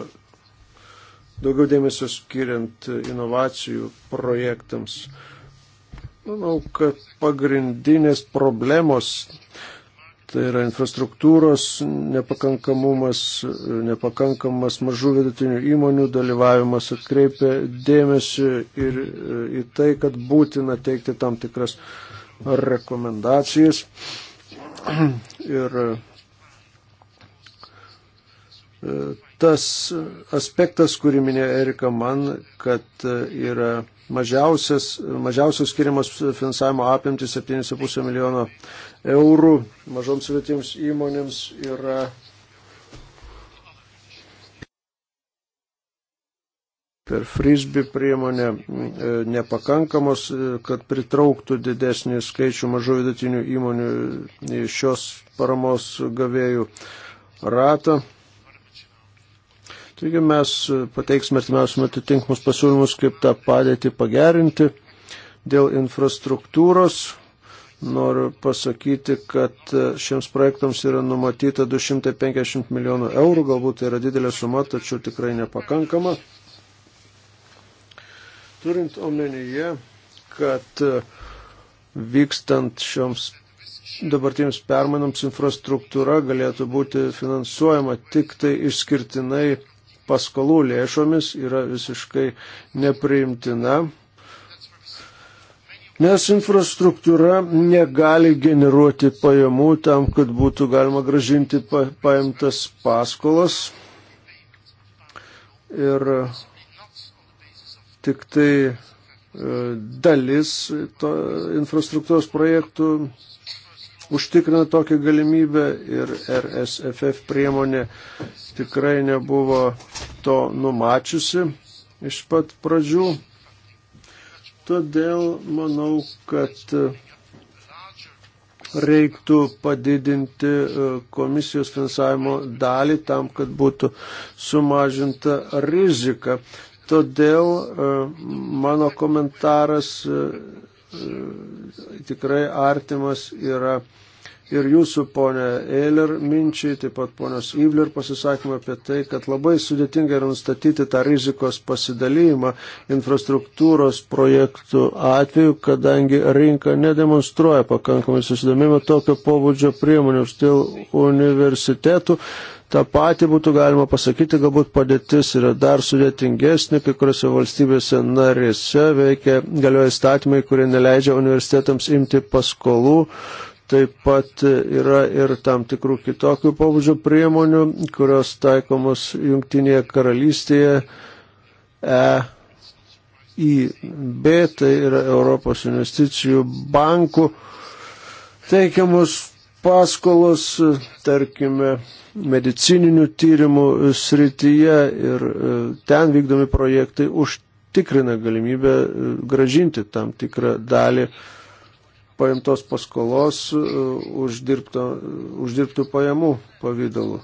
daugiau dėmesio skiriant inovacijų projektams. Manau, kad pagrindinės problemos Tai yra infrastruktūros nepakankamumas, nepakankamas mažų vidutinių įmonių dalyvavimas atkreipia dėmesį ir e, į tai, kad būtina teikti tam tikras rekomendacijas. Ir e, tas aspektas, kurį minėjo Erika man, kad yra mažiausias, mažiausios skiriamas finansavimo apimtis 7,5 milijono eurų mažoms vietiems įmonėms yra. per frisbį priemonę e, nepakankamos, e, kad pritrauktų didesnį skaičių mažų vidutinių įmonių šios paramos gavėjų ratą. Taigi mes pateiksime artimiausiu metu tinkamus pasiūlymus, kaip tą padėtį pagerinti. Dėl infrastruktūros noriu pasakyti, kad šiems projektams yra numatyta 250 milijonų eurų, galbūt tai yra didelė suma, tačiau tikrai nepakankama. Turint omenyje, kad vykstant šioms dabartiniams permanams infrastruktūra galėtų būti finansuojama tik tai išskirtinai paskolų lėšomis yra visiškai nepriimtina, nes infrastruktūra negali generuoti pajamų tam, kad būtų galima gražinti pa paimtas paskolas. Ir tik tai e, dalis to infrastruktūros projektų užtikrina tokią galimybę ir RSFF priemonė tikrai nebuvo to numačiusi iš pat pradžių. Todėl manau, kad e, reiktų padidinti e, komisijos finansavimo dalį tam, kad būtų sumažinta rizika. Todėl e, mano komentaras tikrai artimas yra ir jūsų ponė Eiler minčiai, taip pat ponios Ivler pasisakymą apie tai, kad labai sudėtinga yra nustatyti tą rizikos pasidalymą infrastruktūros projektų atveju, kadangi rinka nedemonstruoja pakankamai susidomimo tokio pobūdžio priemonių stil universitetų. Ta pati būtų galima pasakyti, galbūt padėtis yra dar sudėtingesnė, kai kuriuose valstybėse narėse veikia galioja įstatymai, kurie neleidžia universitetams imti paskolų, Taip pat yra ir tam tikrų kitokių pobūdžių priemonių, kurios taikomos Junktinėje karalystėje EIB, tai yra Europos investicijų bankų teikiamus paskolos, tarkime, medicininių tyrimų srityje ir e, ten vykdomi projektai užtikrina galimybę e, gražinti tam tikrą dalį paimtos paskolos e, uždirbto, uždirbtų pajamų pavydalu.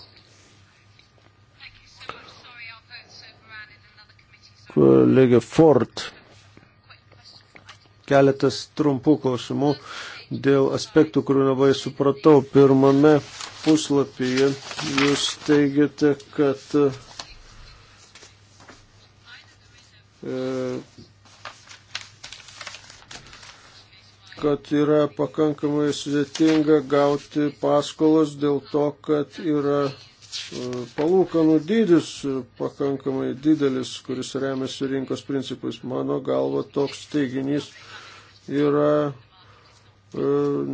Kolegė Ford. Keletas trumpų klausimų dėl aspektų, kurių labai supratau. Pirmame puslapyje jūs teigiate, kad e, kad yra pakankamai sudėtinga gauti paskolas dėl to, kad yra e, palūkanų dydis pakankamai didelis, kuris remiasi rinkos principais. Mano galva toks teiginys yra e,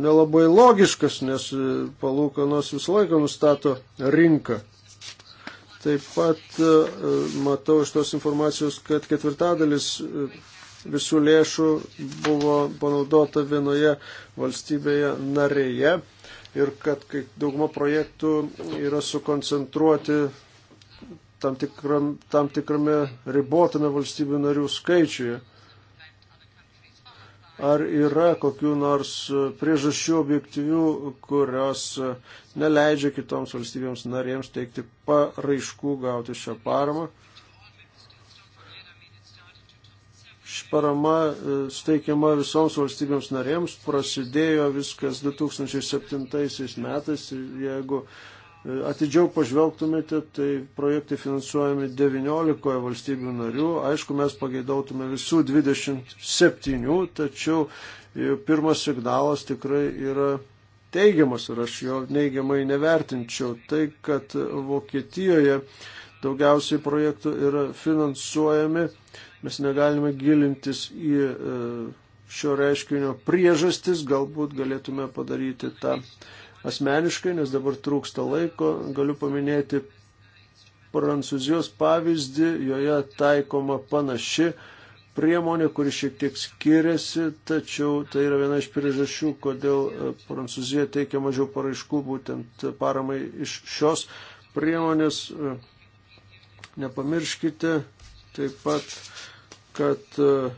nelabai logiškas, nes e, palūkanos visą laiką nustato rinką. Taip pat matau iš tos informacijos, kad ketvirtadalis visų lėšų buvo panaudota vienoje valstybėje narėje ir kad kai dauguma projektų yra sukoncentruoti tam, tikram, tam tikrame ribotame valstybių narių skaičiuje. Ar yra kokių nors priežasčių objektyvių, kurios neleidžia kitoms valstybėms narėms teikti paraiškų gauti šią paramą? Ši parama e, steikiama visoms valstybėms narėms, prasidėjo viskas 2007 metais ir jeigu e, atidžiau pažvelgtumėte, tai projektai finansuojami 19 valstybių narių. Aišku, mes pageidautume visų 27, tačiau e, pirmas signalas tikrai yra teigiamas ir aš jo neigiamai nevertinčiau. Tai, kad Vokietijoje daugiausiai projektų yra finansuojami Mes negalime gilintis į e, šio reiškinio priežastis, galbūt galėtume padaryti tą asmeniškai, nes dabar trūksta laiko. Galiu paminėti Prancūzijos pavyzdį, joje taikoma panaši priemonė, kuri šiek tiek skiriasi, tačiau tai yra viena iš priežasčių, kodėl e, Prancūzija teikia mažiau paraiškų būtent paramai iš šios priemonės. E, nepamirškite, taip pat, kad e,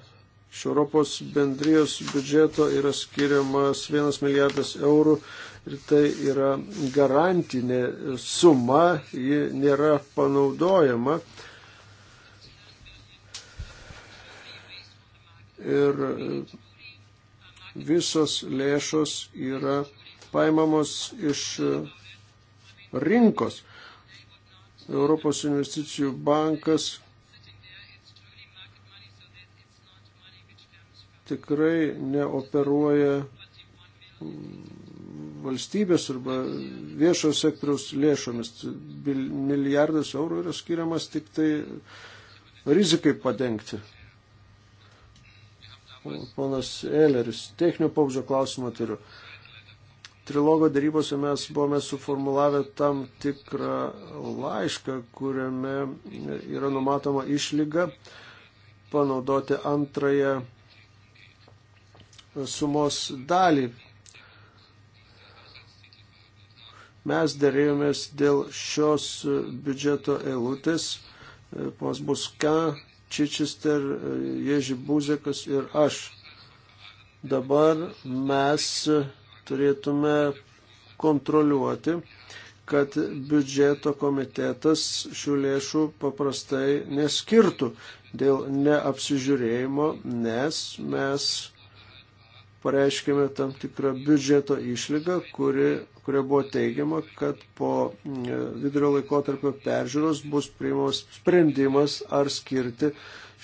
iš Europos bendrijos biudžeto yra skiriamas 1 milijardas eurų ir tai yra garantinė suma, ji nėra panaudojama. Ir visos lėšos yra paimamos iš rinkos. Europos investicijų bankas tikrai neoperuoja valstybės arba viešojo sektoriaus lėšomis. Milijardas eurų yra skiriamas tik tai rizikai padengti. Ponas Eleris, techninio pavyzdžio klausimą turiu. Trilogo darybose mes buvome suformulavę tam tikrą laišką, kuriame yra numatoma išlyga panaudoti antrąją sumos dalį. Mes dėrėjomės dėl šios biudžeto eilutės, pos Buska, Čičister, Ježi Buzekas ir aš. Dabar mes turėtume kontroliuoti, kad biudžeto komitetas šių lėšų paprastai neskirtų dėl neapsižiūrėjimo, nes mes pareiškėme tam tikrą biudžeto išlygą, kuri, kuria buvo teigiama, kad po mm, vidurio laikotarpio peržiūros bus priimamas sprendimas ar skirti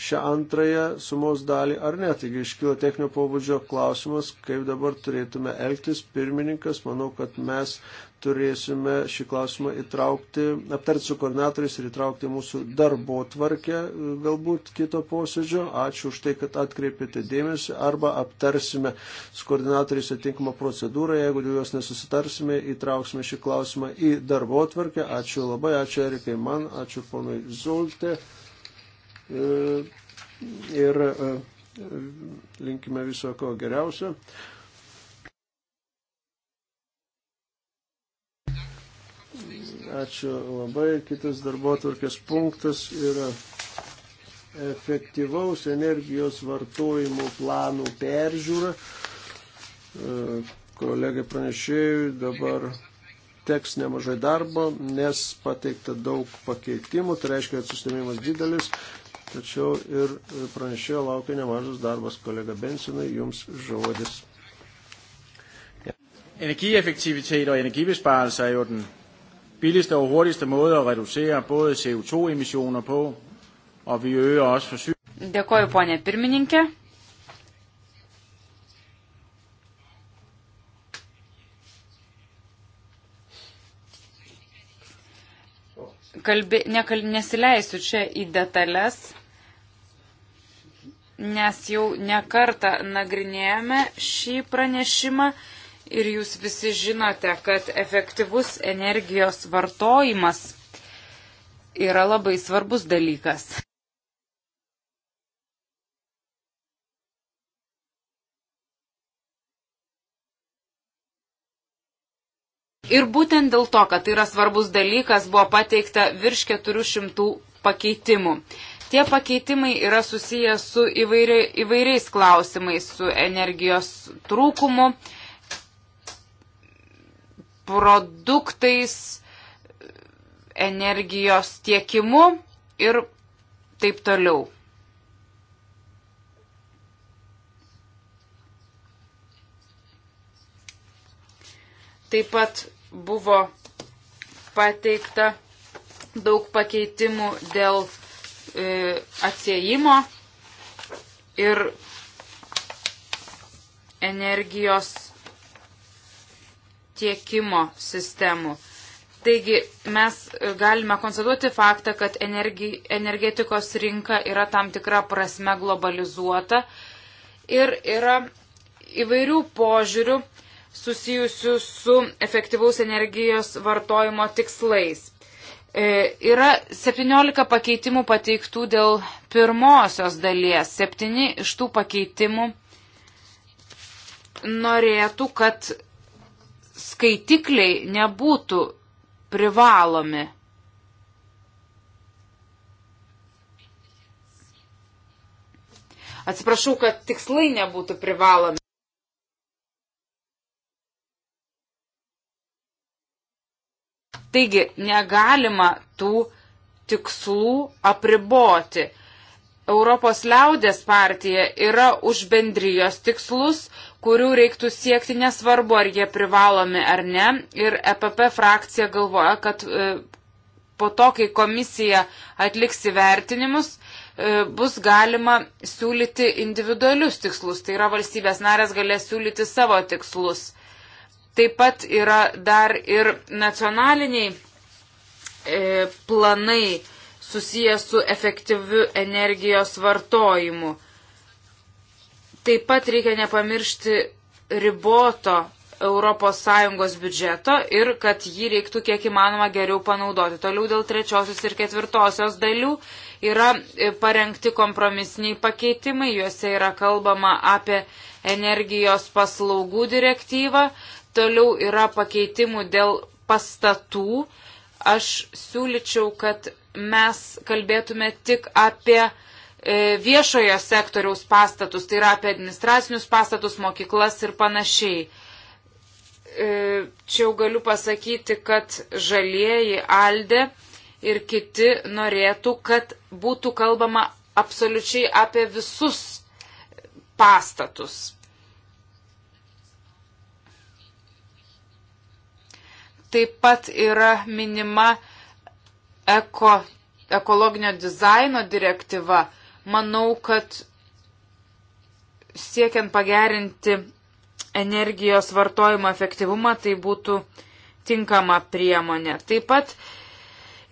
šią antrąją sumos dalį ar ne. Taigi iškyla techninio pobūdžio klausimas, kaip dabar turėtume elgtis. Pirmininkas, manau, kad mes turėsime šį klausimą įtraukti, aptarti su koordinatoriais ir įtraukti mūsų darbo tvarkę galbūt kito posėdžio. Ačiū už tai, kad atkreipėte dėmesį arba aptarsime su koordinatoriais atinkamą procedūrą. Jeigu dėl jos nesusitarsime, įtrauksime šį klausimą į darbo tvarkę. Ačiū labai, ačiū Erikai man, ačiū ponui Zultė. E, ir e, linkime viso ko geriausio. Ačiū labai. Kitas darbo tvarkės punktas yra efektyvaus energijos vartojimo planų peržiūra. E, Kolegai pranešėjui dabar teks nemažai darbo, nes pateikta daug pakeitimų, tai reiškia, kad sustumėjimas didelis, tačiau ir pranešėjo laukia nemažas darbas. Kolega Bensinai, jums žodis. Energieffektivitet og energibesparelser er jo den billigste og hurtigste måde at reducere både CO2-emissioner på, og vi øger også forsyningen. Dėkoju, ponė pirmininkė. Kalbė, nekal, nesileisiu čia į detalės, nes jau nekartą nagrinėjome šį pranešimą. Ir jūs visi žinote, kad efektyvus energijos vartojimas yra labai svarbus dalykas. Ir būtent dėl to, kad tai yra svarbus dalykas, buvo pateikta virš 400 pakeitimų. Tie pakeitimai yra susijęs su įvairi, įvairiais klausimais, su energijos trūkumu, uh, produktais, energijos tiekimu ir taip toliau. Taip pat buvo pateikta daug pakeitimų dėl e, atsiejimo ir energijos tiekimo sistemų. Taigi mes e, galime konstatuoti faktą, kad energi, energetikos rinka yra tam tikra prasme globalizuota ir yra įvairių požiūrių susijusių su efektyvaus energijos vartojimo tikslais. E, yra 17 pakeitimų pateiktų dėl pirmosios dalies. 7 iš tų pakeitimų norėtų, kad skaitikliai nebūtų privalomi. Atsiprašau, kad tikslai nebūtų privalomi. Taigi negalima tų tikslų apriboti. Europos liaudės partija yra už bendrijos tikslus, kurių reiktų siekti nesvarbu, ar jie privalomi ar ne. Ir EPP frakcija galvoja, kad e, po to, kai komisija atliks įvertinimus, e, bus galima siūlyti individualius tikslus. Tai yra valstybės narės galės siūlyti savo tikslus. Taip pat yra dar ir nacionaliniai e, planai susijęs su efektyviu energijos vartojimu. Taip pat reikia nepamiršti riboto ES biudžeto ir kad jį reiktų kiek įmanoma geriau panaudoti. Toliau dėl trečiosios ir ketvirtosios dalių yra e, parengti kompromisiniai pakeitimai, juose yra kalbama apie energijos paslaugų direktyvą, toliau yra pakeitimų dėl pastatų. Aš siūlyčiau, kad mes kalbėtume tik apie e, viešojo sektoriaus pastatus, tai yra apie administracinius pastatus, mokyklas ir panašiai. E, čia jau galiu pasakyti, kad žalieji Aldė ir kiti norėtų, kad būtų kalbama absoliučiai apie visus pastatus. Taip pat yra minima eko, ekologinio dizaino direktyva, manau, kad siekiant pagerinti energijos vartojimo efektyvumą, tai būtų tinkama priemonė. Taip pat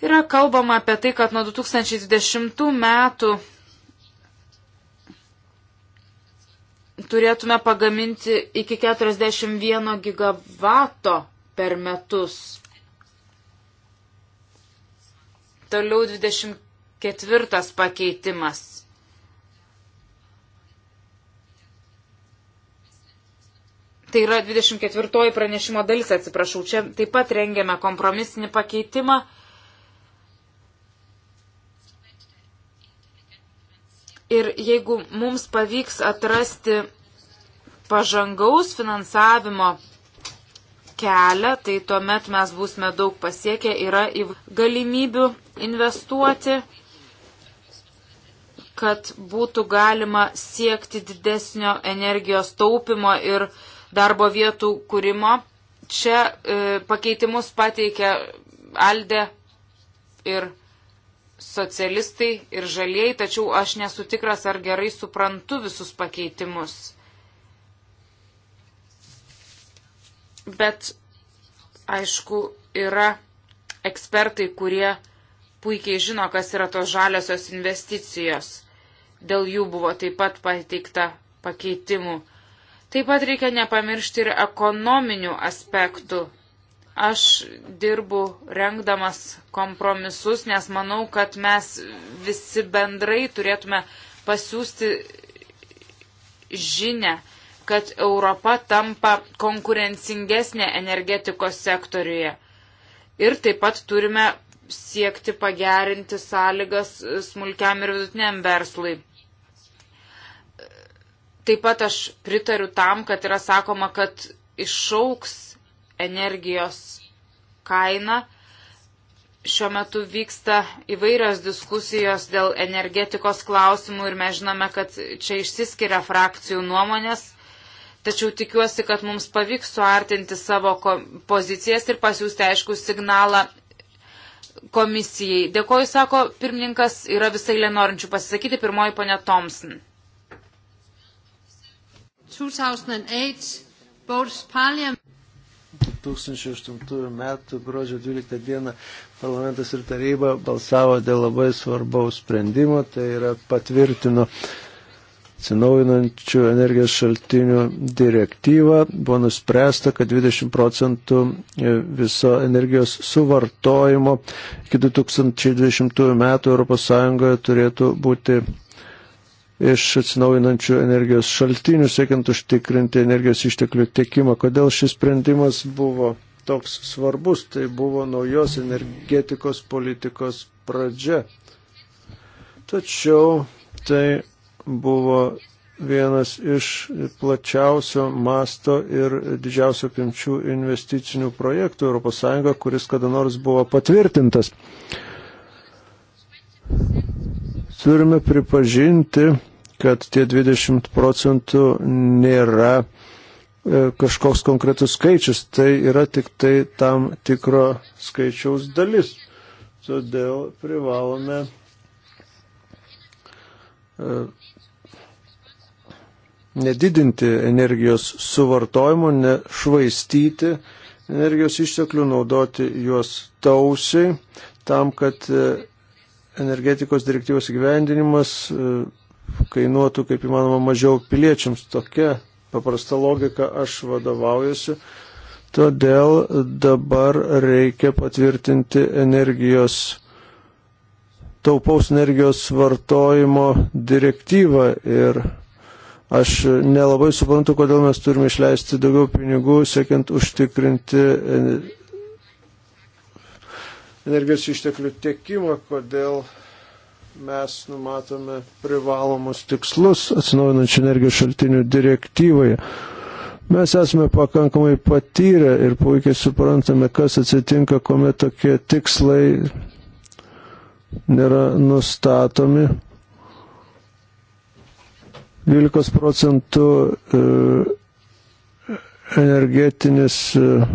yra kalbama apie tai, kad nuo 2020 metų turėtume pagaminti iki 41 gigavato per metus. Toliau 24 pakeitimas. Tai yra 24 pranešimo dalis, atsiprašau. Čia taip pat rengiame kompromisinį pakeitimą. Ir jeigu mums pavyks atrasti pažangaus finansavimo kelią, tai tuomet mes būsime daug pasiekę, yra galimybių investuoti, kad būtų galima siekti didesnio energijos taupimo ir darbo vietų kūrimo. Čia e, pakeitimus pateikia Alde ir socialistai ir žalieji, tačiau aš nesu tikras, ar gerai suprantu visus pakeitimus. Bet, aišku, yra ekspertai, kurie puikiai žino, kas yra tos žaliosios investicijos. Dėl jų buvo taip pat pateikta pakeitimų. Taip pat reikia nepamiršti ir ekonominių aspektų. Aš dirbu rengdamas kompromisus, nes manau, kad mes visi bendrai turėtume pasiūsti žinę, kad Europa tampa konkurencingesnė energetikos sektoriuje. Ir taip pat turime siekti pagerinti sąlygas smulkiam ir vidutiniam verslui. Taip pat aš pritariu tam, kad yra sakoma, kad išauks energijos kaina. Šiuo metu vyksta įvairios diskusijos dėl energetikos klausimų ir mes žinome, kad čia išsiskiria frakcijų nuomonės. Tačiau tikiuosi, kad mums pavyks suartinti savo pozicijas ir pasiūsti aišku signalą komisijai. Dėkoju, sako pirmininkas, yra visai lenorinčių pasisakyti. Pirmoji ponė Thompson. 2008, 2008 metų gruodžio 12 dieną parlamentas ir taryba balsavo dėl labai svarbaus sprendimo, tai yra patvirtino uh, atsinaujinančių energijos šaltinių direktyvą buvo nuspręsta, kad 20 procentų e, viso energijos suvartojimo iki 2020 metų ES turėtų būti iš atsinaujinančių energijos šaltinių, siekiant užtikrinti energijos išteklių tiekimą. Kodėl šis sprendimas buvo toks svarbus? Tai buvo naujos energetikos politikos pradžia. Tačiau tai buvo vienas iš plačiausio masto ir didžiausio pimčių investicinių projektų ES, kuris kada nors buvo patvirtintas. Turime pripažinti, kad tie 20 procentų nėra e, kažkoks konkretus skaičius, tai yra tik tai tam tikro skaičiaus dalis. Todėl privalome e, nedidinti energijos suvartojimo, nešvaistyti energijos išteklių, naudoti juos tausiai, tam, kad e, energetikos direktyvos gyvendinimas e, kainuotų kaip įmanoma mažiau piliečiams. Tokia paprasta logika aš vadovaujuosi. Todėl dabar reikia patvirtinti energijos, taupaus energijos vartojimo direktyvą ir Aš nelabai suprantu, kodėl mes turime išleisti daugiau pinigų, siekiant užtikrinti energijos išteklių tiekimą, kodėl mes numatome privalomus tikslus atsinaujinančių energijos šaltinių direktyvoje. Mes esame pakankamai patyrę ir puikiai suprantame, kas atsitinka, kuomet tokie tikslai nėra nustatomi 12 procentų e, energetinis e,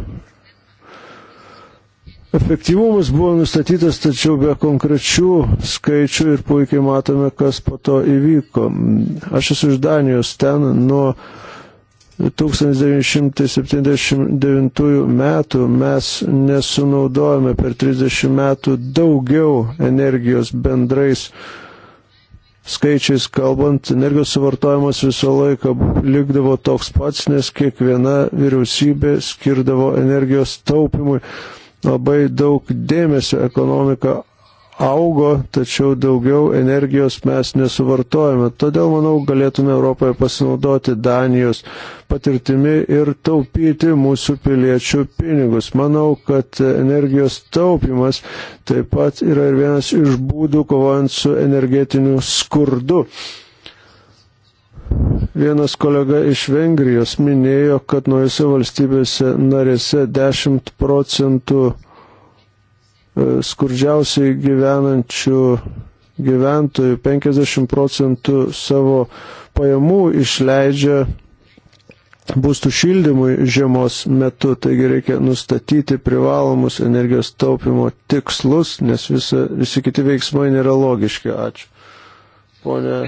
efektyvumas buvo nustatytas, tačiau be konkrečių skaičių ir puikiai matome, kas po to įvyko. Aš esu iš Danijos ten nuo 1979 metų mes nesunaudojame per 30 metų daugiau energijos bendrais skaičiais kalbant, energijos suvartojimas visą laiką likdavo toks pats, nes kiekviena vyriausybė skirdavo energijos taupimui labai daug dėmesio ekonomika augo, tačiau daugiau energijos mes nesuvartojame. Todėl, manau, galėtume Europoje pasinaudoti Danijos patirtimi ir taupyti mūsų piliečių pinigus. Manau, kad energijos taupimas taip pat yra ir vienas iš būdų kovojant su energetiniu skurdu. Vienas kolega iš Vengrijos minėjo, kad nuojose valstybėse narėse 10 procentų E, skurdžiausiai gyvenančių gyventojų 50 procentų savo pajamų išleidžia būstų šildymui žiemos metu, taigi reikia nustatyti privalomus energijos taupimo tikslus, nes visa, visi kiti veiksmai nėra logiški. Ačiū. Pone.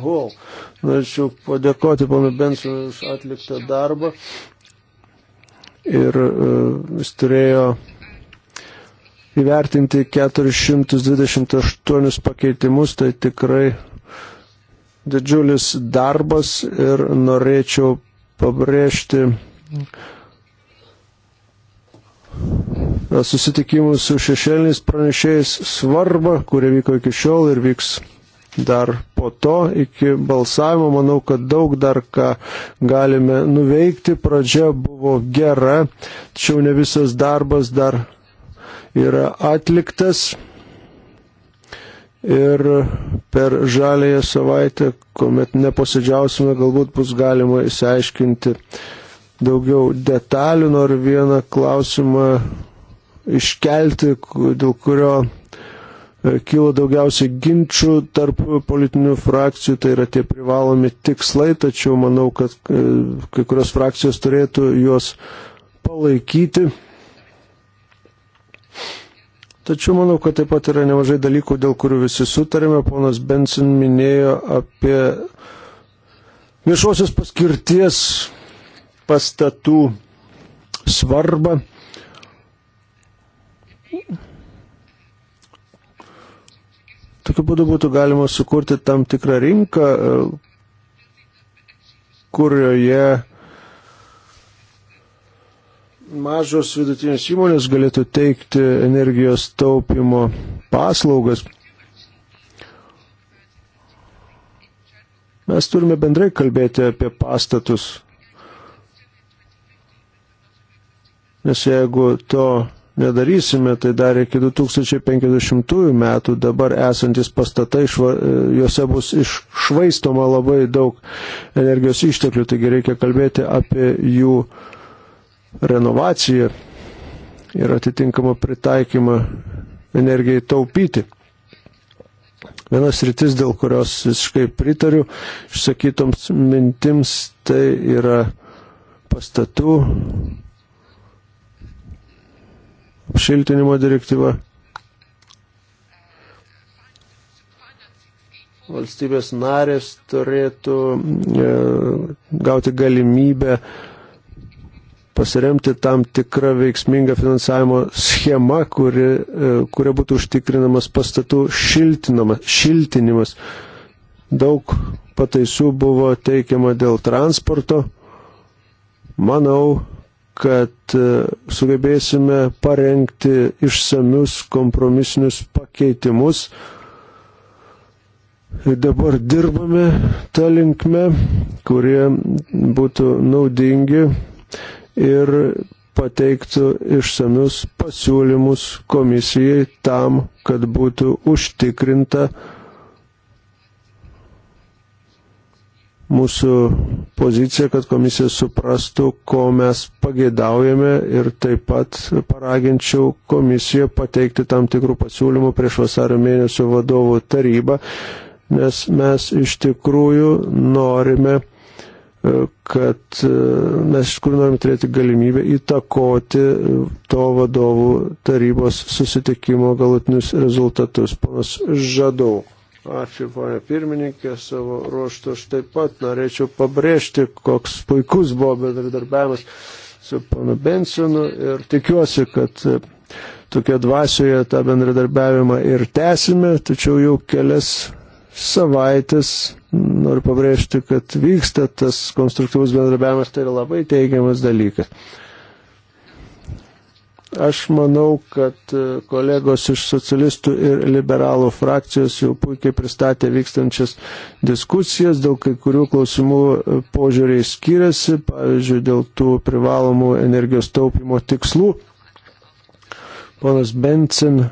Wow. Norėčiau padėkoti ponui Bensonui už atliktą darbą ir e, jis turėjo įvertinti 428 pakeitimus, tai tikrai didžiulis darbas ir norėčiau pabrėžti e, susitikimų su šešėliniais pranešėjais svarbą, kurie vyko iki šiol ir vyks dar po to iki balsavimo. Manau, kad daug dar ką galime nuveikti. Pradžia buvo gera, tačiau ne visas darbas dar yra atliktas. Ir per žalėją savaitę, kuomet neposėdžiausime, galbūt bus galima įsiaiškinti daugiau detalių. Noriu vieną klausimą iškelti, dėl kurio E, kilo daugiausiai ginčių tarp politinių frakcijų, tai yra tie privalomi tikslai, tačiau manau, kad e, kai kurios frakcijos turėtų juos palaikyti. Tačiau manau, kad taip pat yra nemažai dalykų, dėl kurių visi sutarėme. Ponas Benson minėjo apie viešosios paskirties pastatų svarbą. Tokiu būdu būtų galima sukurti tam tikrą rinką, e, kurioje mažos vidutinės įmonės galėtų teikti energijos taupimo paslaugas. Mes turime bendrai kalbėti apie pastatus, nes jeigu to nedarysime, tai dar iki 2050 metų dabar esantis pastatai, šva, e, juose bus iššvaistoma labai daug energijos išteklių, taigi reikia kalbėti apie jų renovaciją ir atitinkamą pritaikymą energijai taupyti. Vienas rytis, dėl kurios visiškai pritariu išsakytoms mintims, tai yra pastatų apšiltinimo direktyva. Valstybės narės turėtų e, gauti galimybę pasiremti tam tikrą veiksmingą finansavimo schemą, kuri, e, kuria būtų užtikrinamas pastatų šiltinimas. Daug pataisų buvo teikiama dėl transporto. Manau, kad e, sugebėsime parengti išsamius kompromisinius pakeitimus. Ir dabar dirbame tą linkmę, kurie būtų naudingi ir pateiktų išsamius pasiūlymus komisijai tam, kad būtų užtikrinta, mūsų poziciją, kad komisija suprastų, ko mes pageidaujame ir taip pat paraginčiau komisiją pateikti tam tikrų pasiūlymų prieš vasario mėnesio vadovų tarybą, nes mes iš tikrųjų norime e, kad e, mes iš tikrųjų norime turėti galimybę įtakoti e, to vadovų tarybos susitikimo galutinius rezultatus. Panas Žadau. Ačiū, ponia pirmininkė, savo ruoštų aš taip pat norėčiau pabrėžti, koks puikus buvo bendradarbiavimas su ponu Bensinu ir tikiuosi, kad tokia dvasioje tą bendradarbiavimą ir tęsime, tačiau jau kelias savaitės noriu pabrėžti, kad vyksta tas konstruktyvus bendradarbiavimas, tai yra labai teigiamas dalykas. Aš manau, kad e, kolegos iš socialistų ir liberalų frakcijos jau puikiai pristatė vykstančias diskusijas, dėl kai kurių klausimų e, požiūriai skiriasi, pavyzdžiui, dėl tų privalomų energijos taupimo tikslų. Ponas Bensin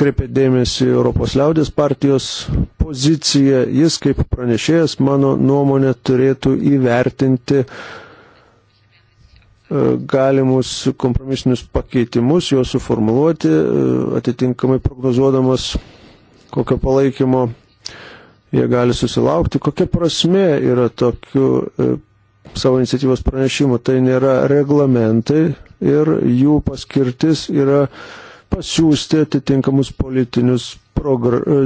kreipė dėmesį Europos liaudės partijos poziciją. Jis kaip pranešėjas, mano nuomonė, turėtų įvertinti E, galimus kompromisinius pakeitimus, juos suformuluoti, e, atitinkamai prognozuodamas, kokio palaikymo jie gali susilaukti. Kokia prasme yra tokių e, savo iniciatyvos pranešimų? Tai nėra reglamentai ir jų paskirtis yra pasiūsti atitinkamus politinius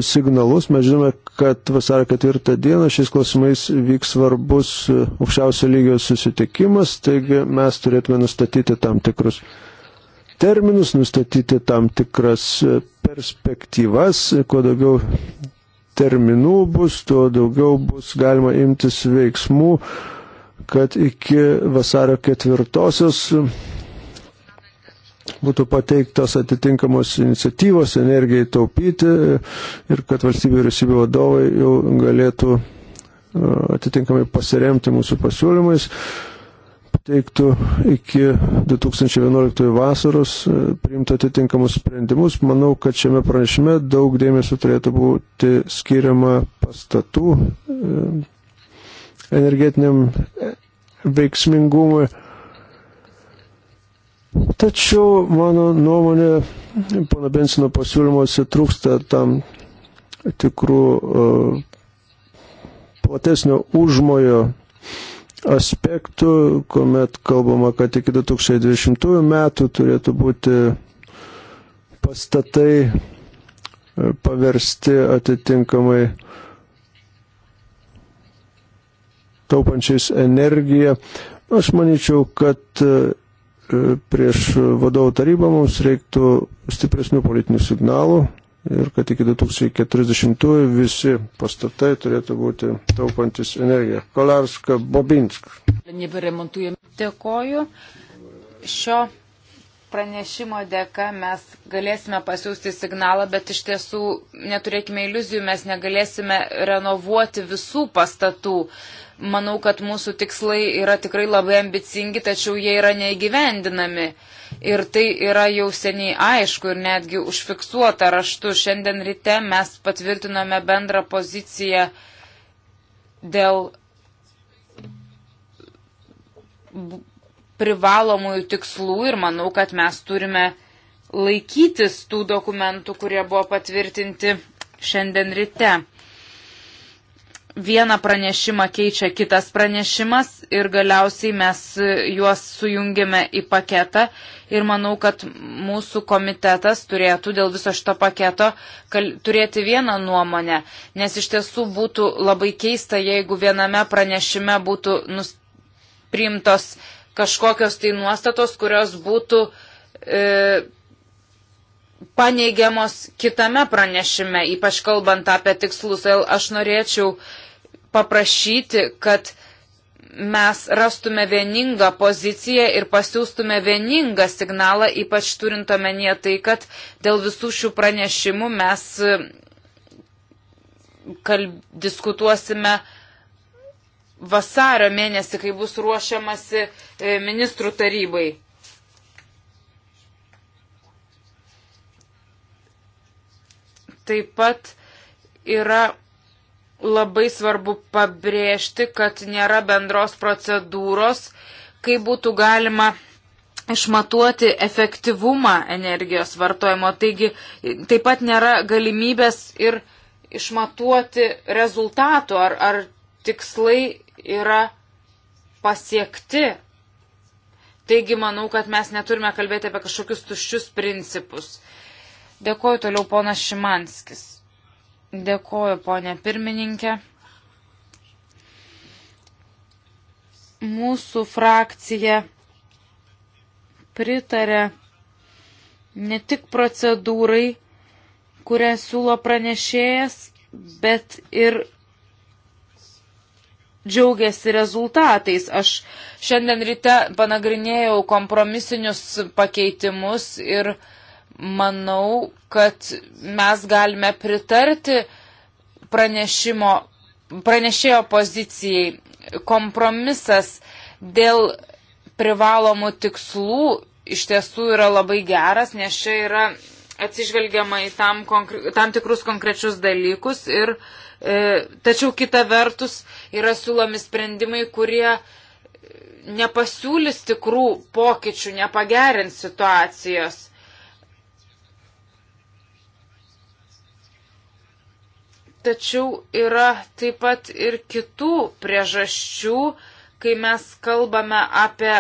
signalus. Mes žinome, kad vasario ketvirtą dieną šiais klausimais vyks svarbus e, aukščiausio lygio susitikimas, taigi mes turėtume nustatyti tam tikrus terminus, nustatyti tam tikras e, perspektyvas, kuo daugiau terminų bus, tuo daugiau bus galima imtis veiksmų, kad iki vasario ketvirtosios būtų pateiktas atitinkamos iniciatyvos energijai taupyti ir kad valstybių vyriausybių vadovai jau galėtų e, atitinkamai pasiremti mūsų pasiūlymais teiktų iki 2011 vasaros e, priimti atitinkamus sprendimus. Manau, kad šiame pranešime daug dėmesio turėtų būti skiriama pastatų e, energetiniam veiksmingumui. Tačiau, mano nuomonė, pana Bensino pasiūlymuose trūksta tam tikrų uh, platesnio užmojo aspektų, kuomet kalbama, kad iki 2020 metų turėtų būti pastatai e, paversti atitinkamai taupančiais energiją. Aš manyčiau, kad e, E, prieš vadovų tarybą mums reiktų stipresnių politinių signalų ir kad iki 2040 visi pastatai turėtų būti taupantis energiją. Kolarska Bobinsk. Dėkoju. Šio pranešimo dėka mes galėsime pasiūsti signalą, bet iš tiesų neturėkime iliuzijų, mes negalėsime renovuoti visų pastatų. Uh, Manau, kad mūsų tikslai yra tikrai labai ambicingi, tačiau jie yra neįgyvendinami. Ir tai yra jau seniai aišku ir netgi užfiksuota raštu. Šiandien ryte mes patvirtinome bendrą poziciją dėl privalomųjų tikslų ir manau, kad mes turime laikytis tų dokumentų, kurie buvo patvirtinti šiandien ryte vieną pranešimą keičia kitas pranešimas ir galiausiai mes juos sujungiame į paketą. Ir manau, kad mūsų komitetas turėtų dėl viso šito paketo kal... turėti vieną nuomonę, nes iš tiesų būtų labai keista, jeigu viename pranešime būtų nus... priimtos kažkokios tai nuostatos, kurios būtų. E, paneigiamos kitame pranešime, ypač kalbant apie tikslus. Aš norėčiau paprašyti, kad mes rastume vieningą poziciją ir pasiūstume vieningą signalą, ypač turint omenyje tai, kad dėl visų šių pranešimų mes e, kalb, diskutuosime vasario mėnesį, kai bus ruošiamasi e, ministrų tarybai. taip pat yra labai svarbu pabrėžti, kad nėra bendros procedūros, kaip būtų galima išmatuoti efektyvumą energijos vartojimo. Taigi taip pat nėra galimybės ir išmatuoti rezultatų, ar, ar tikslai yra pasiekti. Taigi manau, kad mes neturime kalbėti apie kažkokius tuščius principus. Dėkoju toliau ponas Šimanskis. Dėkoju ponė pirmininkė. Mūsų frakcija pritarė ne tik procedūrai, kurią siūlo pranešėjas, bet ir džiaugiasi rezultatais. Aš šiandien ryte panagrinėjau kompromisinius pakeitimus ir uh, manau, kad mes galime pritarti pranešimo, pranešėjo pozicijai. Kompromisas dėl privalomų tikslų iš tiesų yra labai geras, nes čia yra atsižvelgiama į tam, konkre, tam tikrus konkrečius dalykus ir e, tačiau kita vertus yra siūlomi sprendimai, kurie nepasiūlys tikrų pokyčių, nepagerins situacijos. Tačiau yra taip pat ir kitų priežasčių, kai mes kalbame apie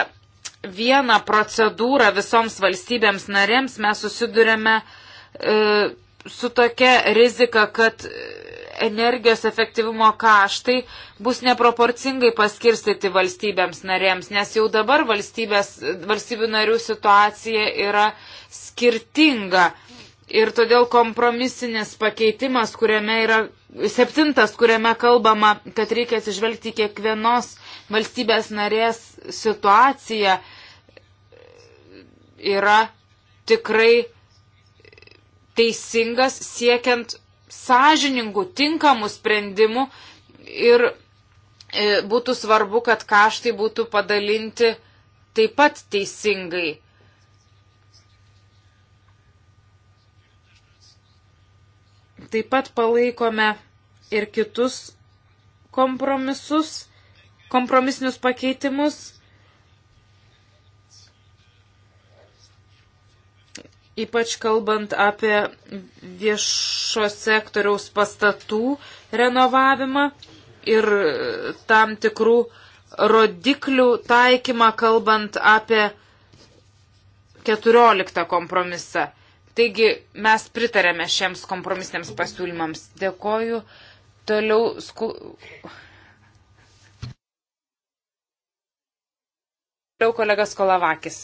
vieną procedūrą visoms valstybėms narėms, mes susidurėme e, su tokia rizika, kad energijos efektyvumo kaštai bus neproporcingai paskirstyti valstybėms narėms, nes jau dabar valstybių narių situacija yra skirtinga. Ir todėl kompromisinis pakeitimas, kuriame yra septintas, kuriame kalbama, kad reikia atsižvelgti kiekvienos valstybės narės situaciją, yra tikrai teisingas siekiant sąžiningų, tinkamų sprendimų ir e, būtų svarbu, kad kaštai būtų padalinti taip pat teisingai. Taip pat palaikome ir kitus kompromisus, kompromisinius pakeitimus. Ypač kalbant apie viešo sektoriaus pastatų renovavimą ir tam tikrų rodiklių taikymą, kalbant apie 14 kompromisą. Taigi mes pritarėme šiems kompromisiniams pasiūlymams. Dėkoju. Toliau. Sku... Toliau kolegas Kolavakis.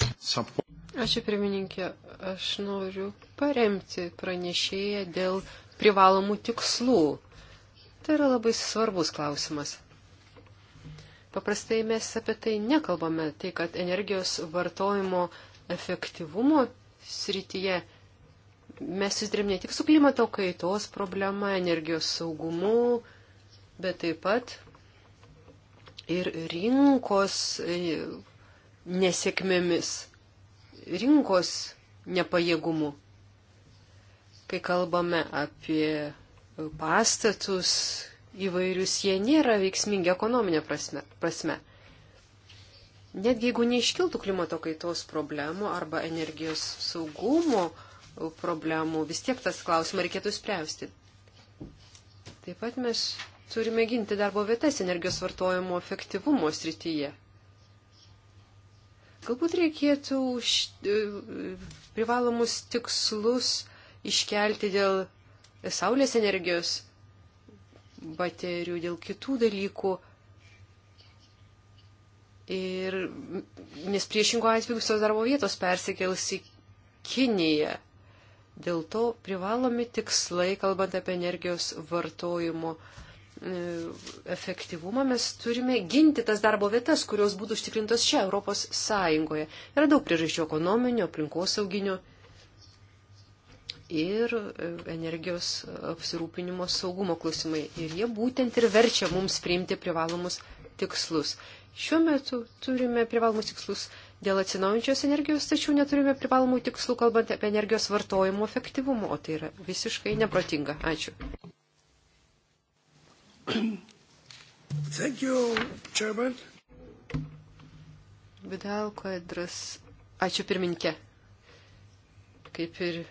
Ačiū pirmininkė. Aš noriu paremti pranešėją dėl privalomų tikslų. Tai yra labai svarbus klausimas. Paprastai mes apie tai nekalbame, tai kad energijos vartojimo efektyvumo srityje Mes susidurėm ne tik su klimato kaitos problema, energijos saugumu, bet taip pat ir rinkos e, nesėkmėmis, rinkos nepajėgumu. Kai kalbame apie pastatus įvairius, jie nėra veiksmingi ekonominė prasme. prasme. Netgi jeigu neiškiltų klimato kaitos problemų arba energijos saugumo problemų, vis tiek tas klausimą reikėtų spręsti. Taip pat mes turime ginti darbo vietas energijos vartojimo efektyvumo srityje. Galbūt reikėtų privalomus tikslus iškelti dėl saulės energijos baterijų, dėl kitų dalykų. Ir nes priešingo atveju visos darbo vietos persikels į Kiniją. Dėl to privalomi tikslai, kalbant apie energijos vartojimo e, efektyvumą, mes turime ginti tas darbo vietas, kurios būtų užtikrintos čia Europos Sąjungoje. Yra daug priežasčių ekonominio, aplinkosauginio ir e, energijos apsirūpinimo saugumo klausimai. Ir jie būtent ir verčia mums priimti privalomus tikslus. Šiuo metu turime privalomus tikslus dėl atsinaujančios energijos, tačiau neturime privalomų tikslų, kalbant apie energijos vartojimo efektyvumą, o tai yra visiškai neprotinga. Ačiū. Thank you, Chairman. Vidal Quadras. Ačiū pirminkė. Kaip ir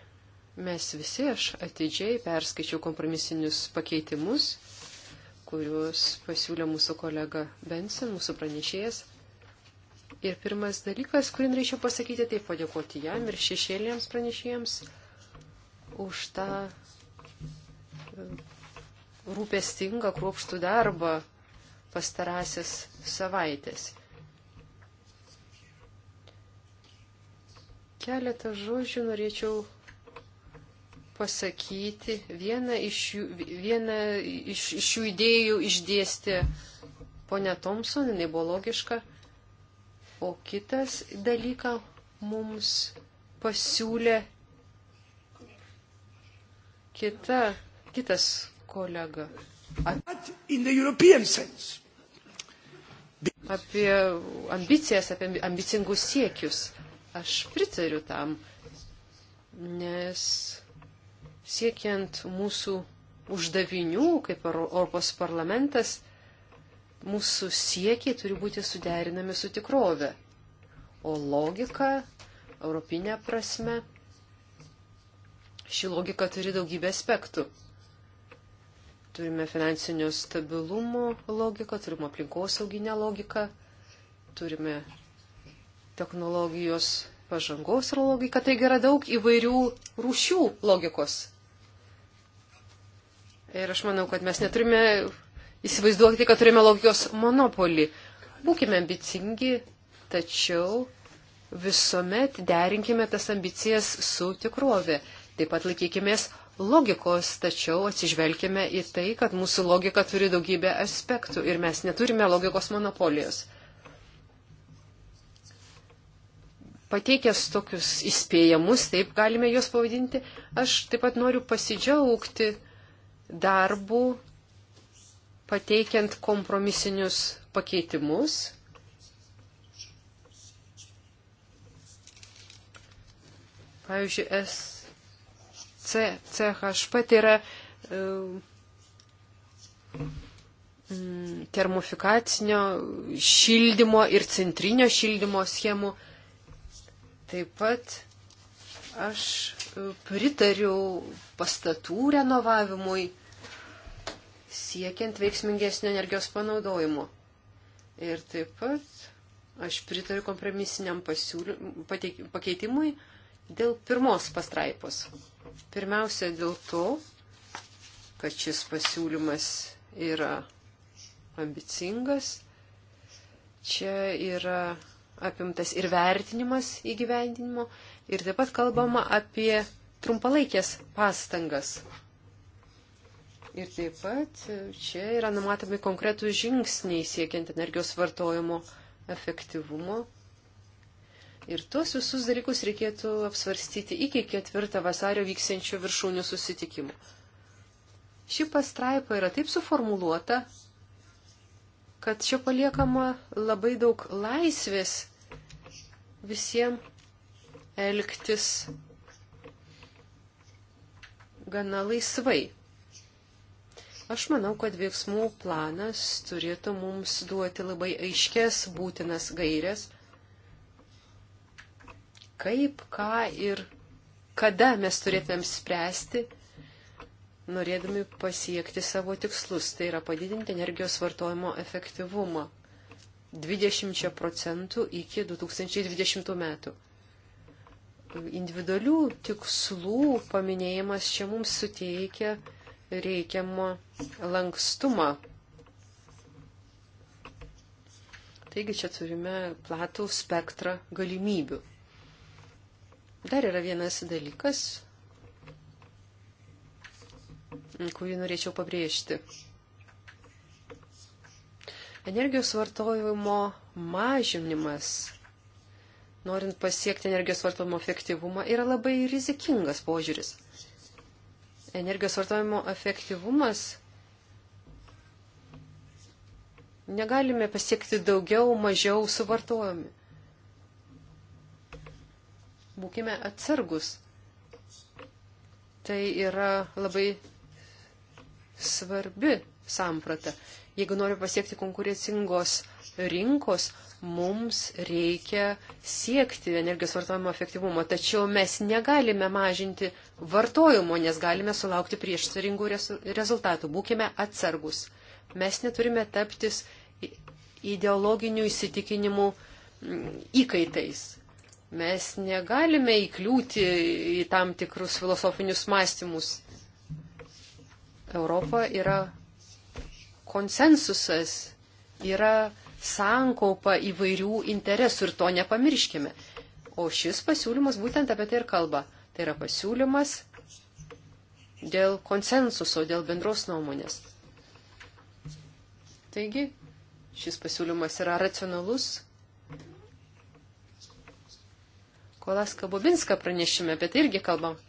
mes visi, aš atidžiai perskaičiau kompromisinius pakeitimus, kuriuos pasiūlė mūsų kolega Benson, mūsų pranešėjas. Ir pirmas dalykas, kurį norėčiau pasakyti, tai padėkoti jam ir šešėlėms pranešėjams už tą e, rūpestingą, kruopštų darbą pastarasis savaitės. Keletą žodžių norėčiau pasakyti. Vieną iš jų, vieną iš, iš jų idėjų išdėstė ponia Thompson, jinai buvo logiška. O kitas dalyką mums pasiūlė kita, kitas kolega. Apie ambicijas, apie ambicingus siekius. Aš pritariu tam, nes siekiant mūsų uždavinių, kaip Europos parlamentas, mūsų siekiai turi būti suderinami su tikrove, o logika, europinė prasme, ši logika turi daugybę aspektų. Turime finansinio stabilumo logiką, turime aplinkosauginę logiką, turime technologijos pažangos logiką, taigi yra daug įvairių rūšių logikos. Ir aš manau, kad mes neturime Įsivaizduokite, kad turime logikos monopolį. Būkime ambicingi, tačiau visuomet derinkime tas ambicijas su tikrovė. Taip pat laikykimės logikos, tačiau atsižvelkime į tai, kad mūsų logika turi daugybę aspektų ir mes neturime logikos monopolijos. Pateikęs tokius įspėjimus, taip galime juos pavadinti, aš taip pat noriu pasidžiaugti darbų pateikiant kompromisinius pakeitimus. Pavyzdžiui, SCHP tai yra e, termofikacinio šildymo ir centrinio šildymo schemų. Taip pat aš e, pritariu pastatų renovavimui siekiant veiksmingesnio energijos panaudojimo. Ir taip pat aš pritariu kompromisiniam pasiūlym, pateik, pakeitimui dėl pirmos pastraipos. Pirmiausia dėl to, kad šis pasiūlymas yra ambicingas. Čia yra apimtas ir vertinimas įgyvendinimo ir taip pat kalbama apie trumpalaikės pastangas Ir taip pat čia yra numatomi konkretų žingsniai siekiant energijos vartojimo efektyvumo. Ir tuos visus dalykus reikėtų apsvarstyti iki 4 vasario vyksiančio viršūnių susitikimo. Ši pastraipa yra taip suformuluota, kad čia paliekama labai daug laisvės visiems elgtis gana laisvai. Aš manau, kad veiksmų planas turėtų mums duoti labai aiškės būtinas gairias, kaip, ką ir kada mes turėtumėm spręsti, norėdami pasiekti savo tikslus, tai yra padidinti energijos vartojimo efektyvumą 20 procentų iki 2020 metų. Individualių tikslų paminėjimas čia mums suteikia reikiamą lankstumą. Taigi čia turime platų spektrą galimybių. Dar yra vienas dalykas, kurį norėčiau pabrėžti. Energijos vartojimo mažinimas, norint pasiekti energijos vartojimo efektyvumą, yra labai rizikingas požiūris energijos vartojimo efektyvumas negalime pasiekti daugiau, mažiau suvartojami. Būkime atsargus. Tai yra labai svarbi samprata. Jeigu noriu pasiekti konkurencingos rinkos, mums reikia siekti energijos vartojimo efektyvumo, tačiau mes negalime mažinti vartojimo, nes galime sulaukti prieštaringų rezultatų. Būkime atsargus. Mes neturime taptis ideologinių įsitikinimų įkaitais. Mes negalime įkliūti į tam tikrus filosofinius mąstymus. Europa yra konsensusas, yra sankaupa įvairių interesų ir to nepamirškime. O šis pasiūlymas būtent apie tai ir kalba. Tai yra pasiūlymas dėl konsensuso, dėl bendros nuomonės. Taigi, šis pasiūlymas yra racionalus. Kolaska Bobinska pranešime, bet tai irgi kalbam.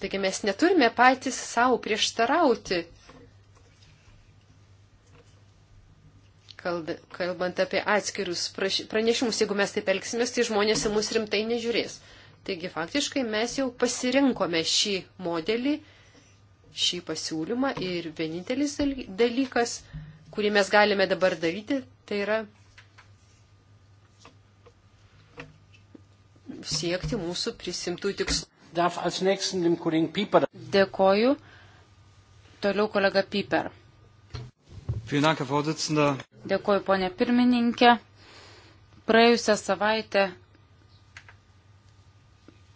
Taigi mes neturime patys savo prieštarauti, kalbant apie atskirius pranešimus. Jeigu mes taip elgsimės, tai žmonės į mus rimtai nežiūrės. Taigi faktiškai mes jau pasirinkome šį modelį, šį pasiūlymą ir vienintelis dalykas, kurį mes galime dabar daryti, tai yra siekti mūsų prisimtų tikslų. Dėkoju. Toliau kolega Piper. Dėkoju, ponė pirmininkė. Praėjusią savaitę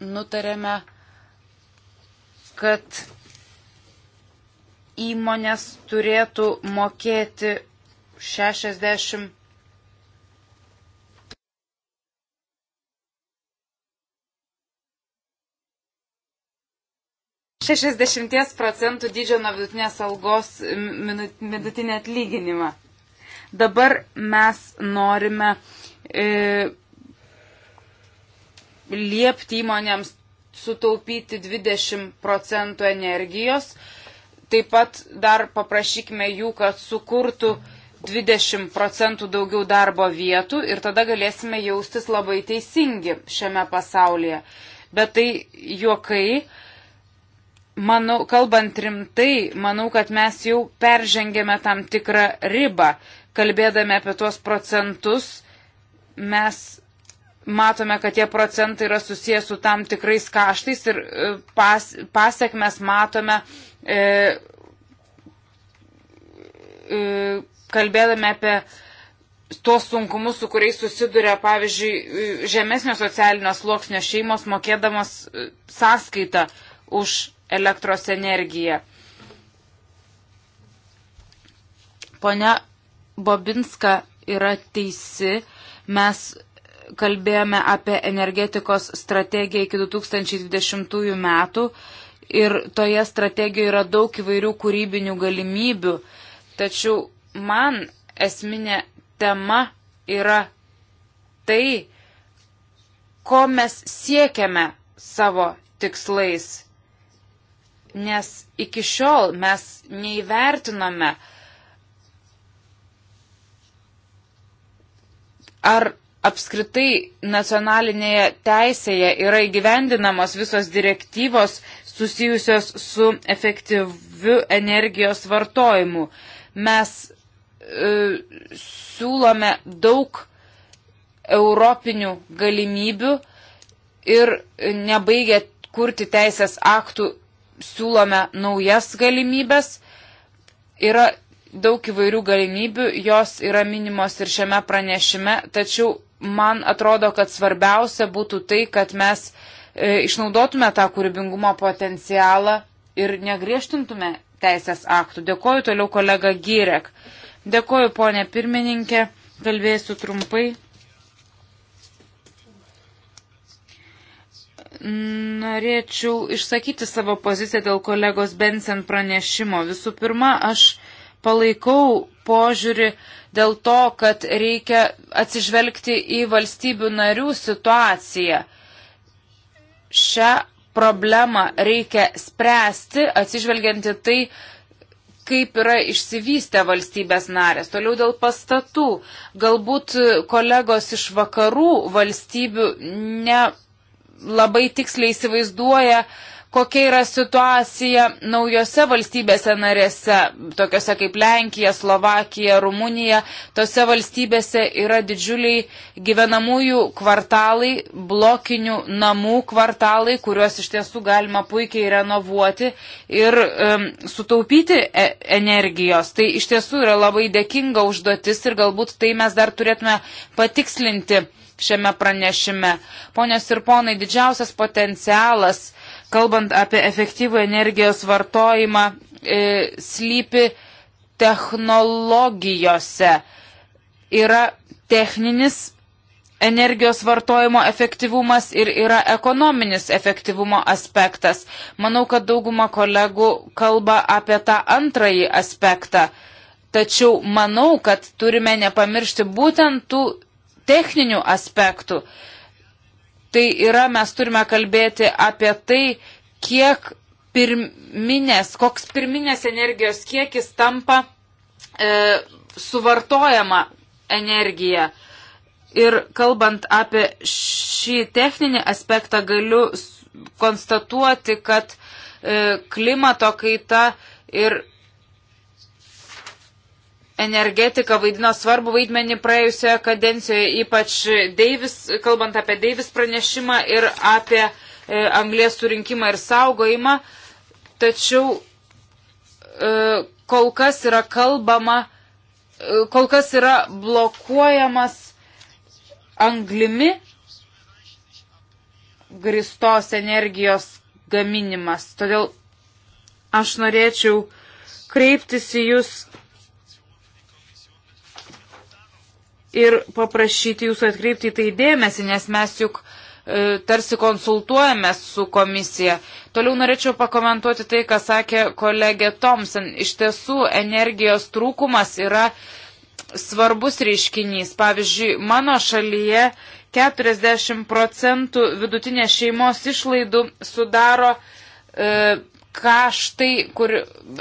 nutarėme, kad įmonės turėtų mokėti 60 60 procentų dydžio nuo vidutinės algos vidutinį atlyginimą. Dabar mes norime e, liepti įmonėms sutaupyti 20 procentų energijos. Taip pat dar paprašykime jų, kad sukurtų 20 procentų daugiau darbo vietų ir tada galėsime jaustis labai teisingi šiame pasaulyje. Bet tai juokai, manau, kalbant rimtai, manau, kad mes jau peržengėme tam tikrą ribą. Kalbėdami apie tuos procentus, mes matome, kad tie procentai yra susijęs su tam tikrais kaštais ir e, pas, pasiekmes matome, e, e, kalbėdami apie tuos sunkumus, su kuriais susiduria, pavyzdžiui, e, žemesnio socialinio sluoksnio šeimos mokėdamos e, sąskaitą už elektros energiją. Pone Bobinska yra teisi, mes kalbėjome apie energetikos strategiją iki 2020 metų ir toje strategijoje yra daug įvairių kūrybinių galimybių. Tačiau man esminė tema yra tai, ko mes siekiame savo tikslais. Nes iki šiol mes neįvertinome, ar apskritai nacionalinėje teisėje yra įgyvendinamos visos direktyvos susijusios su efektyviu energijos vartojimu. Mes e, siūlome daug europinių galimybių ir nebaigę kurti teisės aktų siūlome naujas galimybės. Yra daug įvairių galimybių, jos yra minimos ir šiame pranešime, tačiau man atrodo, kad svarbiausia būtų tai, kad mes e, išnaudotume tą kūrybingumo potencialą ir negriežtintume teisės aktų. Dėkoju toliau kolega Gyrek. Dėkoju ponė pirmininkė, kalbėsiu trumpai. Norėčiau išsakyti savo poziciją dėl kolegos Bensen pranešimo. Visų pirma, aš palaikau požiūrį, dėl to, kad reikia atsižvelgti į valstybių narių situaciją. Šią problemą reikia spręsti, atsižvelgianti tai, kaip yra išsivystę valstybės narės. Toliau dėl pastatų. Galbūt kolegos iš vakarų valstybių nelabai tiksliai įsivaizduoja, uh, kokia yra situacija naujose valstybėse narėse, tokiuose kaip Lenkija, Slovakija, Rumunija. Tose valstybėse yra didžiuliai gyvenamųjų kvartalai, blokinių namų kvartalai, kuriuos iš tiesų galima puikiai renovuoti ir um, sutaupyti e energijos. Tai iš tiesų yra labai dėkinga užduotis ir galbūt tai mes dar turėtume patikslinti šiame pranešime. Ponios ir ponai, didžiausias potencialas kalbant apie efektyvų energijos vartojimą, e, slypi technologijose. Yra techninis energijos vartojimo efektyvumas ir yra ekonominis efektyvumo aspektas. Manau, kad dauguma kolegų kalba apie tą antrąjį aspektą. Tačiau manau, kad turime nepamiršti būtent tų techninių aspektų. Tai yra, mes turime kalbėti apie tai, kiek pirminės, koks pirminės energijos kiekis tampa e, suvartojama energija. Ir kalbant apie šį techninį aspektą, galiu konstatuoti, kad e, klimato kaita ir energetika vaidino svarbu vaidmenį praėjusioje kadencijoje, ypač Deivis, kalbant apie Deivis pranešimą ir apie e, anglės surinkimą ir saugojimą. Tačiau e, kol kas yra kalbama, e, kol kas yra blokuojamas anglimi gristos energijos gaminimas. Todėl aš norėčiau kreiptis į jūs ir paprašyti jūsų atkreipti į tai dėmesį, nes mes juk e, tarsi konsultuojame su komisija. Toliau norėčiau pakomentuoti tai, ką sakė kolegė Thompson. Iš tiesų, energijos trūkumas yra svarbus reiškinys. Pavyzdžiui, mano šalyje 40 procentų vidutinės šeimos išlaidų sudaro e, kaštai, kur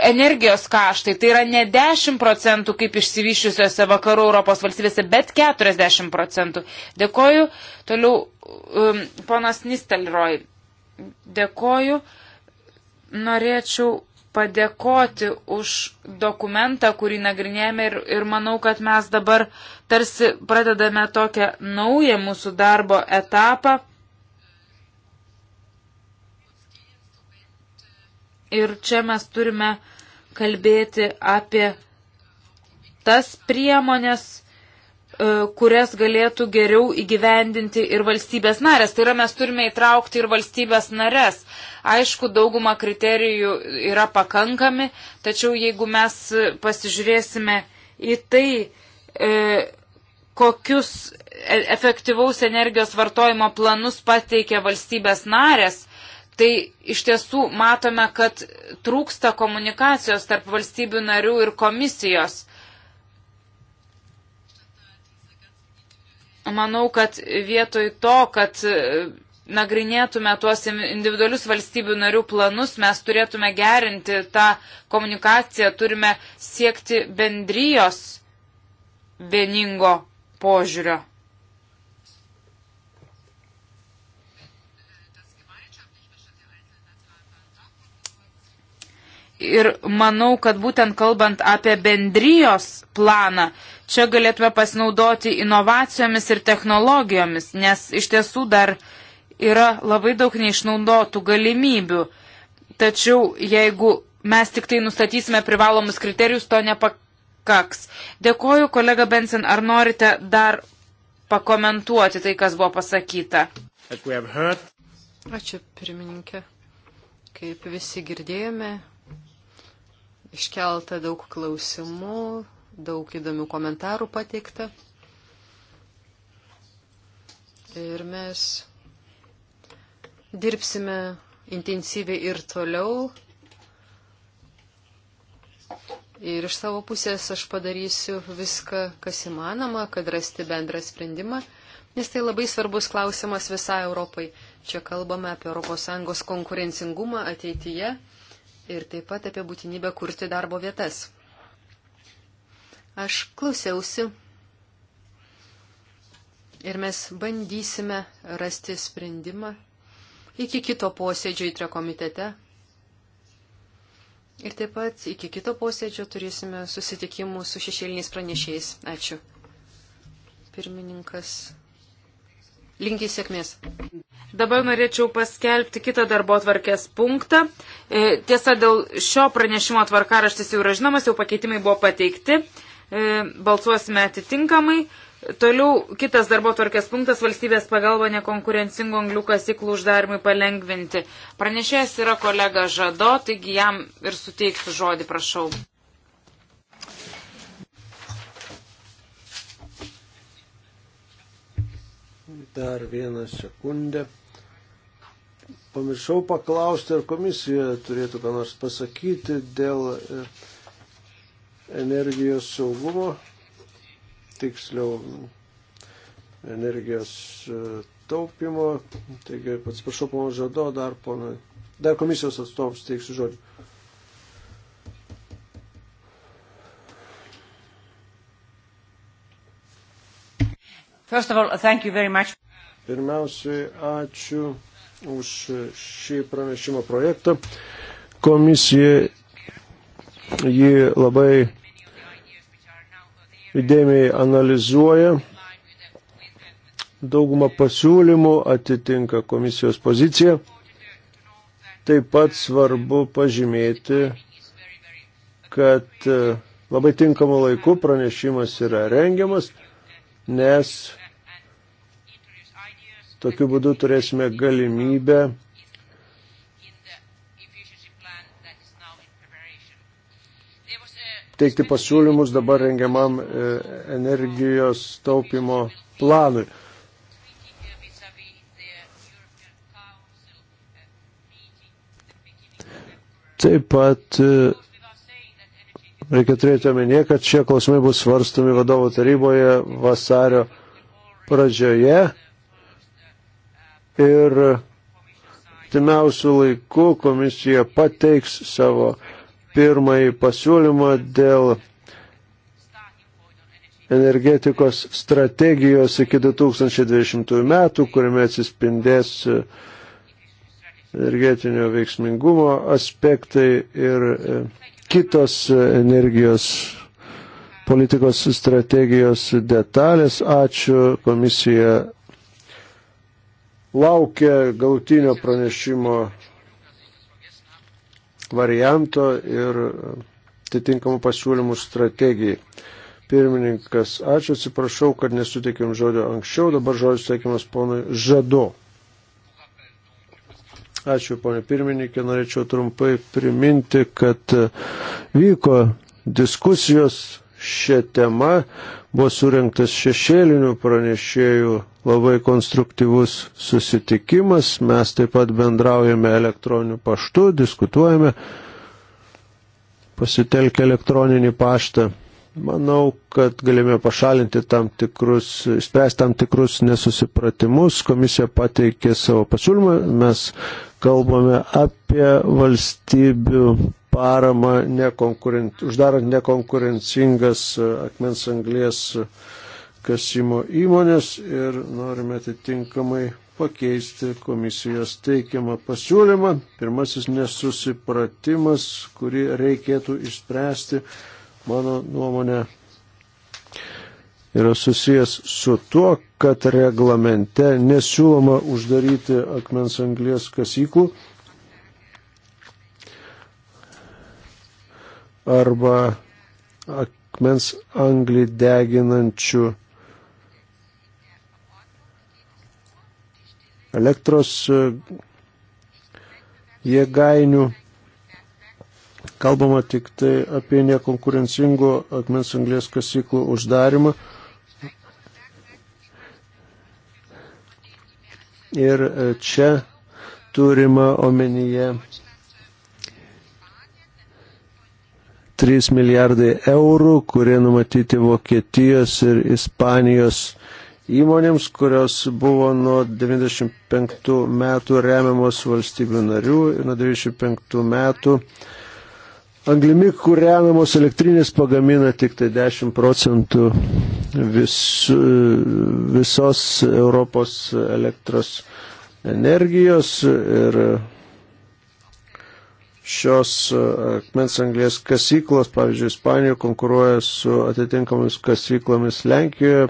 energijos kaštai, tai yra ne 10 procentų kaip išsivyščiusiuose vakarų Europos valstybėse, bet 40 procentų. Dėkoju. Toliau um, ponas Nistelroj. Dėkoju. Norėčiau padėkoti už dokumentą, kurį nagrinėjame ir, ir manau, kad mes dabar tarsi pradedame tokią naują mūsų darbo etapą Ir čia mes turime kalbėti apie tas priemonės, e, kurias galėtų geriau įgyvendinti ir valstybės narės. Tai yra, mes turime įtraukti ir valstybės narės. Aišku, dauguma kriterijų yra pakankami, tačiau jeigu mes pasižiūrėsime į tai, e, kokius e, efektyvaus energijos vartojimo planus pateikia valstybės narės, tai iš tiesų matome, kad trūksta komunikacijos tarp valstybių narių ir komisijos. Manau, kad vietoj to, kad e, nagrinėtume tuos individualius valstybių narių planus, mes turėtume gerinti tą komunikaciją, turime siekti bendrijos vieningo požiūrio. Ir manau, kad būtent kalbant apie bendrijos planą, čia galėtume pasinaudoti inovacijomis ir technologijomis, nes iš tiesų dar yra labai daug neišnaudotų galimybių. Tačiau jeigu mes tik tai nustatysime privalomus kriterijus, to nepakaks. Dėkoju, kolega Benson, ar norite dar pakomentuoti tai, kas buvo pasakyta? Ačiū, pirmininkė. Kaip visi girdėjome, Iškelta daug klausimų, daug įdomių komentarų pateikta. Ir mes dirbsime intensyviai ir toliau. Ir iš savo pusės aš padarysiu viską, kas įmanoma, kad rasti bendrą sprendimą, nes tai labai svarbus klausimas visai Europai. Čia kalbame apie ES konkurencingumą ateityje ir taip pat apie būtinybę kurti darbo vietas. Aš klausiausi ir mes bandysime rasti sprendimą iki kito posėdžio įtre komitete. Ir taip pat iki kito posėdžio turėsime susitikimų su šešėliniais pranešėjais. Ačiū. Pirmininkas. Linkiai sėkmės. Dabar norėčiau paskelbti kitą darbo tvarkės punktą. E, tiesa, dėl šio pranešimo tvarkaraštis jau yra žinomas, jau pakeitimai buvo pateikti. E, balsuosime atitinkamai. Toliau kitas darbo tvarkės punktas - valstybės pagalba nekonkurencingo anglių kasyklų uždarimui palengvinti. Pranešėjas yra kolega Žado, taigi jam ir suteiksiu žodį, prašau. Dar vieną sekundę. Pamiršau paklausti, ar komisija turėtų ką nors pasakyti dėl e, energijos saugumo, tiksliau energijos e, taupimo. Taigi, pats prašau, pono Žado, dar, pono, dar komisijos atstovams teiksiu žodį. First of all, thank you very much. Pirmiausiai, ačiū už šį pranešimo projektą. Komisija jį labai įdėmiai analizuoja. Dauguma pasiūlymų atitinka komisijos poziciją. Taip pat svarbu pažymėti, kad labai tinkamu laiku pranešimas yra rengiamas, nes Tokiu būdu turėsime galimybę teikti pasiūlymus dabar rengiamam e, energijos taupimo planui. Taip pat e, reikia turėti omenyje, kad šie klausimai bus svarstami vadovo taryboje vasario pradžioje ir timiausių laikų komisija pateiks savo pirmąjį pasiūlymą dėl energetikos strategijos iki 2020 metų, kuriame atsispindės energetinio veiksmingumo aspektai ir kitos energijos politikos strategijos detalės. Ačiū, komisija laukia gautinio pranešimo varianto ir atitinkamų pasiūlymų strategijai. Pirmininkas, ačiū, atsiprašau, kad nesuteikėm žodžio anksčiau, dabar žodis suteikiamas ponui Žado. Ačiū, ponė pirmininkė, norėčiau trumpai priminti, kad vyko diskusijos šią temą buvo surinktas šešėlinių pranešėjų labai konstruktyvus susitikimas. Mes taip pat bendraujame elektroniniu paštu, diskutuojame, pasitelkę elektroninį paštą. Manau, kad galime pašalinti tam tikrus, spręsti tam tikrus nesusipratimus. Komisija pateikė savo pasiūlymą. Mes kalbame apie valstybių paramą nekonkurenc... uždarant nekonkurencingas e, akmens anglės e, kasimo įmonės ir norime atitinkamai pakeisti komisijos teikiamą pasiūlymą. Pirmasis nesusipratimas, kurį reikėtų išspręsti, mano nuomonė, yra susijęs su tuo, kad reglamente nesiūloma uždaryti akmens anglės kasyklų arba akmens anglį deginančių elektros e, jėgainių. Kalbama tik tai apie nekonkurencingų akmens anglės kasyklų uždarimą. Ir e, čia turima omenyje 3 milijardai eurų, kurie numatyti Vokietijos ir Ispanijos įmonėms, kurios buvo nuo 95 metų remiamos valstybių narių ir nuo 95 metų anglimi kūrenamos elektrinės pagamina tik tai 10 procentų vis, visos Europos elektros energijos ir šios e, akmens anglės kasyklos, pavyzdžiui, Ispanijoje konkuruoja su atitinkamomis kasyklomis Lenkijoje,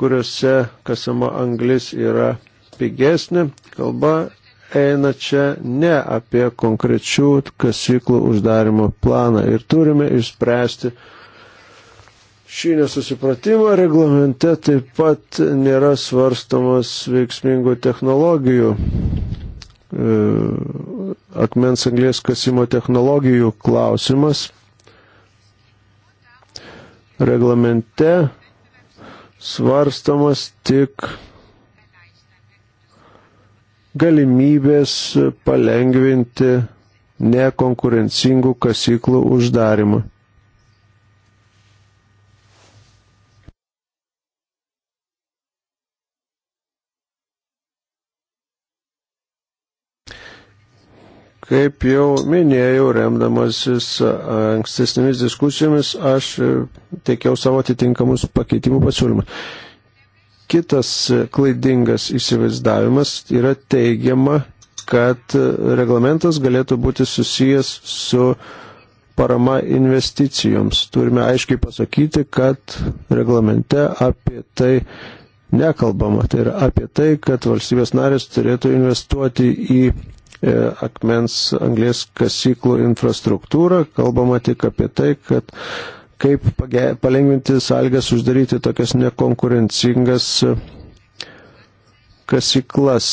kuriuose kasama anglis yra pigesnė. Kalba eina čia ne apie konkrečių kasyklų uždarimo planą ir turime išspręsti šį nesusipratimą. Reglamente taip pat nėra svarstomas veiksmingų technologijų E, akmens anglės kasimo technologijų klausimas. Reglamente svarstamas tik galimybės palengvinti nekonkurencingų kasyklų uždarimą. Kaip jau minėjau, remdamasis ankstesnėmis diskusijomis, aš e, teikiau savo atitinkamus pakeitimų pasiūlymus. Kitas e, klaidingas įsivaizdavimas yra teigiama, kad e, reglamentas galėtų būti susijęs su parama investicijoms. Turime aiškiai pasakyti, kad reglamente apie tai nekalbama. Tai yra apie tai, kad valstybės narės turėtų investuoti į E, akmens anglės kasyklų infrastruktūrą. Kalbama tik apie tai, kad kaip palengvinti sąlygas uždaryti tokias nekonkurencingas e, kasyklas.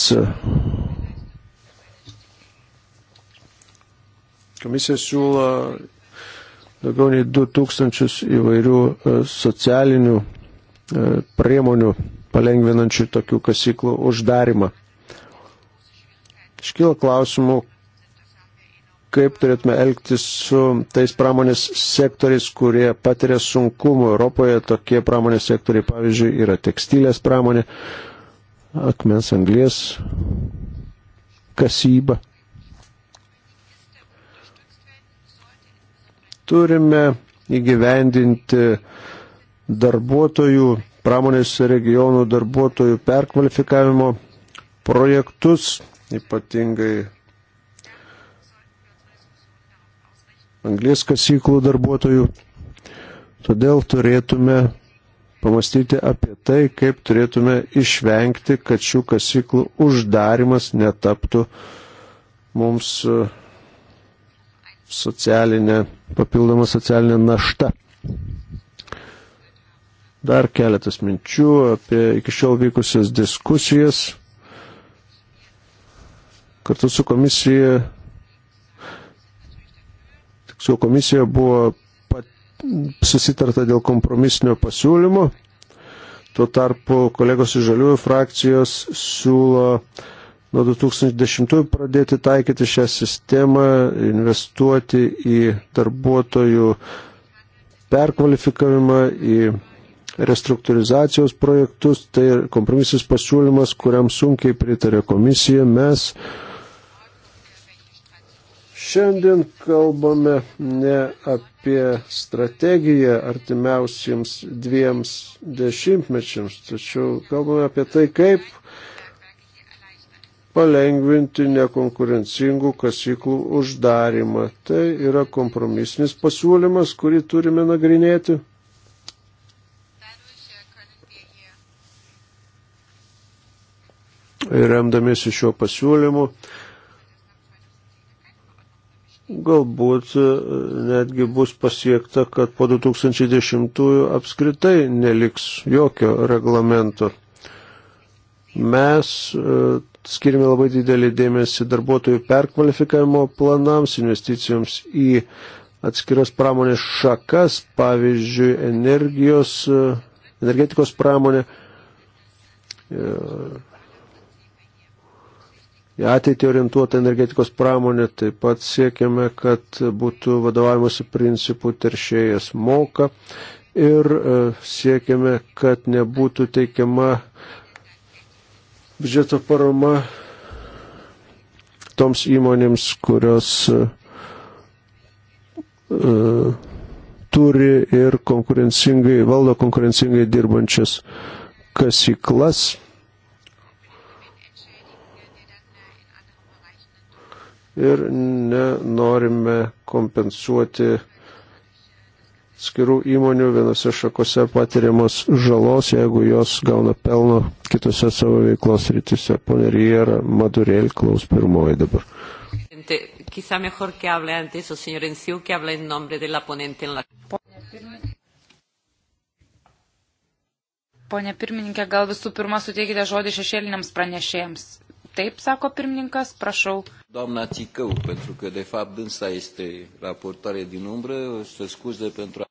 Komisija siūlo daugiau nei 2000 įvairių e, socialinių priemonių palengvinančių tokių kasyklų uždarimą. Iškyla klausimų, kaip turėtume elgtis su tais pramonės sektoriais, kurie patiria sunkumų Europoje. Tokie pramonės sektoriai, pavyzdžiui, yra tekstilės pramonė, akmens anglės kasyba. Turime įgyvendinti darbuotojų, pramonės regionų darbuotojų perkvalifikavimo projektus ypatingai anglės kasyklų darbuotojų. Todėl turėtume pamastyti apie tai, kaip turėtume išvengti, kad šių kasyklų uždarimas netaptų mums e, socialinė, papildoma socialinė našta. Dar keletas minčių apie iki šiol vykusias diskusijas. Kartu su komisija, su komisija buvo pat, susitarta dėl kompromisinio pasiūlymo. Tuo tarpu kolegos iš žaliųjų frakcijos siūlo nuo 2010 pradėti taikyti šią sistemą, investuoti į darbuotojų perkvalifikavimą, į restruktūrizacijos projektus. Tai kompromisis pasiūlymas, kuriam sunkiai pritarė komisija. Mes Šiandien kalbame ne apie strategiją artimiausiems dviems dešimtmečiams, tačiau kalbame apie tai, kaip palengvinti nekonkurencingų kasyklų uždarimą. Tai yra kompromisinis pasiūlymas, kurį turime nagrinėti. Ir remdamiesi šiuo pasiūlymu, galbūt e, netgi bus pasiekta, kad po 2010 apskritai neliks jokio reglamento. Mes e, skirime labai didelį dėmesį darbuotojų perkvalifikavimo planams, investicijoms į atskiras pramonės šakas, pavyzdžiui, energijos, e, energetikos pramonė į ateitį orientuotą energetikos pramonę. Taip pat siekiame, kad būtų vadovavimuose principų teršėjas moka ir e, siekiame, kad nebūtų teikiama biudžeto parama toms įmonėms, kurios uh, turi ir konkurencingai, valdo konkurencingai dirbančias kasyklas. ir nenorime kompensuoti skirų įmonių vienose šakose patiriamos žalos, jeigu jos gauna pelno kitose savo veiklos rytise. Pone Riera, Madurėl klaus pirmoji dabar. Pone pirmininkė, gal visų pirma suteikite žodį šešėliniams pranešėjams. Taip, sako pirmininkas, prašau. Doamna Țicău, pentru că de fapt dânsa este raportare din umbră, se scuze pentru...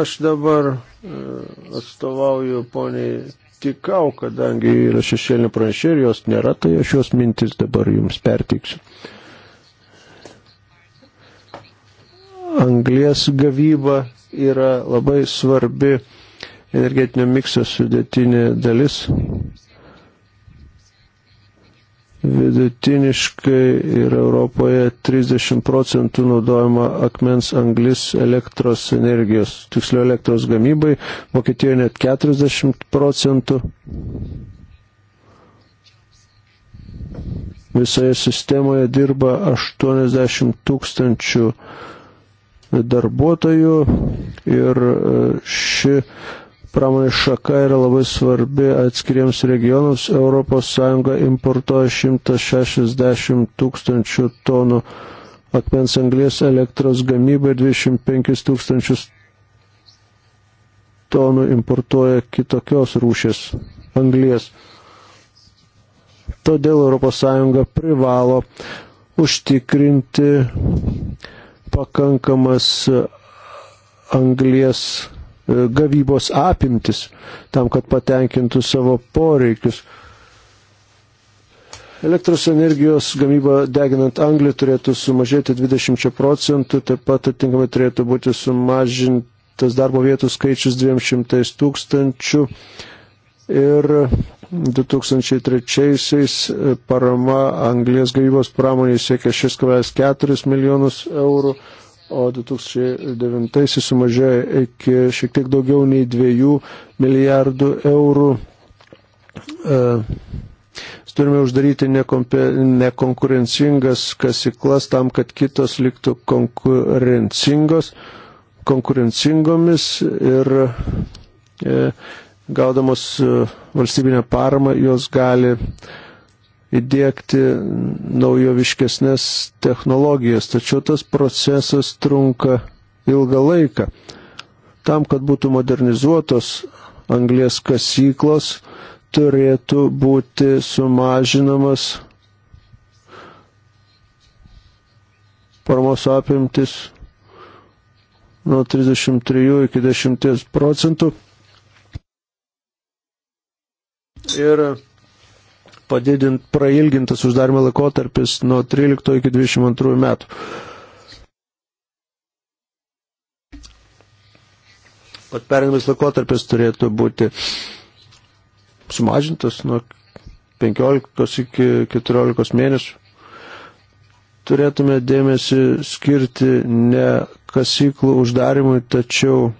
Aš dabar uh, atstovauju poniai Tikau, kadangi yra šešėlinė pranešė ir jos nėra, tai aš jos mintis dabar jums pertiksiu. Anglės gavyba yra labai svarbi energetinio mikso sudėtinė dalis vidutiniškai yra Europoje 30 procentų naudojama akmens anglis elektros energijos, tiksliau elektros gamybai, Vokietijoje net 40 procentų. Visoje sistemoje dirba 80 tūkstančių darbuotojų ir e, ši pramonės šaka yra labai svarbi atskiriems regionams. ES importuoja 160 tūkstančių tonų akmens anglės elektros gamybai, 25 tūkstančius tonų importuoja kitokios rūšės anglės. Todėl ES privalo užtikrinti pakankamas anglės E, gavybos apimtis, tam, kad patenkintų savo poreikius. Elektros energijos gamyba deginant anglį turėtų sumažėti 20 procentų, taip pat atitinkamai turėtų būti sumažintas darbo vietų skaičius 200 tūkstančių ir 2003 parama anglės gavybos pramoniai siekia 6,4 milijonus eurų, o 2009 sumažėjo iki šiek tiek daugiau nei 2 milijardų eurų. E, turime uždaryti nekonkurencingas kasiklas tam, kad kitos liktų konkurencingos, konkurencingomis ir e, gaudamos e, valstybinę paramą jos gali e, įdėkti naujoviškesnės technologijas, tačiau tas procesas trunka ilgą laiką. Tam, kad būtų modernizuotos anglės kasyklos, turėtų būti sumažinamas paramos apimtis nuo 33 iki 10 procentų. Ir padidint, prailgintas uždarimo laikotarpis nuo 13 iki 22 metų. Pat perinamas laikotarpis turėtų būti sumažintas nuo 15 iki 14 mėnesių. Turėtume dėmesį skirti ne kasyklų uždarimui, tačiau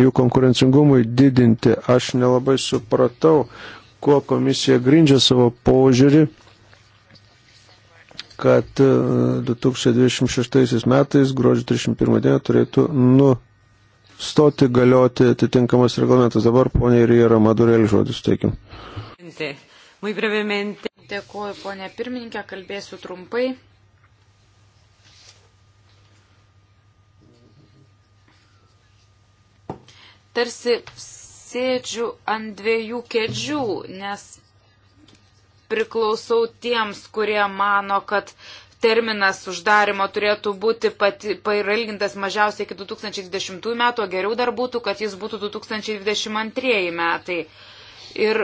jų konkurencingumui didinti. Aš nelabai supratau, kuo komisija grindžia savo požiūrį, kad 2026 e, metais gruodžio 31 dieną turėtų nustoti galioti atitinkamas reglamentas. Dabar ponia Rijera Madurėlį žodis teikim. Dėkuoju, ponia pirmininkė, kalbėsiu trumpai. Tarsi sėdžiu ant dviejų kėdžių, nes priklausau tiems, kurie mano, kad terminas uždarimo turėtų būti pailgintas mažiausiai iki 2010 metų, o geriau dar būtų, kad jis būtų 2022 metai. Ir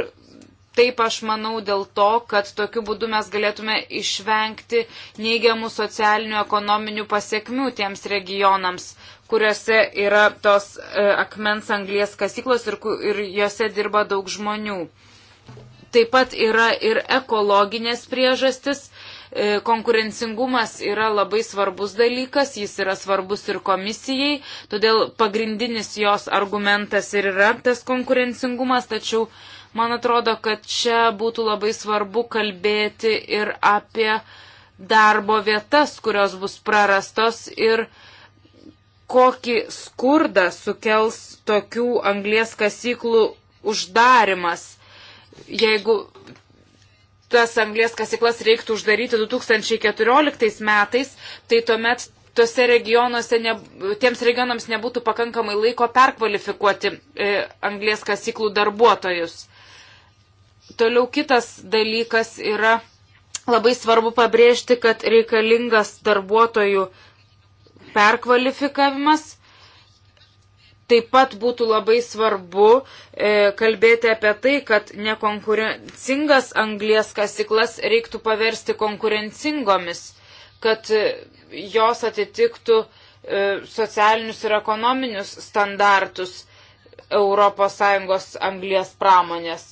taip aš manau dėl to, kad tokiu būdu mes galėtume išvengti neigiamų socialinių ekonominių pasiekmių tiems regionams, kuriuose yra tos e, akmens anglies kasyklos ir, ir juose dirba daug žmonių. Taip pat yra ir ekologinės priežastis. E, konkurencingumas yra labai svarbus dalykas, jis yra svarbus ir komisijai, todėl pagrindinis jos argumentas ir yra tas konkurencingumas, tačiau man atrodo, kad čia būtų labai svarbu kalbėti ir apie darbo vietas, kurios bus prarastos ir uh, kokį skurdą sukels tokių anglės kasyklų uždarimas, jeigu tas anglės kasyklas reiktų uždaryti 2014 metais, tai tuomet tose regionuose, ne, tiems regionams nebūtų pakankamai laiko perkvalifikuoti e, anglės kasyklų darbuotojus. Toliau kitas dalykas yra labai svarbu pabrėžti, kad reikalingas darbuotojų perkvalifikavimas. Taip pat būtų labai svarbu e, kalbėti apie tai, kad nekonkurencingas anglies kasiklas reiktų paversti konkurencingomis, kad e, jos atitiktų e, socialinius ir ekonominius standartus ES anglies pramonės.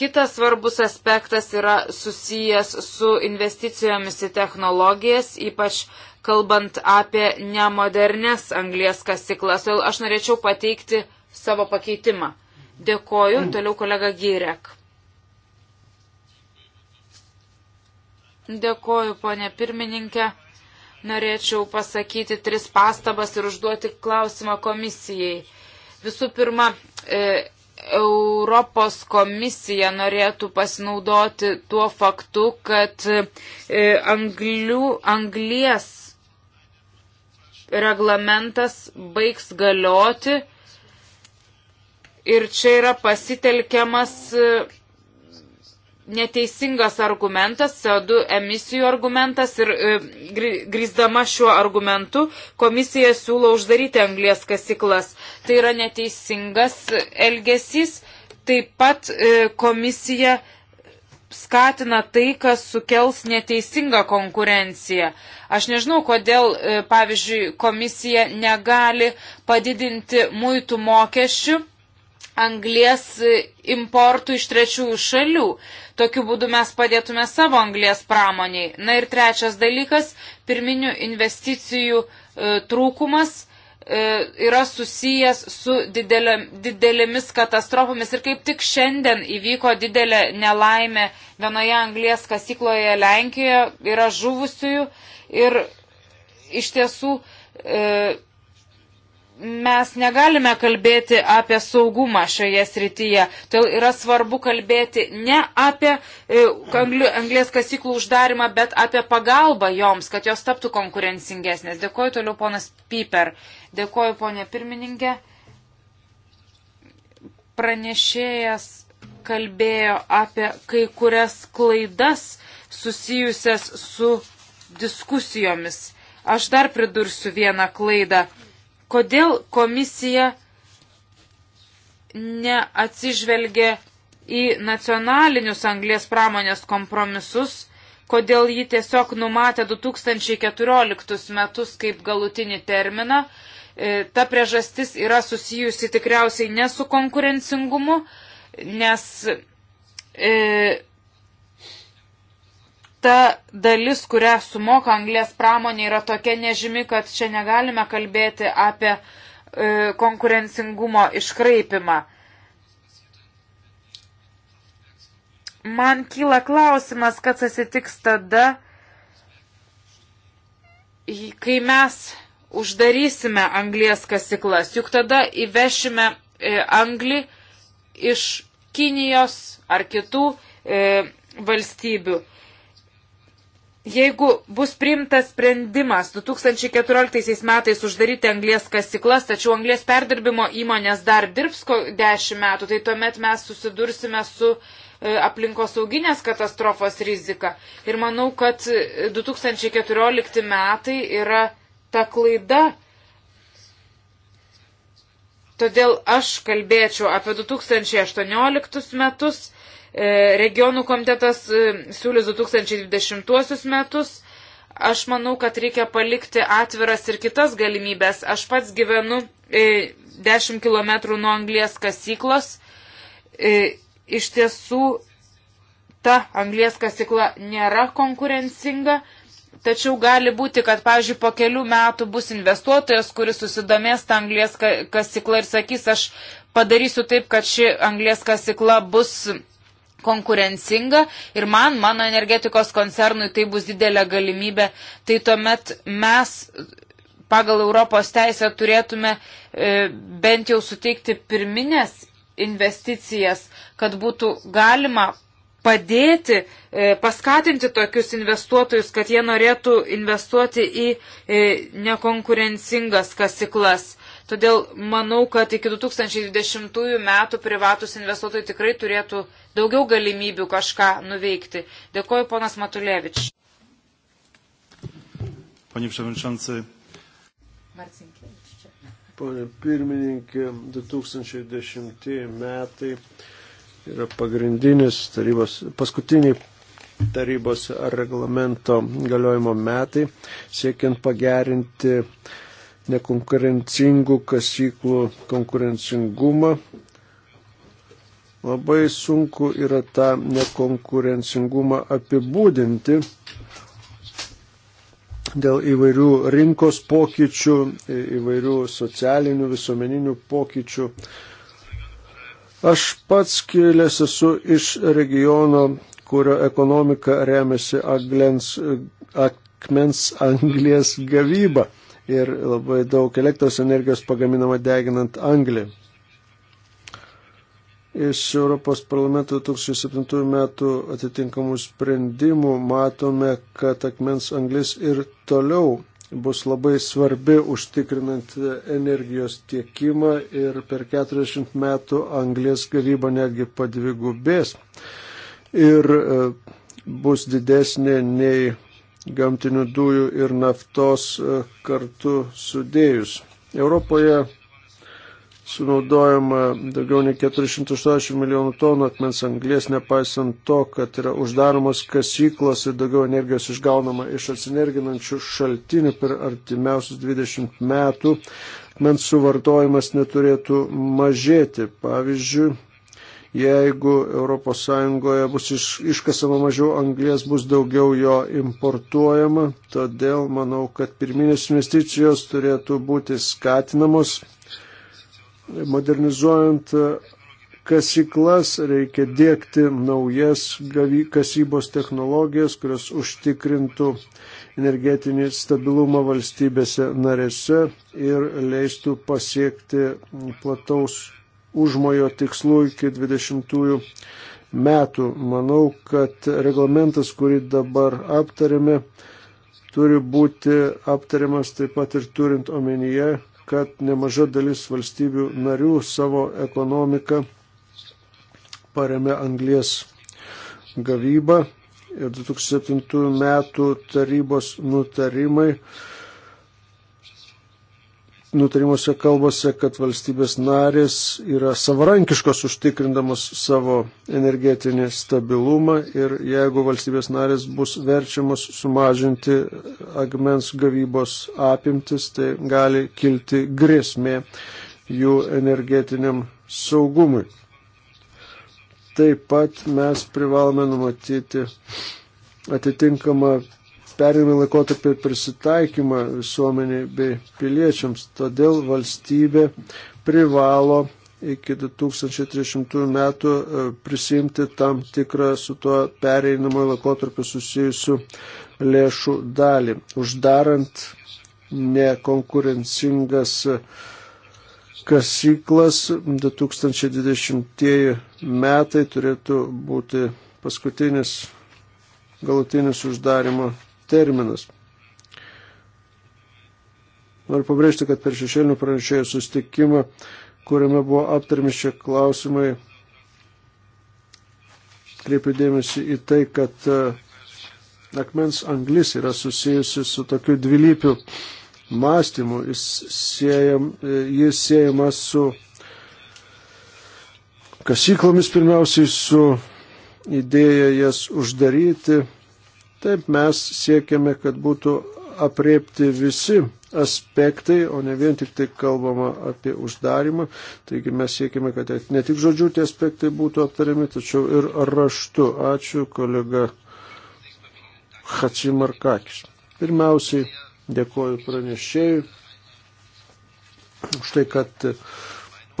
Kitas svarbus aspektas yra susijęs su investicijomis į technologijas, ypač kalbant apie nemodernes anglės kasyklas. Aš norėčiau pateikti savo pakeitimą. Dėkoju. Mm. Toliau kolega Gyrek. Dėkoju, ponė pirmininkė. Norėčiau pasakyti tris pastabas ir užduoti klausimą komisijai. Visų pirma, e, Europos komisija norėtų pasinaudoti tuo faktu, kad e, anglių, anglies reglamentas baigs galioti ir čia yra pasitelkiamas e, neteisingas argumentas, CO2 emisijų argumentas ir e, grįzdama šiuo argumentu komisija siūlo uždaryti anglės kasiklas. Tai yra neteisingas elgesys. Taip pat e, komisija skatina tai, kas sukels neteisingą konkurenciją. Aš nežinau, kodėl, e, pavyzdžiui, komisija negali padidinti muitų mokesčių anglės e, importų iš trečiųjų šalių. Tokiu būdu mes padėtume savo anglės pramoniai. Na ir trečias dalykas - pirminių investicijų e, trūkumas E, yra susijęs su didelė, didelėmis katastrofomis. Ir kaip tik šiandien įvyko didelė nelaimė vienoje anglės kasykloje Lenkijoje, yra žuvusiųjų. Ir iš tiesų e, mes negalime kalbėti apie saugumą šioje srityje. Todėl yra svarbu kalbėti ne apie e, anglės kasyklų uždarimą, bet apie pagalbą joms, kad jos taptų konkurencingesnės. Dėkuoju toliau, ponas Piper. E, Dėkoju, ponė pirmininkė. Pranešėjas kalbėjo apie kai kurias klaidas susijusias su diskusijomis. Aš dar pridursiu vieną klaidą. Kodėl komisija neatsižvelgia į nacionalinius anglės pramonės kompromisus, kodėl ji tiesiog numatė 2014 metus kaip galutinį terminą, E, ta priežastis yra susijusi tikriausiai ne su konkurencingumu, nes e, ta dalis, kurią sumoka anglės pramonė, yra tokia nežymi, kad čia negalime kalbėti apie e, konkurencingumo iškraipimą. Man kyla klausimas, kas atsitiks tada, kai mes uždarysime anglės kasiklas, juk tada įvešime e, anglį iš Kinijos ar kitų e, valstybių. Jeigu bus priimtas sprendimas 2014 metais uždaryti anglės kasiklas, tačiau anglės perdirbimo įmonės dar dirbs 10 metų, tai tuomet mes susidursime su e, aplinkosauginės katastrofos rizika. Ir manau, kad 2014 e, metai yra ta klaida. Todėl aš kalbėčiau apie 2018 metus, e, regionų komitetas e, siūlys 2020 metus. Aš manau, kad reikia palikti atviras ir kitas galimybės. Aš pats gyvenu 10 e, km nuo anglės kasyklos. Iš tiesų, ta anglės kasykla nėra konkurencinga. Tačiau gali būti, kad, pavyzdžiui, po kelių metų bus investuotojas, kuris susidomės tą anglės kasyklą ir sakys, aš padarysiu taip, kad ši anglės kasykla bus konkurencinga ir man, mano energetikos koncernui, tai bus didelė galimybė. Tai tuomet mes pagal Europos teisę turėtume e, bent jau suteikti pirminės investicijas, kad būtų galima padėti, e, paskatinti tokius investuotojus, kad jie norėtų investuoti į e, nekonkurencingas kasyklas. Todėl manau, kad iki 2020 metų privatus investuotojai tikrai turėtų daugiau galimybių kažką nuveikti. Dėkuoju, ponas Matulevič. Panie Przewodniczący. Marcinkiewicz. Pone pirmininkė, 2010 metai yra pagrindinis tarybos, paskutiniai tarybos reglamento galiojimo metai, siekiant pagerinti nekonkurencingų kasyklų konkurencingumą. Labai sunku yra tą nekonkurencingumą apibūdinti dėl įvairių rinkos pokyčių, įvairių socialinių, visuomeninių pokyčių, Aš pats kilęs esu iš regiono, kurio ekonomika remiasi aglens, akmens anglės gavybą ir labai daug elektros energijos pagaminama deginant anglį. Iš Europos parlamento 2007 metų atitinkamų sprendimų matome, kad akmens anglis ir toliau bus labai svarbi užtikrinant energijos tiekimą ir per 40 metų anglės gavyba netgi padvigubės ir e, bus didesnė nei gamtinių dujų ir naftos e, kartu sudėjus. Europoje sunaudojama daugiau nei 480 milijonų tonų atmens anglės, nepaisant to, kad yra uždaromos kasyklos ir daugiau energijos išgaunama iš atsinerginančių šaltinių per artimiausius 20 metų, atmens suvartojimas neturėtų mažėti. Pavyzdžiui, jeigu ES bus iš, iškasama mažiau anglės, bus daugiau jo importuojama, todėl manau, kad pirminės investicijos turėtų būti skatinamos Modernizuojant kasyklas reikia dėkti naujas kasybos technologijas, kurios užtikrintų energetinį stabilumą valstybėse narėse ir leistų pasiekti plataus užmojo tikslų iki 20 metų. Manau, kad reglamentas, kurį dabar aptarėme, turi būti aptariamas taip pat ir turint omenyje, kad nemaža dalis valstybių narių savo ekonomiką paremė anglės gavybą ir 2007 metų tarybos nutarimai nutarimuose kalbose, kad valstybės narės yra savarankiškos užtikrindamos savo energetinį stabilumą ir jeigu valstybės narės bus verčiamos sumažinti agmens gavybos apimtis, tai gali kilti grėsmė jų energetiniam saugumui. Taip pat mes privalome numatyti atitinkamą perinamą laikotarpį prisitaikymą visuomeniai bei piliečiams. Todėl valstybė privalo iki 2030 metų e, prisimti tam tikrą su tuo pereinamojo laikotarpiu susijusių lėšų dalį, uždarant nekonkurencingas kasyklas 2020 metai turėtų būti paskutinis galutinis uždarimo terminas. Noriu pabrėžti, kad per šešėlinių pranešėjų sustikimą, kuriame buvo aptarimi šie klausimai, kreipiu dėmesį į tai, kad e, akmens anglis yra susijusi su tokiu dvilypiu mąstymu. Jis, siejam, e, jis siejamas su kasyklomis, pirmiausiai su idėja jas uždaryti Taip mes siekiame, kad būtų apriepti visi aspektai, o ne vien tik tai kalbama apie uždarimą. Taigi mes siekime, kad ne tik žodžių tie aspektai būtų aptariami, tačiau ir raštu. Ačiū kolega Hatsimarkakis. Pirmiausiai dėkoju pranešėjui už tai, kad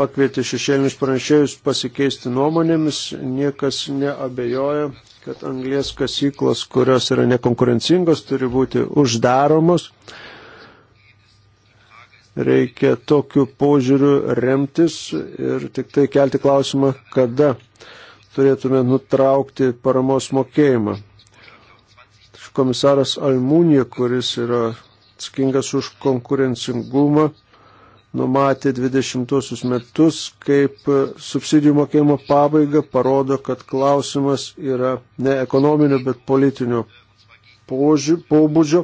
pakvietė šešėlinius pranešėjus pasikeisti nuomonėmis. Niekas neabejoja kad anglės kasyklos, kurios yra nekonkurencingos, turi būti uždaromos. Reikia tokiu požiūriu remtis ir tik tai kelti klausimą, kada turėtume nutraukti paramos mokėjimą. Komisaras Almūnė, kuris yra atsakingas už konkurencingumą, numatė 20 metus kaip subsidijų mokėjimo pabaiga, parodo, kad klausimas yra ne ekonominio, bet politinio požiū, pobūdžio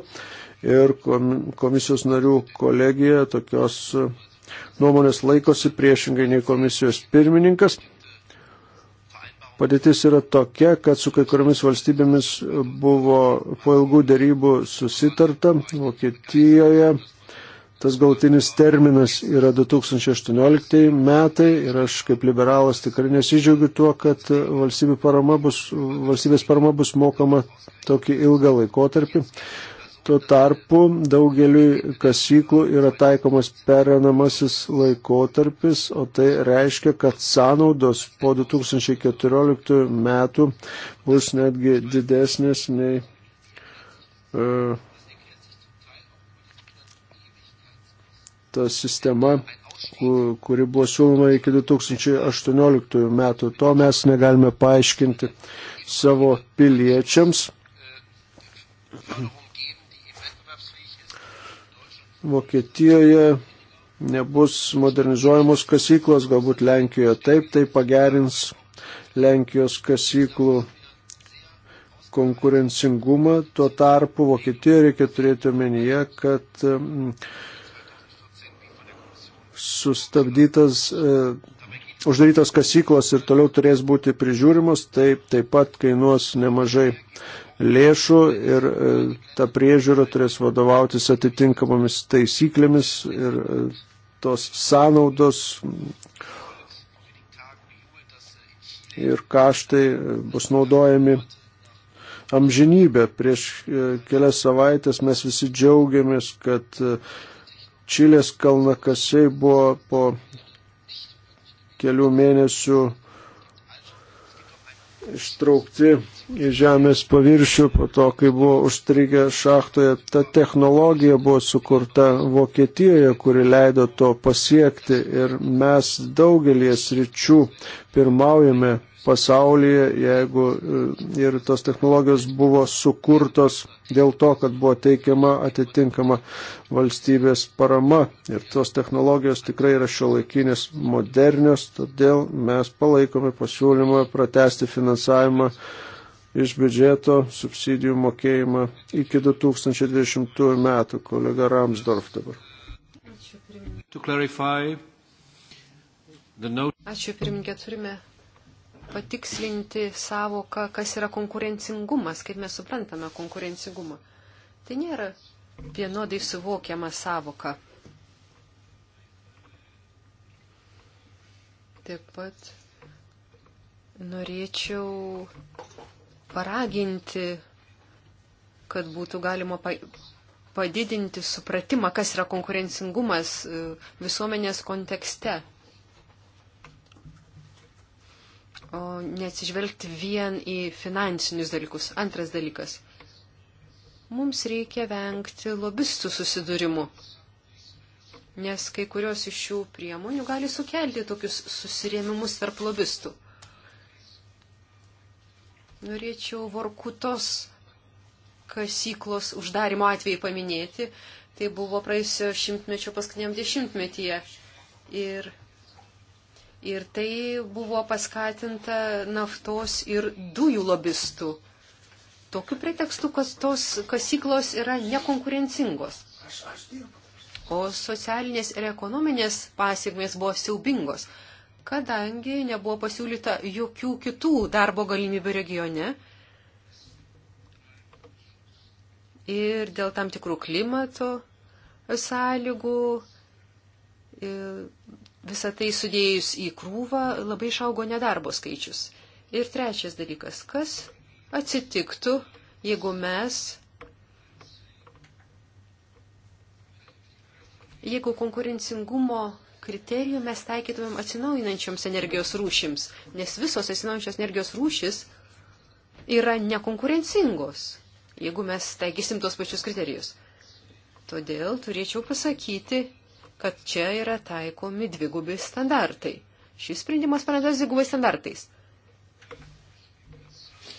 ir komisijos narių kolegija tokios e, nuomonės laikosi priešingai nei komisijos pirmininkas. Padėtis yra tokia, kad su kai kuriomis valstybėmis buvo po ilgų dėrybų susitarta Vokietijoje tas gautinis terminas yra 2018 metai ir aš kaip liberalas tikrai nesidžiaugiu tuo, kad valstybės parama bus, valstybės parama bus mokama tokį ilgą laikotarpį. Tuo tarpu daugeliu kasyklų yra taikomas perinamasis laikotarpis, o tai reiškia, kad sąnaudos po 2014 metų bus netgi didesnės nei. Uh, e, ta sistema, kuri buvo siūloma iki 2018 metų. To mes negalime paaiškinti savo piliečiams. Vokietijoje nebus modernizuojamos kasyklos, galbūt Lenkijoje taip, tai pagerins Lenkijos kasyklų konkurencingumą. Tuo tarpu Vokietijoje reikia turėti omenyje, kad mm, sustabdytas, e, uždarytos kasyklos ir toliau turės būti prižiūrimos, tai taip pat kainuos nemažai lėšų ir e, ta priežiūra turės vadovautis atitinkamomis taisyklėmis ir e, tos sąnaudos ir kaštai bus naudojami amžinybę. Prieš e, kelias savaitės mes visi džiaugiamės, kad e, Čilės kalnakasiai buvo po kelių mėnesių ištraukti į žemės paviršių po to, kai buvo užstrigę šachtoje. Ta technologija buvo sukurta Vokietijoje, kuri leido to pasiekti ir mes daugelį sričių pirmaujame pasaulyje, jeigu e, ir tos technologijos buvo sukurtos dėl to, kad buvo teikiama atitinkama valstybės parama. Ir tos technologijos tikrai yra šio laikinės modernios, todėl mes palaikome pasiūlymą pratesti finansavimą iš biudžeto subsidijų mokėjimą iki 2020 metų. Kolega Ramsdorf dabar. Ačiū pirmininkė, turime patikslinti savoką, kas yra konkurencingumas, kaip mes suprantame konkurencingumą. Tai nėra vienodai suvokiama savoka. Taip pat norėčiau paraginti, kad būtų galima padidinti supratimą, kas yra konkurencingumas e, visuomenės kontekste. O neatsižvelgti vien į finansinius dalykus. Antras dalykas. Mums reikia vengti lobistų susidūrimų, nes kai kurios iš šių priemonių gali sukelti tokius susirėmimus tarp lobistų. Norėčiau Vorkutos kasyklos uždarimo atvejį paminėti. Tai buvo praėjusio šimtmečio paskutiniam dešimtmetyje. Ir, ir tai buvo paskatinta naftos ir dujų lobistų. Tokiu pretekstu, kad tos kasyklos yra nekonkurencingos. O socialinės ir ekonominės pasiekmes buvo siaubingos kadangi nebuvo pasiūlyta jokių kitų darbo galimybių regione. Ir dėl tam tikrų klimato sąlygų e, visą tai sudėjus į krūvą labai išaugo nedarbo skaičius. Ir trečias dalykas, kas atsitiktų, jeigu mes, jeigu konkurencingumo kriterijų mes taikytumėm atsinaujinančioms energijos rūšims, nes visos atsinaujinančios energijos rūšis yra nekonkurencingos, jeigu mes taikysim tos pačius kriterijus. Todėl turėčiau pasakyti, kad čia yra taikomi dvigubi standartai. Šis sprendimas panadas dvigubai standartais.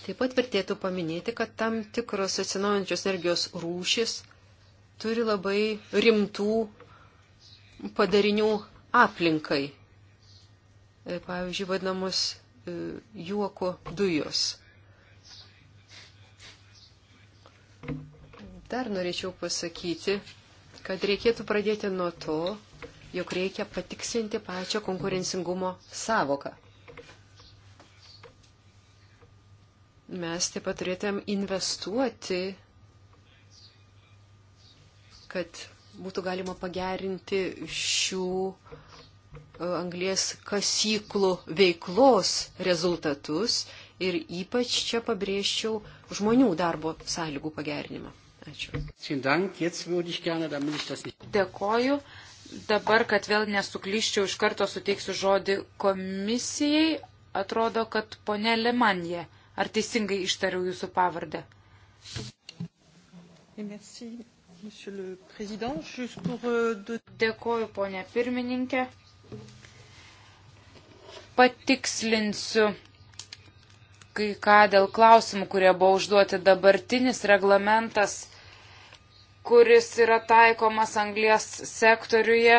Taip pat vertėtų paminėti, kad tam tikros atsinaujančios energijos rūšis turi labai rimtų padarinių aplinkai, e, pavyzdžiui, vadinamos e, juoko dujos. Dar norėčiau pasakyti, kad reikėtų pradėti nuo to, jog reikia patiksinti pačią konkurencingumo savoką. Mes taip pat turėtumėm investuoti, kad būtų galima pagerinti šių anglės kasyklų veiklos rezultatus ir ypač čia pabrėžčiau žmonių darbo sąlygų pagerinimą. Ačiū. Dėkoju. Dabar, kad vėl nesuklyščiau, iš karto suteiksiu žodį komisijai. Atrodo, kad ponė Lemanje. Ar teisingai ištariau jūsų pavardę? Euh, Dėkoju, ponė pirmininkė patikslinsiu kai ką dėl klausimų, kurie buvo užduoti dabartinis reglamentas, kuris yra taikomas anglės sektoriuje,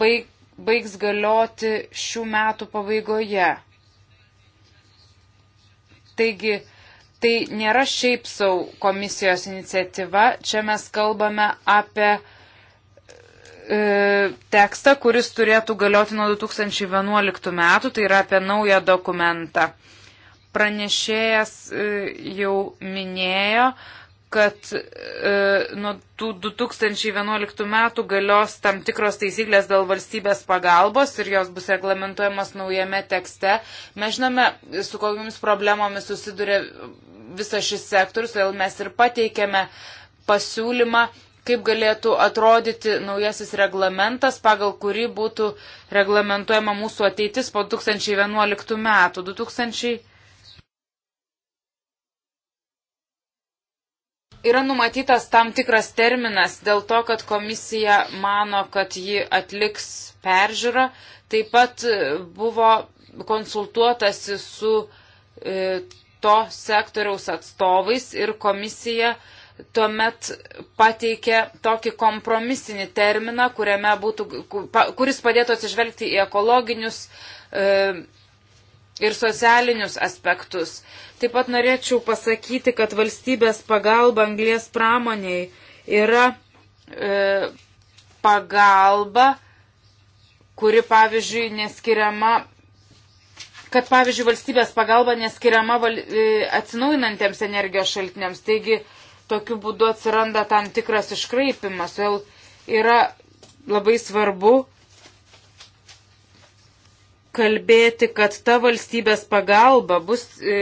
baig, baigs galioti šių metų pabaigoje. Taigi, tai nėra šiaip savo komisijos iniciatyva, čia mes kalbame apie E, tekstą, kuris turėtų galioti nuo 2011 metų, tai yra apie naują dokumentą. Pranešėjas e, jau minėjo, kad e, nuo 2011 metų galios tam tikros taisyklės dėl valstybės pagalbos ir jos bus reglamentuojamas naujame tekste. Mes žinome, su kokiamis problemomis susiduria visas šis sektorius, todėl mes ir pateikėme pasiūlymą kaip galėtų atrodyti naujasis reglamentas, pagal kurį būtų reglamentuojama mūsų ateitis po 2011 metų. 2000 Yra numatytas tam tikras terminas dėl to, kad komisija mano, kad ji atliks peržiūrą. Taip pat e, buvo konsultuotasi su e, to sektoriaus atstovais ir komisija e, tuomet pateikė tokį kompromisinį terminą, būtų, kuris padėtų atsižvelgti į ekologinius e, ir socialinius aspektus. Taip pat norėčiau pasakyti, kad valstybės pagalba anglės pramoniai yra e, pagalba, kuri, pavyzdžiui, neskiriama kad, pavyzdžiui, valstybės pagalba neskiriama val... E, atsinaujinantiems energijos šaltiniams. Taigi, e, tokiu būdu atsiranda tam tikras iškraipimas. Vėl yra labai svarbu kalbėti, kad ta valstybės pagalba bus, e,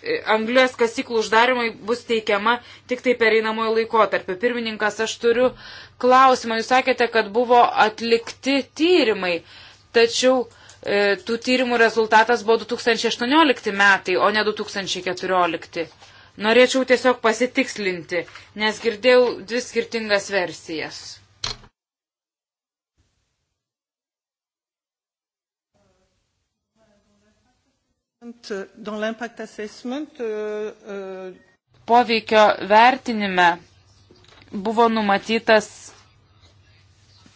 e anglios kasyklų uždarimai bus teikiama tik tai pereinamojo laikotarpiu. Pirmininkas, aš turiu klausimą. Jūs sakėte, kad buvo atlikti tyrimai, tačiau e, tų tyrimų rezultatas buvo 2018 metai, o ne 2014. Norėčiau tiesiog pasitikslinti, nes girdėjau dvi skirtingas versijas. Euh, euh, Poveikio vertinime buvo numatytas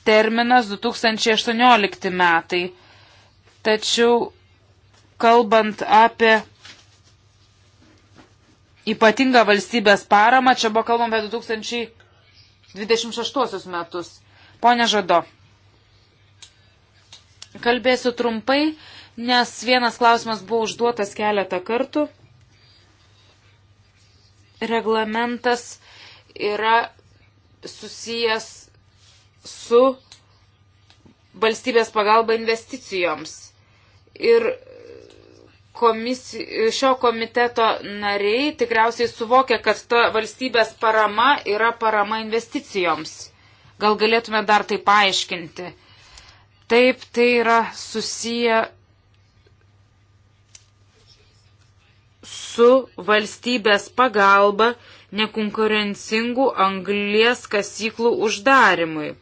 terminas 2018 metai, tačiau kalbant apie ypatingą valstybės paramą. Čia buvo kalbama apie 2026 metus. Pone Žado, kalbėsiu trumpai, nes vienas klausimas buvo užduotas keletą kartų. Reglamentas yra susijęs su valstybės pagalba investicijoms. Ir komisi, šio komiteto nariai tikriausiai suvokia, kad ta valstybės parama yra parama investicijoms. Gal galėtume dar tai paaiškinti? Taip, tai yra susiję su valstybės pagalba nekonkurencingų anglies kasyklų uždarimui.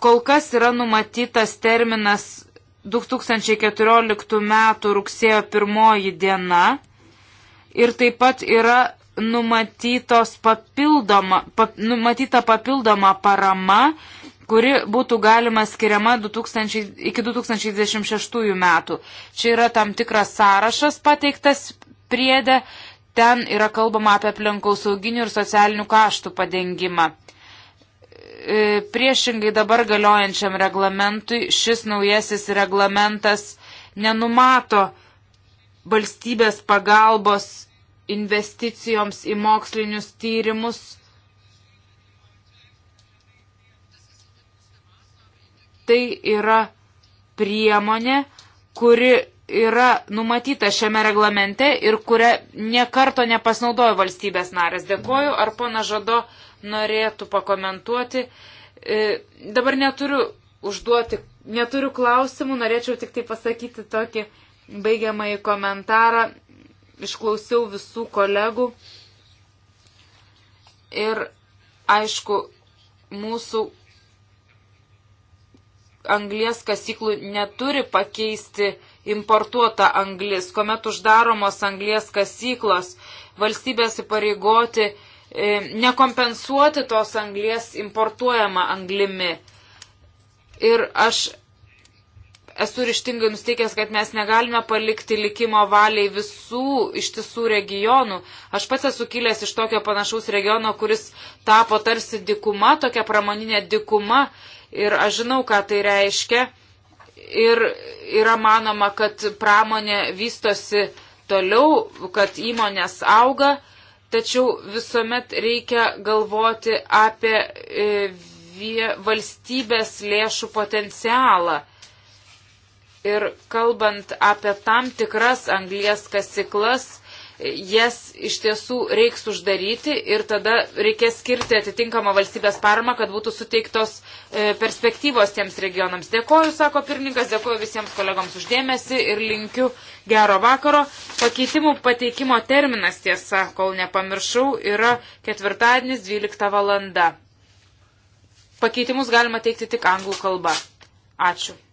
Kol kas yra numatytas terminas 2014 m. rugsėjo 1 diena ir taip pat yra numatytos papildoma, pap, numatyta papildoma parama, kuri būtų galima skiriama 2000, iki 2026 metų. Čia yra tam tikras sąrašas pateiktas priedė, ten yra kalbama apie aplinkaus sauginių ir socialinių kaštų padengimą. E, priešingai dabar galiojančiam reglamentui šis naujasis reglamentas nenumato valstybės pagalbos investicijoms į mokslinius tyrimus. Tai yra priemonė, kuri yra numatyta šiame reglamente ir kuria niekarto nepasinaudojo valstybės narės. Dėkoju, ar pana Žado norėtų pakomentuoti. E, dabar neturiu užduoti, neturiu klausimų, norėčiau tik tai pasakyti tokį baigiamąjį komentarą. Išklausiau visų kolegų. Ir aišku, mūsų anglės kasyklų neturi pakeisti importuota anglis, kuomet uždaromos anglės kasyklos, valstybės įpareigoti E, nekompensuoti tos anglies importuojama anglimi. Ir aš esu ryštingai nusteikęs, kad mes negalime palikti likimo valiai visų ištisų regionų. Aš pats esu kilęs iš tokio panašaus regiono, kuris tapo tarsi dikuma, tokia pramoninė dikuma. Ir aš žinau, ką tai reiškia. Ir yra manoma, kad pramonė vystosi toliau, kad įmonės auga tačiau visuomet reikia galvoti apie e, valstybės lėšų potencialą. Ir kalbant apie tam tikras anglies kasiklas, jas iš tiesų reiks uždaryti ir tada reikės skirti atitinkamą valstybės paramą, kad būtų suteiktos e, perspektyvos tiems regionams. Dėkoju, sako pirmininkas, dėkoju visiems kolegoms uždėmesi ir linkiu gero vakaro. Pakeitimų pateikimo terminas, tiesa, kol nepamiršau, yra ketvirtadienis 12 valanda. Pakeitimus galima teikti tik anglų kalba. Ačiū.